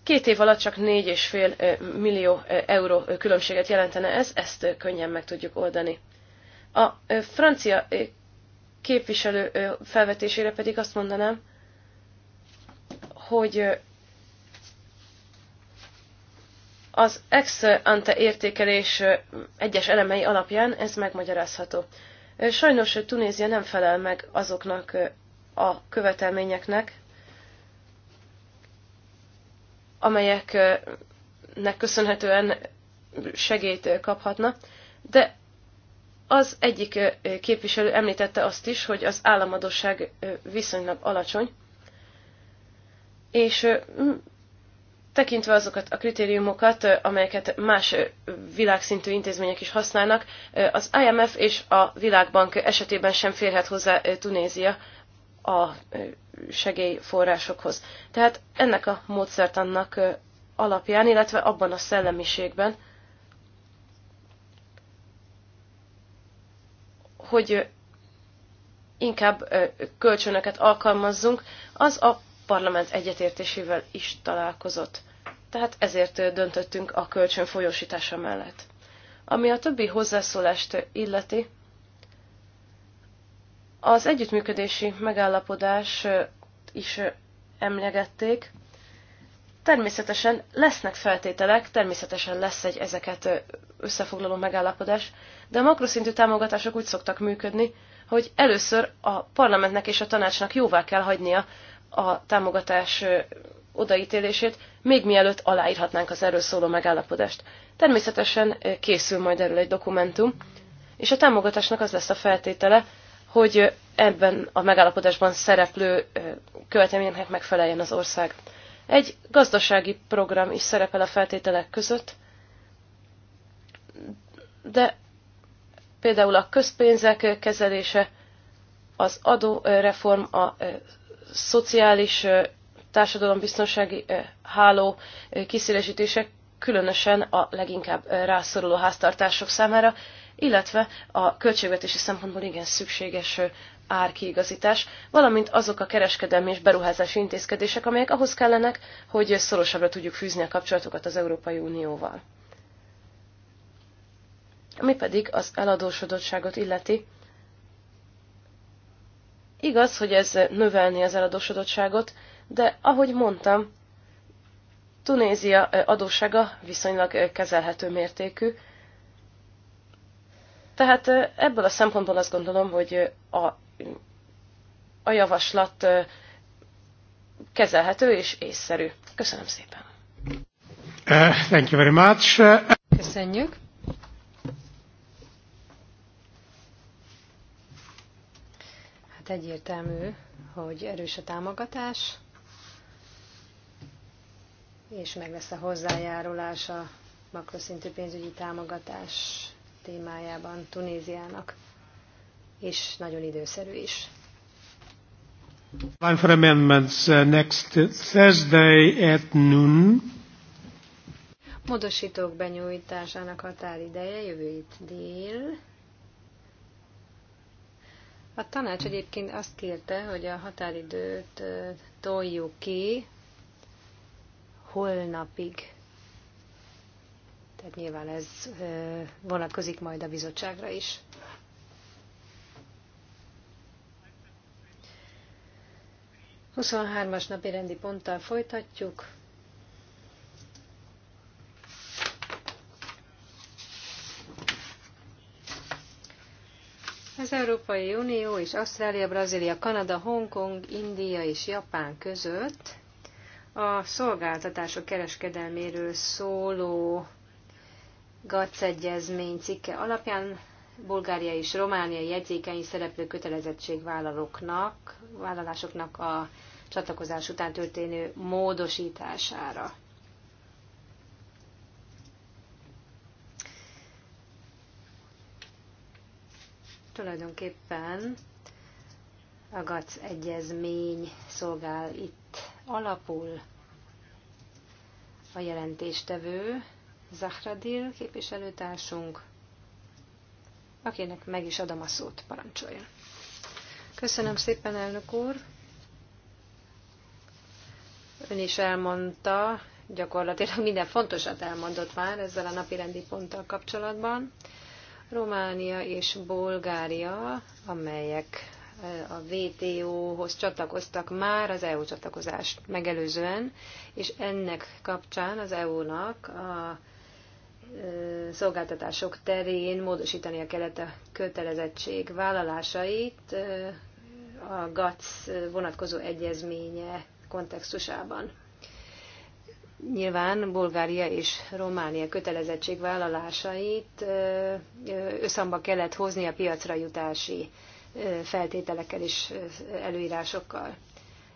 Két év alatt csak 4,5 millió euró különbséget jelentene ez, ezt könnyen meg tudjuk oldani. A francia képviselő felvetésére pedig azt mondanám, hogy az ex ante értékelés egyes elemei alapján ez megmagyarázható. Sajnos Tunézia nem felel meg azoknak a követelményeknek, amelyeknek köszönhetően segélyt kaphatna, de az egyik képviselő említette azt is, hogy az államadóság viszonylag alacsony, és tekintve azokat a kritériumokat, amelyeket más világszintű intézmények is használnak, az IMF és a Világbank esetében sem férhet hozzá Tunézia a segélyforrásokhoz. Tehát ennek a módszertannak alapján, illetve abban a szellemiségben, hogy inkább kölcsönöket alkalmazzunk, az a parlament egyetértésével is találkozott. Tehát ezért döntöttünk a kölcsön folyósítása mellett. Ami a többi hozzászólást illeti, az együttműködési megállapodás is emlegették. Természetesen lesznek feltételek, természetesen lesz egy ezeket összefoglaló megállapodás, de a makroszintű támogatások úgy szoktak működni, hogy először a parlamentnek és a tanácsnak jóvá kell hagynia, a támogatás odaítélését, még mielőtt aláírhatnánk az erről szóló megállapodást. Természetesen készül majd erről egy dokumentum, és a támogatásnak az lesz a feltétele, hogy ebben a megállapodásban szereplő követelményeknek megfeleljen az ország. Egy gazdasági program is szerepel a feltételek között, de például a közpénzek kezelése, az adóreform, a szociális társadalombiztonsági háló kiszélesítése különösen a leginkább rászoruló háztartások számára, illetve a költségvetési szempontból igen szükséges árkiigazítás, valamint azok a kereskedelmi és beruházási intézkedések, amelyek ahhoz kellenek, hogy szorosabbra tudjuk fűzni a kapcsolatokat az Európai Unióval. Ami pedig az eladósodottságot illeti, Igaz, hogy ez növelni az eladósodottságot, de ahogy mondtam, Tunézia adóssága viszonylag kezelhető mértékű. Tehát ebből a szempontból azt gondolom, hogy a, a javaslat kezelhető és észszerű. Köszönöm szépen. Uh, thank you very much. Köszönjük. Hát egyértelmű, hogy erős a támogatás, és meg lesz a hozzájárulás a makroszintű pénzügyi támogatás témájában Tunéziának, és nagyon időszerű is. Time for amendments uh, next Thursday at noon. Módosítók benyújtásának határideje jövő itt dél. A tanács egyébként azt kérte, hogy a határidőt toljuk ki holnapig. Tehát nyilván ez vonatkozik majd a bizottságra is. 23-as napi rendi ponttal folytatjuk. Az Európai Unió és Ausztrália, Brazília, Kanada, Hongkong, India és Japán között a szolgáltatások kereskedelméről szóló GATS egyezmény cikke alapján Bulgária és Románia jegyzékeny szereplő kötelezettségvállalóknak, vállalásoknak a csatlakozás után történő módosítására Tulajdonképpen a GATS egyezmény szolgál itt alapul a jelentéstevő, Zahradil képviselőtársunk, akinek meg is adom a szót, parancsoljon. Köszönöm szépen, elnök úr! Ön is elmondta, gyakorlatilag minden fontosat elmondott már ezzel a napi rendi ponttal kapcsolatban. Románia és Bulgária, amelyek eh, a WTO-hoz csatlakoztak már az EU csatlakozást megelőzően, és ennek kapcsán az EU-nak a eh, szolgáltatások terén módosítania kellett a kötelezettség vállalásait eh, a GATS vonatkozó egyezménye kontextusában nyilván Bulgária és Románia kötelezettségvállalásait összhangba kellett hozni a piacra jutási feltételekkel és előírásokkal.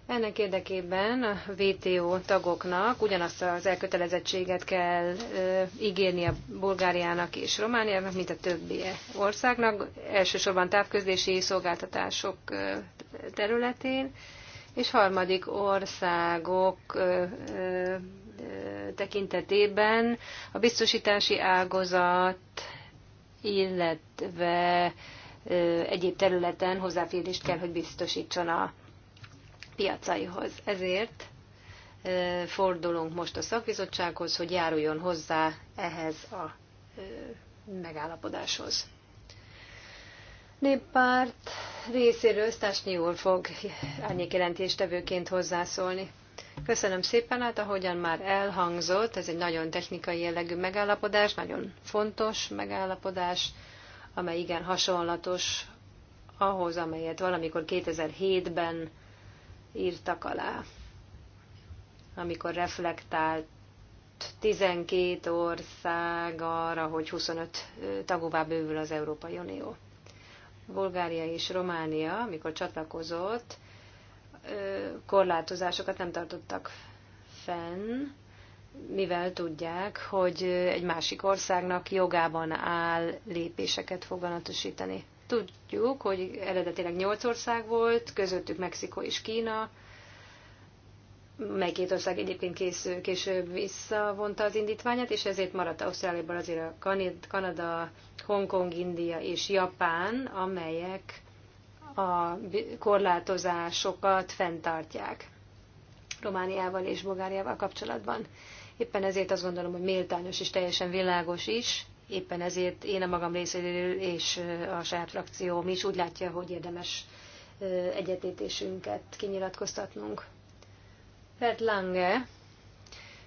Ennek érdekében a WTO tagoknak ugyanazt az elkötelezettséget kell ö, ígérni Bulgáriának és Romániának, mint a többi országnak, elsősorban távközlési szolgáltatások területén, és harmadik országok tekintetében a biztosítási ágazat, illetve egyéb területen hozzáférést kell, hogy biztosítson a piacaihoz. Ezért fordulunk most a szakbizottsághoz, hogy járuljon hozzá ehhez a megállapodáshoz. Néppárt részéről Sztásnyi úr fog árnyékjelentéstevőként hozzászólni. Köszönöm szépen, hát ahogyan már elhangzott, ez egy nagyon technikai jellegű megállapodás, nagyon fontos megállapodás, amely igen hasonlatos ahhoz, amelyet valamikor 2007-ben írtak alá, amikor reflektált 12 ország arra, hogy 25 tagúvá bővül az Európai Unió. Bulgária és Románia, amikor csatlakozott, korlátozásokat nem tartottak fenn, mivel tudják, hogy egy másik országnak jogában áll lépéseket foganatosítani. Tudjuk, hogy eredetileg nyolc ország volt, közöttük Mexikó és Kína, mely két ország egyébként készül, később visszavonta az indítványát, és ezért maradt Ausztráliában azért a Kanada, Hongkong, India és Japán, amelyek a korlátozásokat fenntartják Romániával és Bulgáriával kapcsolatban. Éppen ezért azt gondolom, hogy méltányos és teljesen világos is, éppen ezért én a magam részéről és a saját frakcióm is úgy látja, hogy érdemes egyetétésünket kinyilatkoztatnunk. Bert Lange,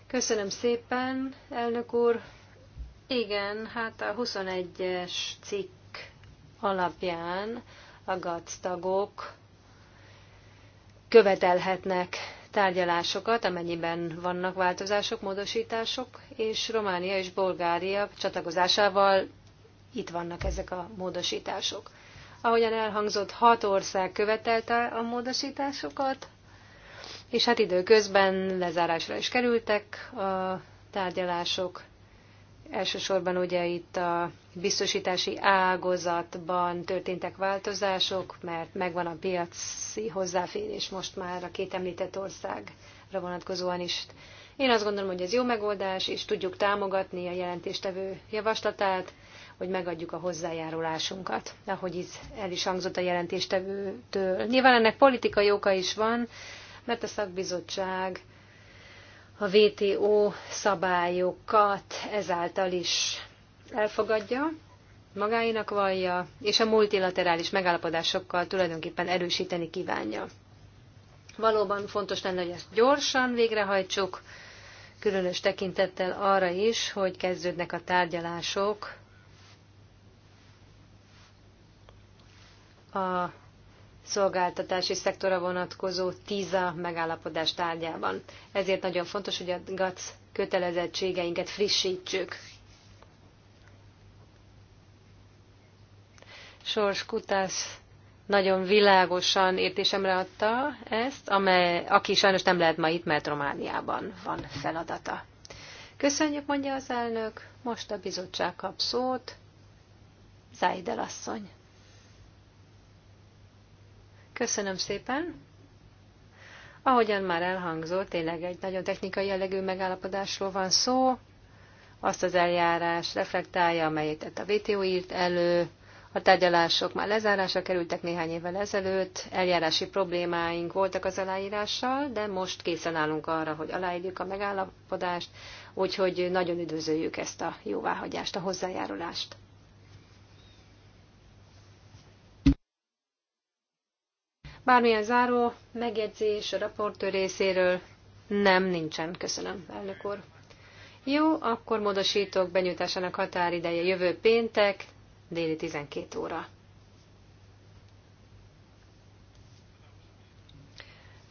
köszönöm szépen, elnök úr. Igen, hát a 21-es cikk alapján a GATS tagok követelhetnek tárgyalásokat, amennyiben vannak változások, módosítások, és Románia és Bulgária csatlakozásával itt vannak ezek a módosítások. Ahogyan elhangzott, hat ország követelte a módosításokat, és hát időközben lezárásra is kerültek a tárgyalások, Elsősorban ugye itt a biztosítási ágazatban történtek változások, mert megvan a piaci hozzáférés most már a két említett országra vonatkozóan is. Én azt gondolom, hogy ez jó megoldás, és tudjuk támogatni a jelentéstevő javaslatát, hogy megadjuk a hozzájárulásunkat, ahogy itt el is hangzott a jelentéstevőtől. Nyilván ennek politikai oka is van, mert a szakbizottság a WTO szabályokat ezáltal is elfogadja, magáinak vallja, és a multilaterális megállapodásokkal tulajdonképpen erősíteni kívánja. Valóban fontos lenne, hogy ezt gyorsan végrehajtsuk, különös tekintettel arra is, hogy kezdődnek a tárgyalások a szolgáltatási szektora vonatkozó TISA megállapodás tárgyában. Ezért nagyon fontos, hogy a GATS kötelezettségeinket frissítsük. Sors kutás nagyon világosan értésemre adta ezt, amely, aki sajnos nem lehet ma itt, mert Romániában van feladata. Köszönjük, mondja az elnök, most a bizottság kap szót. Zájdel asszony. Köszönöm szépen. Ahogyan már elhangzott, tényleg egy nagyon technikai jellegű megállapodásról van szó. Azt az eljárás reflektálja, amelyet a VTO írt elő. A tárgyalások már lezárásra kerültek néhány évvel ezelőtt, eljárási problémáink voltak az aláírással, de most készen állunk arra, hogy aláírjuk a megállapodást, úgyhogy nagyon üdvözöljük ezt a jóváhagyást, a hozzájárulást. Bármilyen záró megjegyzés a raportőr részéről nem nincsen. Köszönöm, elnök úr. Jó, akkor módosítok benyújtásának határideje jövő péntek, déli 12 óra.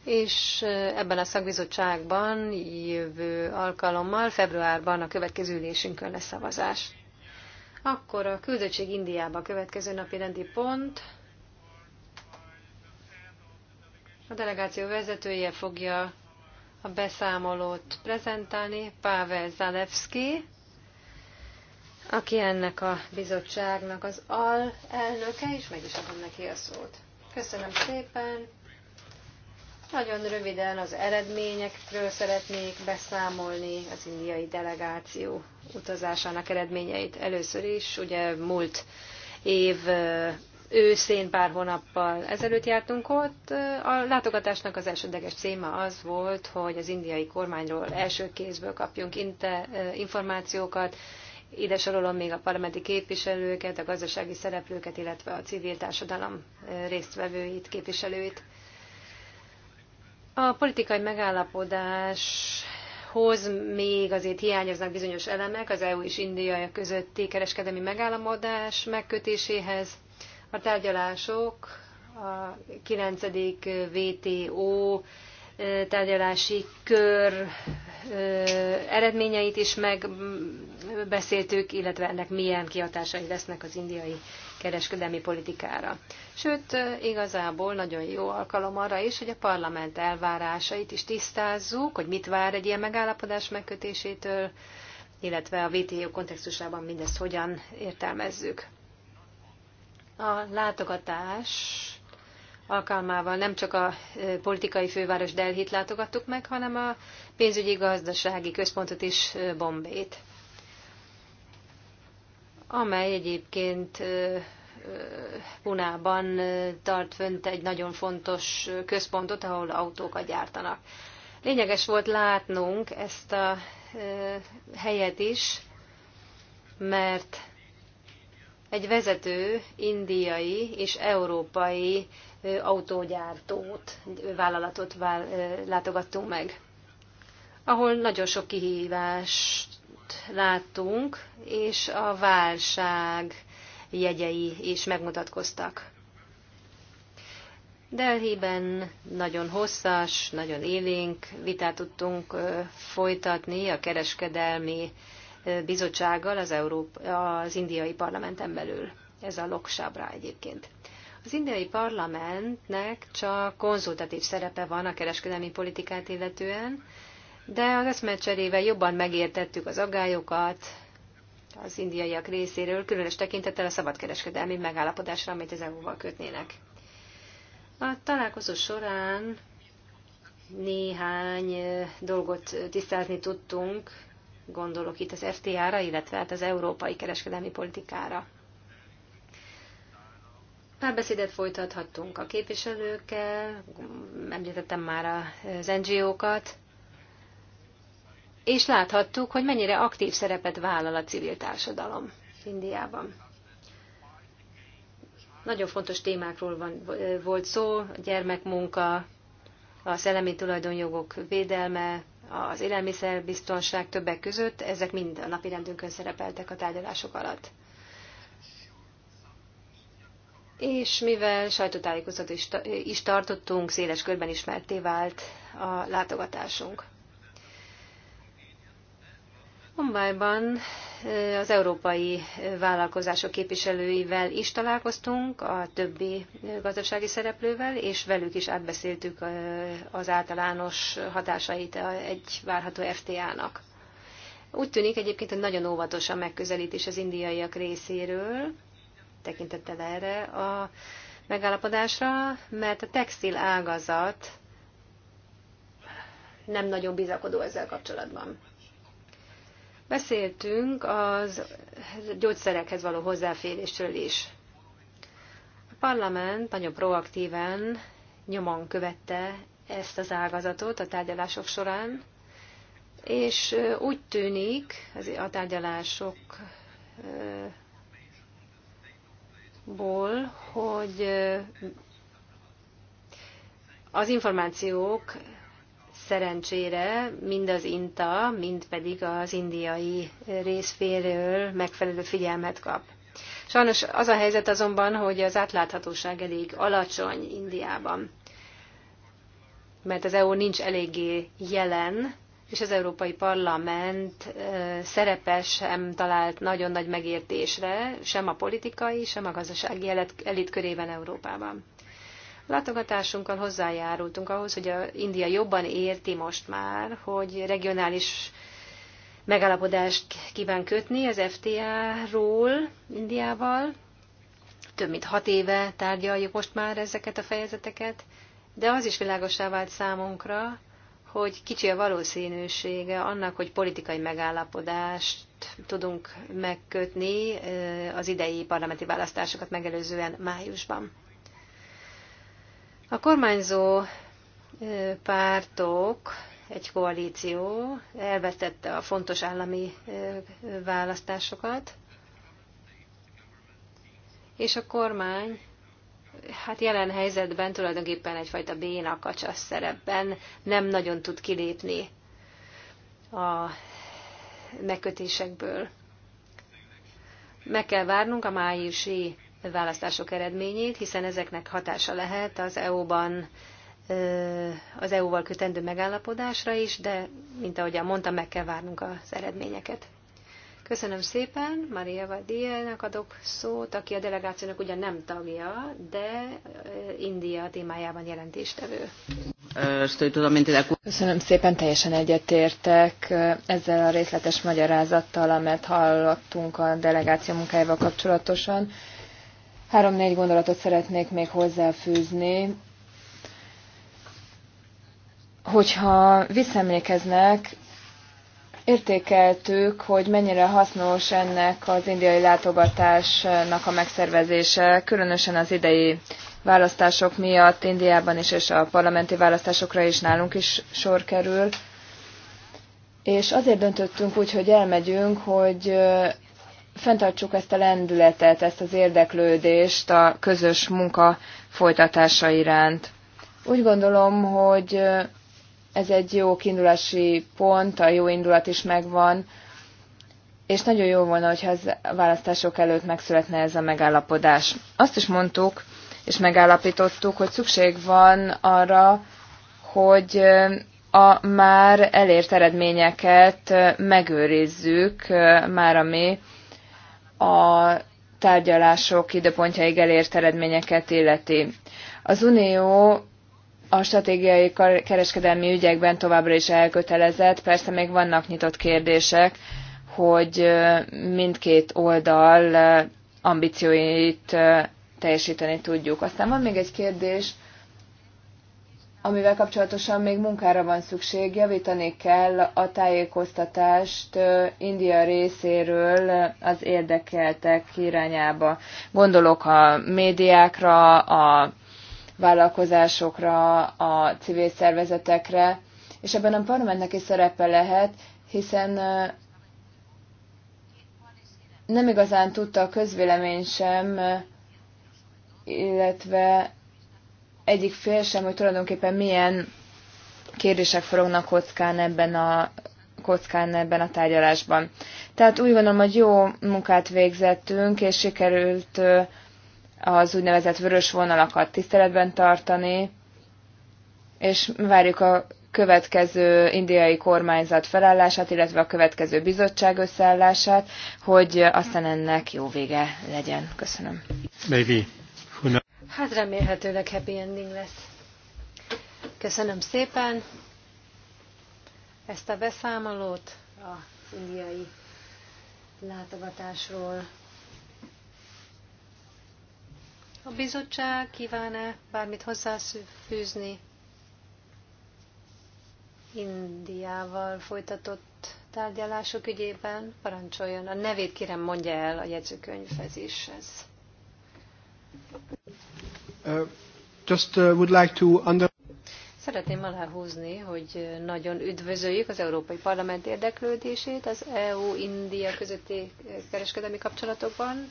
És eh, ebben a szakbizottságban jövő alkalommal, februárban a következő ülésünkön lesz szavazás. Akkor a küldöttség Indiába a következő napi rendi pont. A delegáció vezetője fogja a beszámolót prezentálni, Pavel Zalewski, aki ennek a bizottságnak az al elnöke, és meg is adom neki a szót. Köszönöm szépen. Nagyon röviden az eredményekről szeretnék beszámolni, az indiai delegáció utazásának eredményeit. Először is, ugye múlt év őszén pár hónappal ezelőtt jártunk ott. A látogatásnak az elsődleges céma az volt, hogy az indiai kormányról első kézből kapjunk információkat, ide sorolom még a parlamenti képviselőket, a gazdasági szereplőket, illetve a civil társadalom résztvevőit, képviselőit. A politikai megállapodáshoz még azért hiányoznak bizonyos elemek az EU és India közötti kereskedelmi megállapodás megkötéséhez. A tárgyalások a 9. VTO tárgyalási kör eredményeit is megbeszéltük, illetve ennek milyen kihatásai lesznek az indiai kereskedelmi politikára. Sőt, igazából nagyon jó alkalom arra is, hogy a parlament elvárásait is tisztázzuk, hogy mit vár egy ilyen megállapodás megkötésétől, illetve a WTO kontextusában mindezt hogyan értelmezzük. A látogatás alkalmával nem csak a politikai főváros Delhit látogattuk meg, hanem a pénzügyi gazdasági központot is Bombét, amely egyébként Punában tart fönt egy nagyon fontos központot, ahol autókat gyártanak. Lényeges volt látnunk ezt a helyet is, mert egy vezető indiai és európai autógyártót, vállalatot látogattunk meg, ahol nagyon sok kihívást láttunk, és a válság jegyei is megmutatkoztak. Delhiben nagyon hosszas, nagyon élénk vitát tudtunk folytatni a kereskedelmi bizottsággal az, Európa, az indiai parlamenten belül. Ez a loksábra egyébként. Az indiai parlamentnek csak konzultatív szerepe van a kereskedelmi politikát illetően, de az eszmecserével jobban megértettük az agályokat az indiaiak részéről, különös tekintettel a szabadkereskedelmi megállapodásra, amit az EU-val kötnének. A találkozó során néhány dolgot tisztázni tudtunk, gondolok itt az FTA-ra, illetve hát az európai kereskedelmi politikára. Párbeszédet folytathattunk a képviselőkkel, említettem már az NGO-kat, és láthattuk, hogy mennyire aktív szerepet vállal a civil társadalom Indiában. Nagyon fontos témákról van, volt szó, a gyermekmunka, a szellemi tulajdonjogok védelme, az élelmiszerbiztonság többek között, ezek mind a napi rendünkön szerepeltek a tárgyalások alatt. És mivel sajtótájékoztatót is, is tartottunk, széles körben ismerté vált a látogatásunk. Mumbai-ban az európai vállalkozások képviselőivel is találkoztunk, a többi gazdasági szereplővel, és velük is átbeszéltük az általános hatásait egy várható FTA-nak. Úgy tűnik egyébként, hogy nagyon óvatos a megközelítés az indiaiak részéről, tekintettel erre a megállapodásra, mert a textil ágazat nem nagyon bizakodó ezzel kapcsolatban. Beszéltünk az gyógyszerekhez való hozzáférésről is. A parlament nagyon proaktíven nyomon követte ezt az ágazatot a tárgyalások során, és úgy tűnik a tárgyalásokból, hogy az információk Szerencsére mind az INTA, mind pedig az indiai részféről megfelelő figyelmet kap. Sajnos az a helyzet azonban, hogy az átláthatóság elég alacsony Indiában, mert az EU nincs eléggé jelen, és az Európai Parlament szerepe sem talált nagyon nagy megértésre, sem a politikai, sem a gazdasági elit körében Európában. Látogatásunkkal hozzájárultunk ahhoz, hogy a India jobban érti most már, hogy regionális megállapodást kíván kötni az FTA-ról Indiával. Több mint hat éve tárgyaljuk most már ezeket a fejezeteket, de az is világosá vált számunkra, hogy kicsi a valószínűsége annak, hogy politikai megállapodást tudunk megkötni az idei parlamenti választásokat megelőzően májusban. A kormányzó pártok, egy koalíció elvetette a fontos állami választásokat, és a kormány hát jelen helyzetben tulajdonképpen egyfajta béna kacsas szerepben nem nagyon tud kilépni a megkötésekből. Meg kell várnunk a májusi választások eredményét, hiszen ezeknek hatása lehet az EU-ban az EU-val kötendő megállapodásra is, de, mint ahogy mondtam, meg kell várnunk az eredményeket. Köszönöm szépen, Maria Vadielnek adok szót, aki a delegációnak ugyan nem tagja, de India témájában jelentéstevő. Köszönöm szépen, teljesen egyetértek ezzel a részletes magyarázattal, amit hallottunk a delegáció munkájával kapcsolatosan. Három-négy gondolatot szeretnék még hozzáfűzni. Hogyha visszaemlékeznek, értékeltük, hogy mennyire hasznos ennek az indiai látogatásnak a megszervezése, különösen az idei választások miatt Indiában is, és a parlamenti választásokra is nálunk is sor kerül. És azért döntöttünk úgy, hogy elmegyünk, hogy fenntartsuk ezt a lendületet, ezt az érdeklődést a közös munka folytatása iránt. Úgy gondolom, hogy ez egy jó kiindulási pont, a jó indulat is megvan, és nagyon jó volna, hogyha az választások előtt megszületne ez a megállapodás. Azt is mondtuk, és megállapítottuk, hogy szükség van arra, hogy a már elért eredményeket megőrizzük, már ami a tárgyalások időpontjaig elért eredményeket illeti. Az Unió a stratégiai kereskedelmi ügyekben továbbra is elkötelezett, persze még vannak nyitott kérdések, hogy mindkét oldal ambícióit teljesíteni tudjuk. Aztán van még egy kérdés, amivel kapcsolatosan még munkára van szükség. Javítani kell a tájékoztatást India részéről az érdekeltek irányába. Gondolok a médiákra, a vállalkozásokra, a civil szervezetekre, és ebben a parlamentnek is szerepe lehet, hiszen nem igazán tudta a közvélemény sem, illetve egyik fél sem, hogy tulajdonképpen milyen kérdések forognak kockán ebben a kockán ebben a tárgyalásban. Tehát úgy gondolom, hogy jó munkát végzettünk, és sikerült az úgynevezett vörös vonalakat tiszteletben tartani, és várjuk a következő indiai kormányzat felállását, illetve a következő bizottság összeállását, hogy aztán ennek jó vége legyen. Köszönöm. Maybe. Hát remélhetőleg happy ending lesz. Köszönöm szépen ezt a beszámolót az indiai látogatásról. A bizottság kíván-e bármit hozzáfűzni Indiával folytatott tárgyalások ügyében? Parancsoljon, a nevét kérem mondja el a jegyzőkönyvhez is. Ez Uh, just uh, would like to under Szeretném aláhúzni, hogy nagyon üdvözöljük az Európai Parlament érdeklődését az EU-India közötti kereskedelmi kapcsolatokban.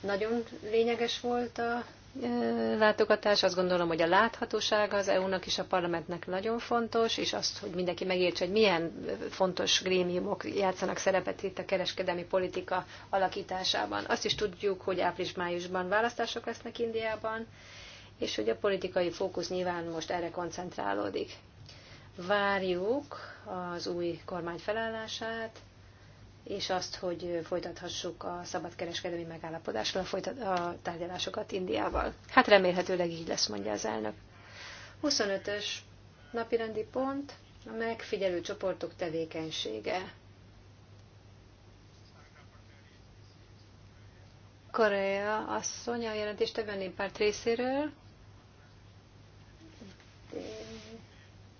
Nagyon lényeges volt a uh, látogatás. Azt gondolom, hogy a láthatósága az EU-nak és a parlamentnek nagyon fontos, és azt, hogy mindenki megértse, hogy milyen fontos grémiumok játszanak szerepet itt a kereskedelmi politika alakításában. Azt is tudjuk, hogy április-májusban választások lesznek Indiában, és hogy a politikai fókusz nyilván most erre koncentrálódik. Várjuk az új kormány felállását, és azt, hogy folytathassuk a szabadkereskedelmi megállapodásról a, a tárgyalásokat Indiával. Hát remélhetőleg így lesz, mondja az elnök. 25-ös napirendi pont a megfigyelő csoportok tevékenysége. Korea asszony a jelentéstevő néppárt részéről.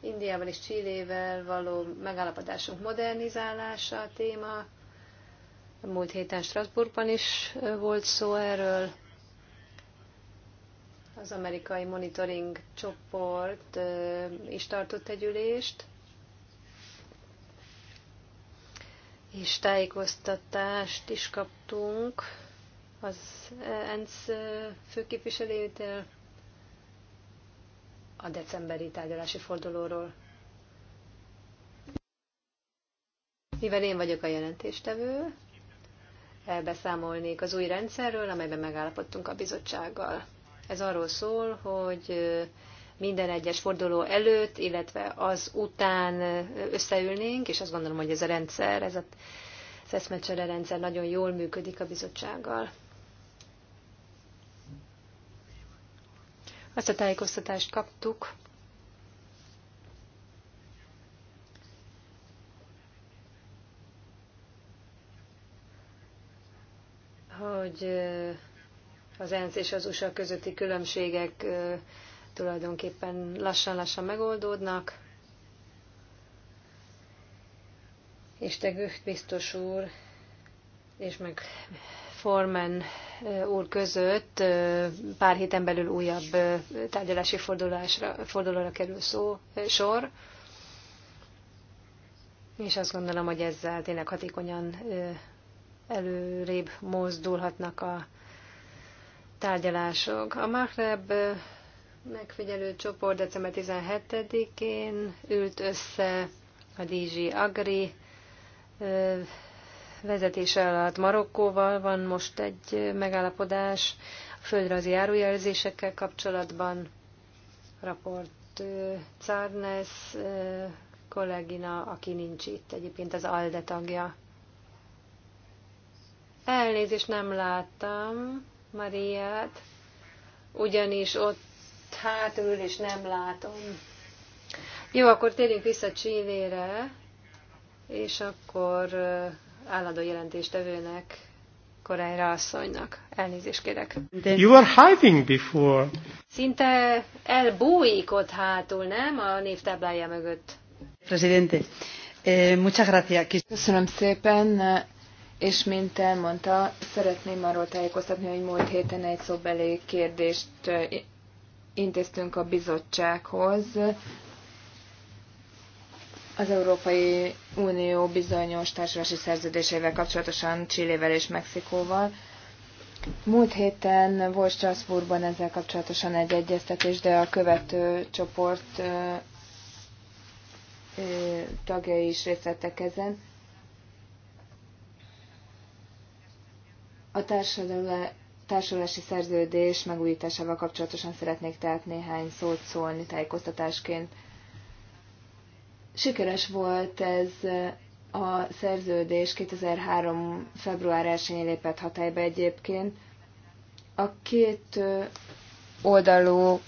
Indiával és Csillével való megállapodásunk modernizálása a téma. Múlt héten Strasbourgban is volt szó erről. Az amerikai monitoring csoport is tartott egy ülést, és tájékoztatást is kaptunk az ENSZ főképviselőjétől a decemberi tárgyalási fordulóról. Mivel én vagyok a jelentéstevő, elbeszámolnék az új rendszerről, amelyben megállapodtunk a bizottsággal. Ez arról szól, hogy minden egyes forduló előtt, illetve az után összeülnénk, és azt gondolom, hogy ez a rendszer, ez a szeszmecsere rendszer nagyon jól működik a bizottsággal. Azt a tájékoztatást kaptuk. hogy az ENSZ és az USA közötti különbségek tulajdonképpen lassan-lassan megoldódnak. És te biztos úr, és meg Forman úr között pár héten belül újabb tárgyalási fordulásra, fordulóra kerül szó, sor, és azt gondolom, hogy ezzel tényleg hatékonyan előrébb mozdulhatnak a tárgyalások. A Mahreb megfigyelő csoport december 17-én ült össze a DG Agri vezetése alatt Marokkóval van most egy megállapodás a földrajzi árujelzésekkel kapcsolatban. Raport Cárnes kollégina, aki nincs itt, egyébként az ALDE tagja. Elnézést nem láttam Mariát, ugyanis ott hátul és nem látom. Jó, akkor térjünk vissza Csillére, és akkor állandó jelentéstevőnek, Korányra asszonynak. Elnézést kérek. De... You were hiding before. Szinte elbújik ott hátul, nem? A névtáblája mögött. Presidente, eh, muchas gracias. Köszönöm szépen, és mint elmondta, szeretném arról tájékoztatni, hogy múlt héten egy szóbeli kérdést eh, intéztünk a bizottsághoz az Európai Unió bizonyos társulási szerződésével kapcsolatosan Csillével és Mexikóval. Múlt héten volt Strasbourgban ezzel kapcsolatosan egy egyeztetés, de a követő csoport tagjai is részt vettek ezen. A társulási szerződés megújításával kapcsolatosan szeretnék tehát néhány szót szólni tájékoztatásként. Sikeres volt ez a szerződés 2003. február 1-én lépett hatályba egyébként. A két oldalú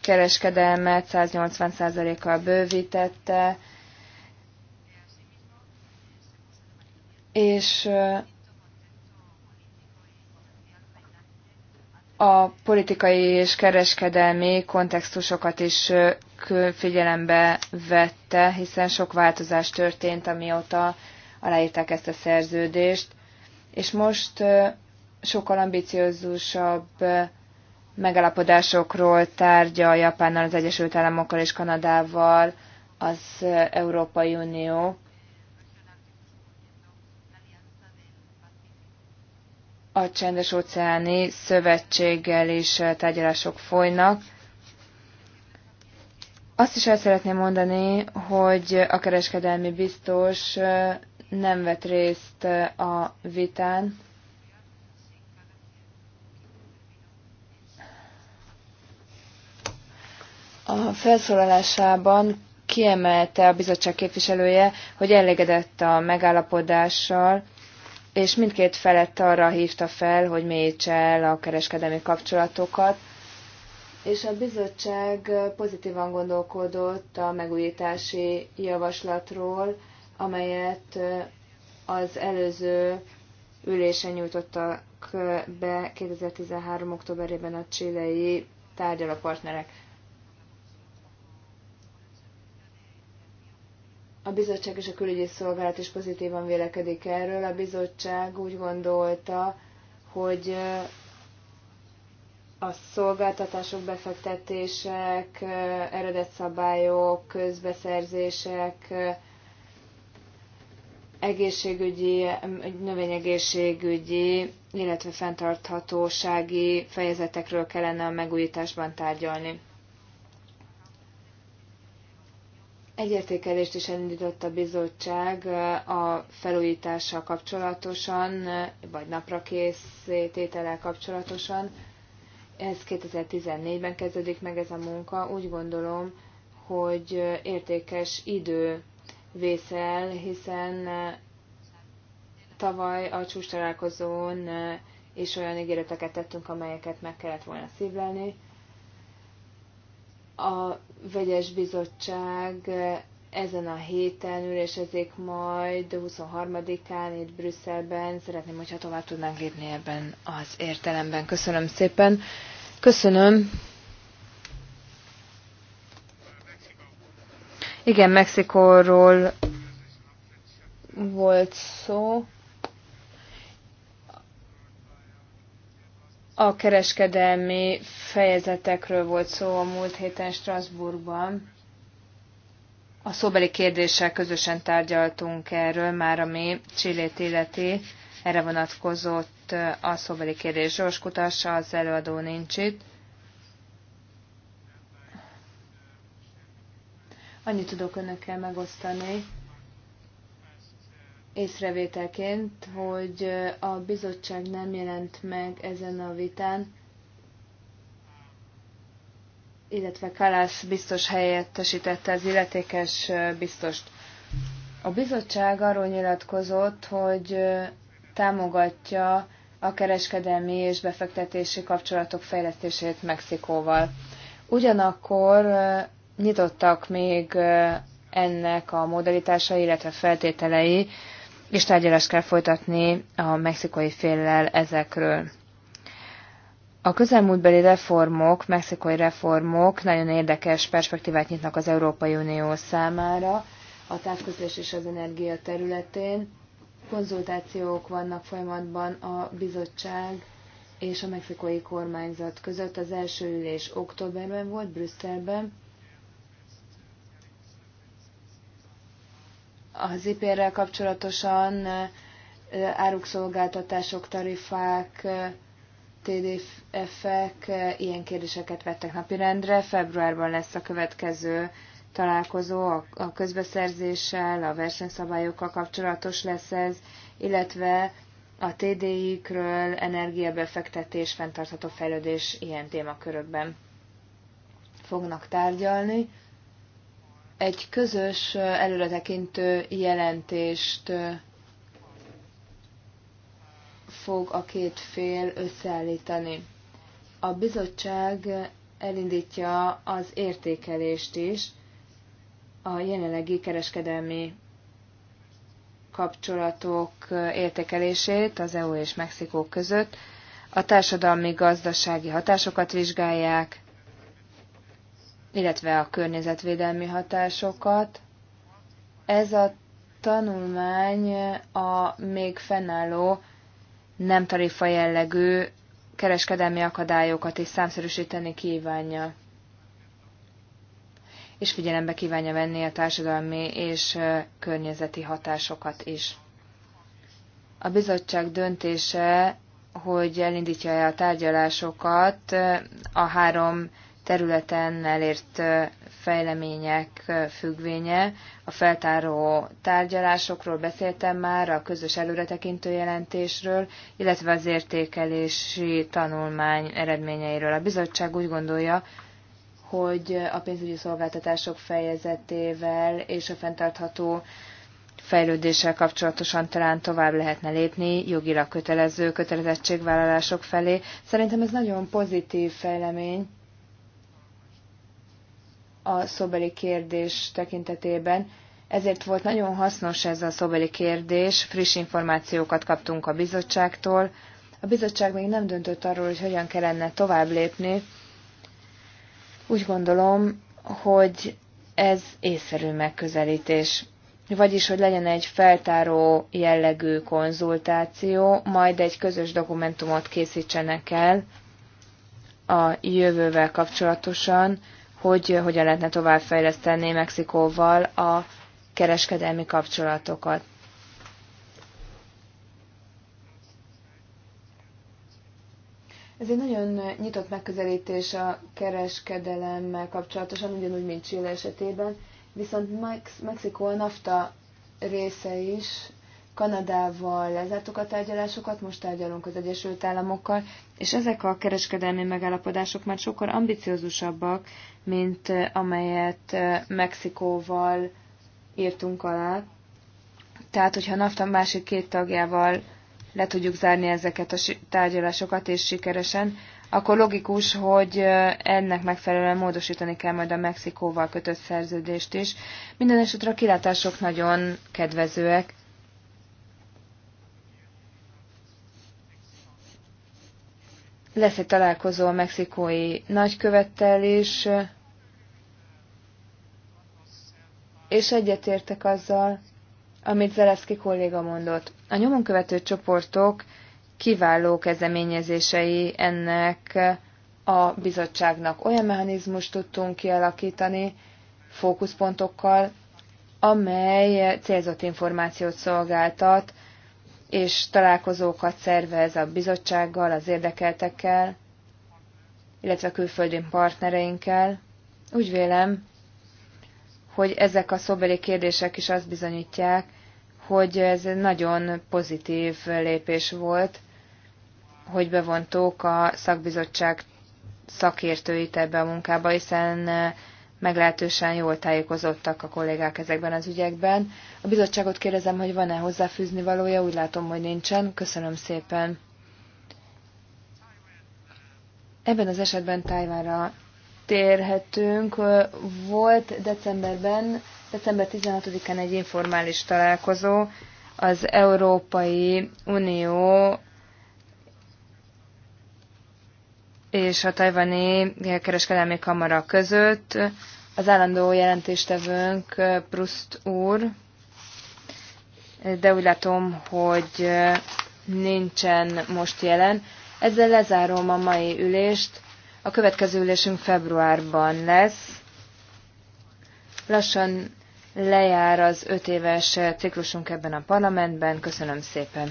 kereskedelmet 180%-kal bővítette, és a politikai és kereskedelmi kontextusokat is figyelembe vette, hiszen sok változás történt, amióta aláírták ezt a szerződést, és most sokkal ambiciózusabb megalapodásokról tárgyal Japánnal, az Egyesült Államokkal és Kanadával az Európai Unió A Csendes Óceáni Szövetséggel is eh, tárgyalások folynak. Azt is el szeretném mondani, hogy a kereskedelmi biztos eh, nem vett részt eh, a vitán. A felszólalásában kiemelte a bizottság képviselője, hogy elégedett a megállapodással, és mindkét felett arra hívta fel, hogy mélyítse el a kereskedelmi kapcsolatokat, és a bizottság pozitívan gondolkodott a megújítási javaslatról, amelyet az előző ülésen nyújtottak be 2013. októberében a csilei tárgyalópartnerek. A bizottság és a külügyi szolgálat is pozitívan vélekedik erről. A bizottság úgy gondolta, hogy a szolgáltatások, befektetések, eredetszabályok, közbeszerzések, egészségügyi, növényegészségügyi, illetve fenntarthatósági fejezetekről kellene a megújításban tárgyalni. Egy értékelést is elindított a bizottság a felújítással kapcsolatosan, vagy napra kész kapcsolatosan. Ez 2014-ben kezdődik meg ez a munka. Úgy gondolom, hogy értékes idő vészel, hiszen tavaly a csúcs találkozón és olyan ígéreteket tettünk, amelyeket meg kellett volna szívlelni. A vegyes bizottság eh, ezen a héten ülésezik majd 23-án itt Brüsszelben. Szeretném, hogyha tovább tudnánk lépni ebben az értelemben. Köszönöm szépen. Köszönöm. Igen, Mexikóról volt szó. A kereskedelmi fejezetekről volt szó a múlt héten Strasbourgban. A szóbeli kérdéssel közösen tárgyaltunk erről, már ami Csillét életi, Erre vonatkozott uh, a szóbeli kérdés. Zsors Kutassa, az előadó nincs itt. Annyit tudok önökkel megosztani, észrevételként, hogy a bizottság nem jelent meg ezen a vitán, illetve Kalász biztos helyettesítette az illetékes biztost. A bizottság arról nyilatkozott, hogy támogatja a kereskedelmi és befektetési kapcsolatok fejlesztését Mexikóval. Ugyanakkor nyitottak még ennek a modalitása, illetve feltételei és tárgyalást kell folytatni a mexikai féllel ezekről. A közelmúltbeli reformok, mexikai reformok nagyon érdekes perspektívát nyitnak az Európai Unió számára a távközlés és az energia területén. Konzultációk vannak folyamatban a bizottság és a mexikai kormányzat között. Az első ülés októberben volt Brüsszelben, az IPR-rel kapcsolatosan eh, áruk szolgáltatások, tarifák, eh, TDF-ek eh, ilyen kérdéseket vettek napirendre. Februárban lesz a következő találkozó a közbeszerzéssel, a versenyszabályokkal kapcsolatos lesz ez, illetve a TDI-kről, energiabefektetés, fenntartható fejlődés ilyen témakörökben fognak tárgyalni egy közös előretekintő jelentést fog a két fél összeállítani. A bizottság elindítja az értékelést is a jelenlegi kereskedelmi kapcsolatok értékelését az EU és Mexikó között. A társadalmi gazdasági hatásokat vizsgálják, illetve a környezetvédelmi hatásokat. Ez a tanulmány a még fennálló nem tarifa jellegű kereskedelmi akadályokat is számszerűsíteni kívánja, és figyelembe kívánja venni a társadalmi és környezeti hatásokat is. A bizottság döntése, hogy elindítja-e a tárgyalásokat a három területen elért fejlemények függvénye. A feltáró tárgyalásokról beszéltem már, a közös előretekintő jelentésről, illetve az értékelési tanulmány eredményeiről. A bizottság úgy gondolja, hogy a pénzügyi szolgáltatások fejezetével és a fenntartható fejlődéssel kapcsolatosan talán tovább lehetne lépni jogilag kötelező kötelezettségvállalások felé. Szerintem ez nagyon pozitív fejlemény a szobeli kérdés tekintetében. Ezért volt nagyon hasznos ez a szobeli kérdés, friss információkat kaptunk a bizottságtól. A bizottság még nem döntött arról, hogy hogyan kellene tovább lépni. Úgy gondolom, hogy ez észszerű megközelítés. Vagyis, hogy legyen egy feltáró jellegű konzultáció, majd egy közös dokumentumot készítsenek el a jövővel kapcsolatosan, hogy eh, hogyan lehetne továbbfejleszteni Mexikóval a kereskedelmi kapcsolatokat. Ez egy nagyon nyitott megközelítés a kereskedelemmel kapcsolatosan, ugyanúgy, mint Chile esetében, viszont Mex- Mexikó a NAFTA része is, Kanadával lezártuk a tárgyalásokat, most tárgyalunk az Egyesült Államokkal, és ezek a kereskedelmi megállapodások már sokkal ambiciózusabbak, mint eh, amelyet eh, Mexikóval írtunk alá. Tehát, hogyha a NAFTA másik két tagjával le tudjuk zárni ezeket a tárgyalásokat, és sikeresen, akkor logikus, hogy eh, ennek megfelelően módosítani kell majd a Mexikóval kötött szerződést is. Minden esetre a kilátások nagyon kedvezőek. Lesz egy találkozó a mexikói nagykövettel is, és egyetértek azzal, amit Zeleszki kolléga mondott. A nyomonkövető csoportok kiváló kezdeményezései ennek a bizottságnak. Olyan mechanizmust tudtunk kialakítani fókuszpontokkal, amely célzott információt szolgáltat és találkozókat szervez a bizottsággal, az érdekeltekkel, illetve külföldi partnereinkkel. Úgy vélem, hogy ezek a szóbeli kérdések is azt bizonyítják, hogy ez nagyon pozitív lépés volt, hogy bevontók a szakbizottság szakértőit ebbe a munkába, hiszen meglehetősen jól tájékozottak a kollégák ezekben az ügyekben. A bizottságot kérdezem, hogy van-e hozzáfűzni valója, úgy látom, hogy nincsen. Köszönöm szépen. Ebben az esetben Tájvára térhetünk. Volt decemberben, december 16-án egy informális találkozó az Európai Unió és a tajvani kereskedelmi kamara között. Az állandó jelentéstevőnk eh, Pruszt úr, de úgy látom, hogy eh, nincsen most jelen. Ezzel lezárom a mai ülést. A következő ülésünk februárban lesz. Lassan lejár az öt éves ciklusunk ebben a parlamentben. Köszönöm szépen!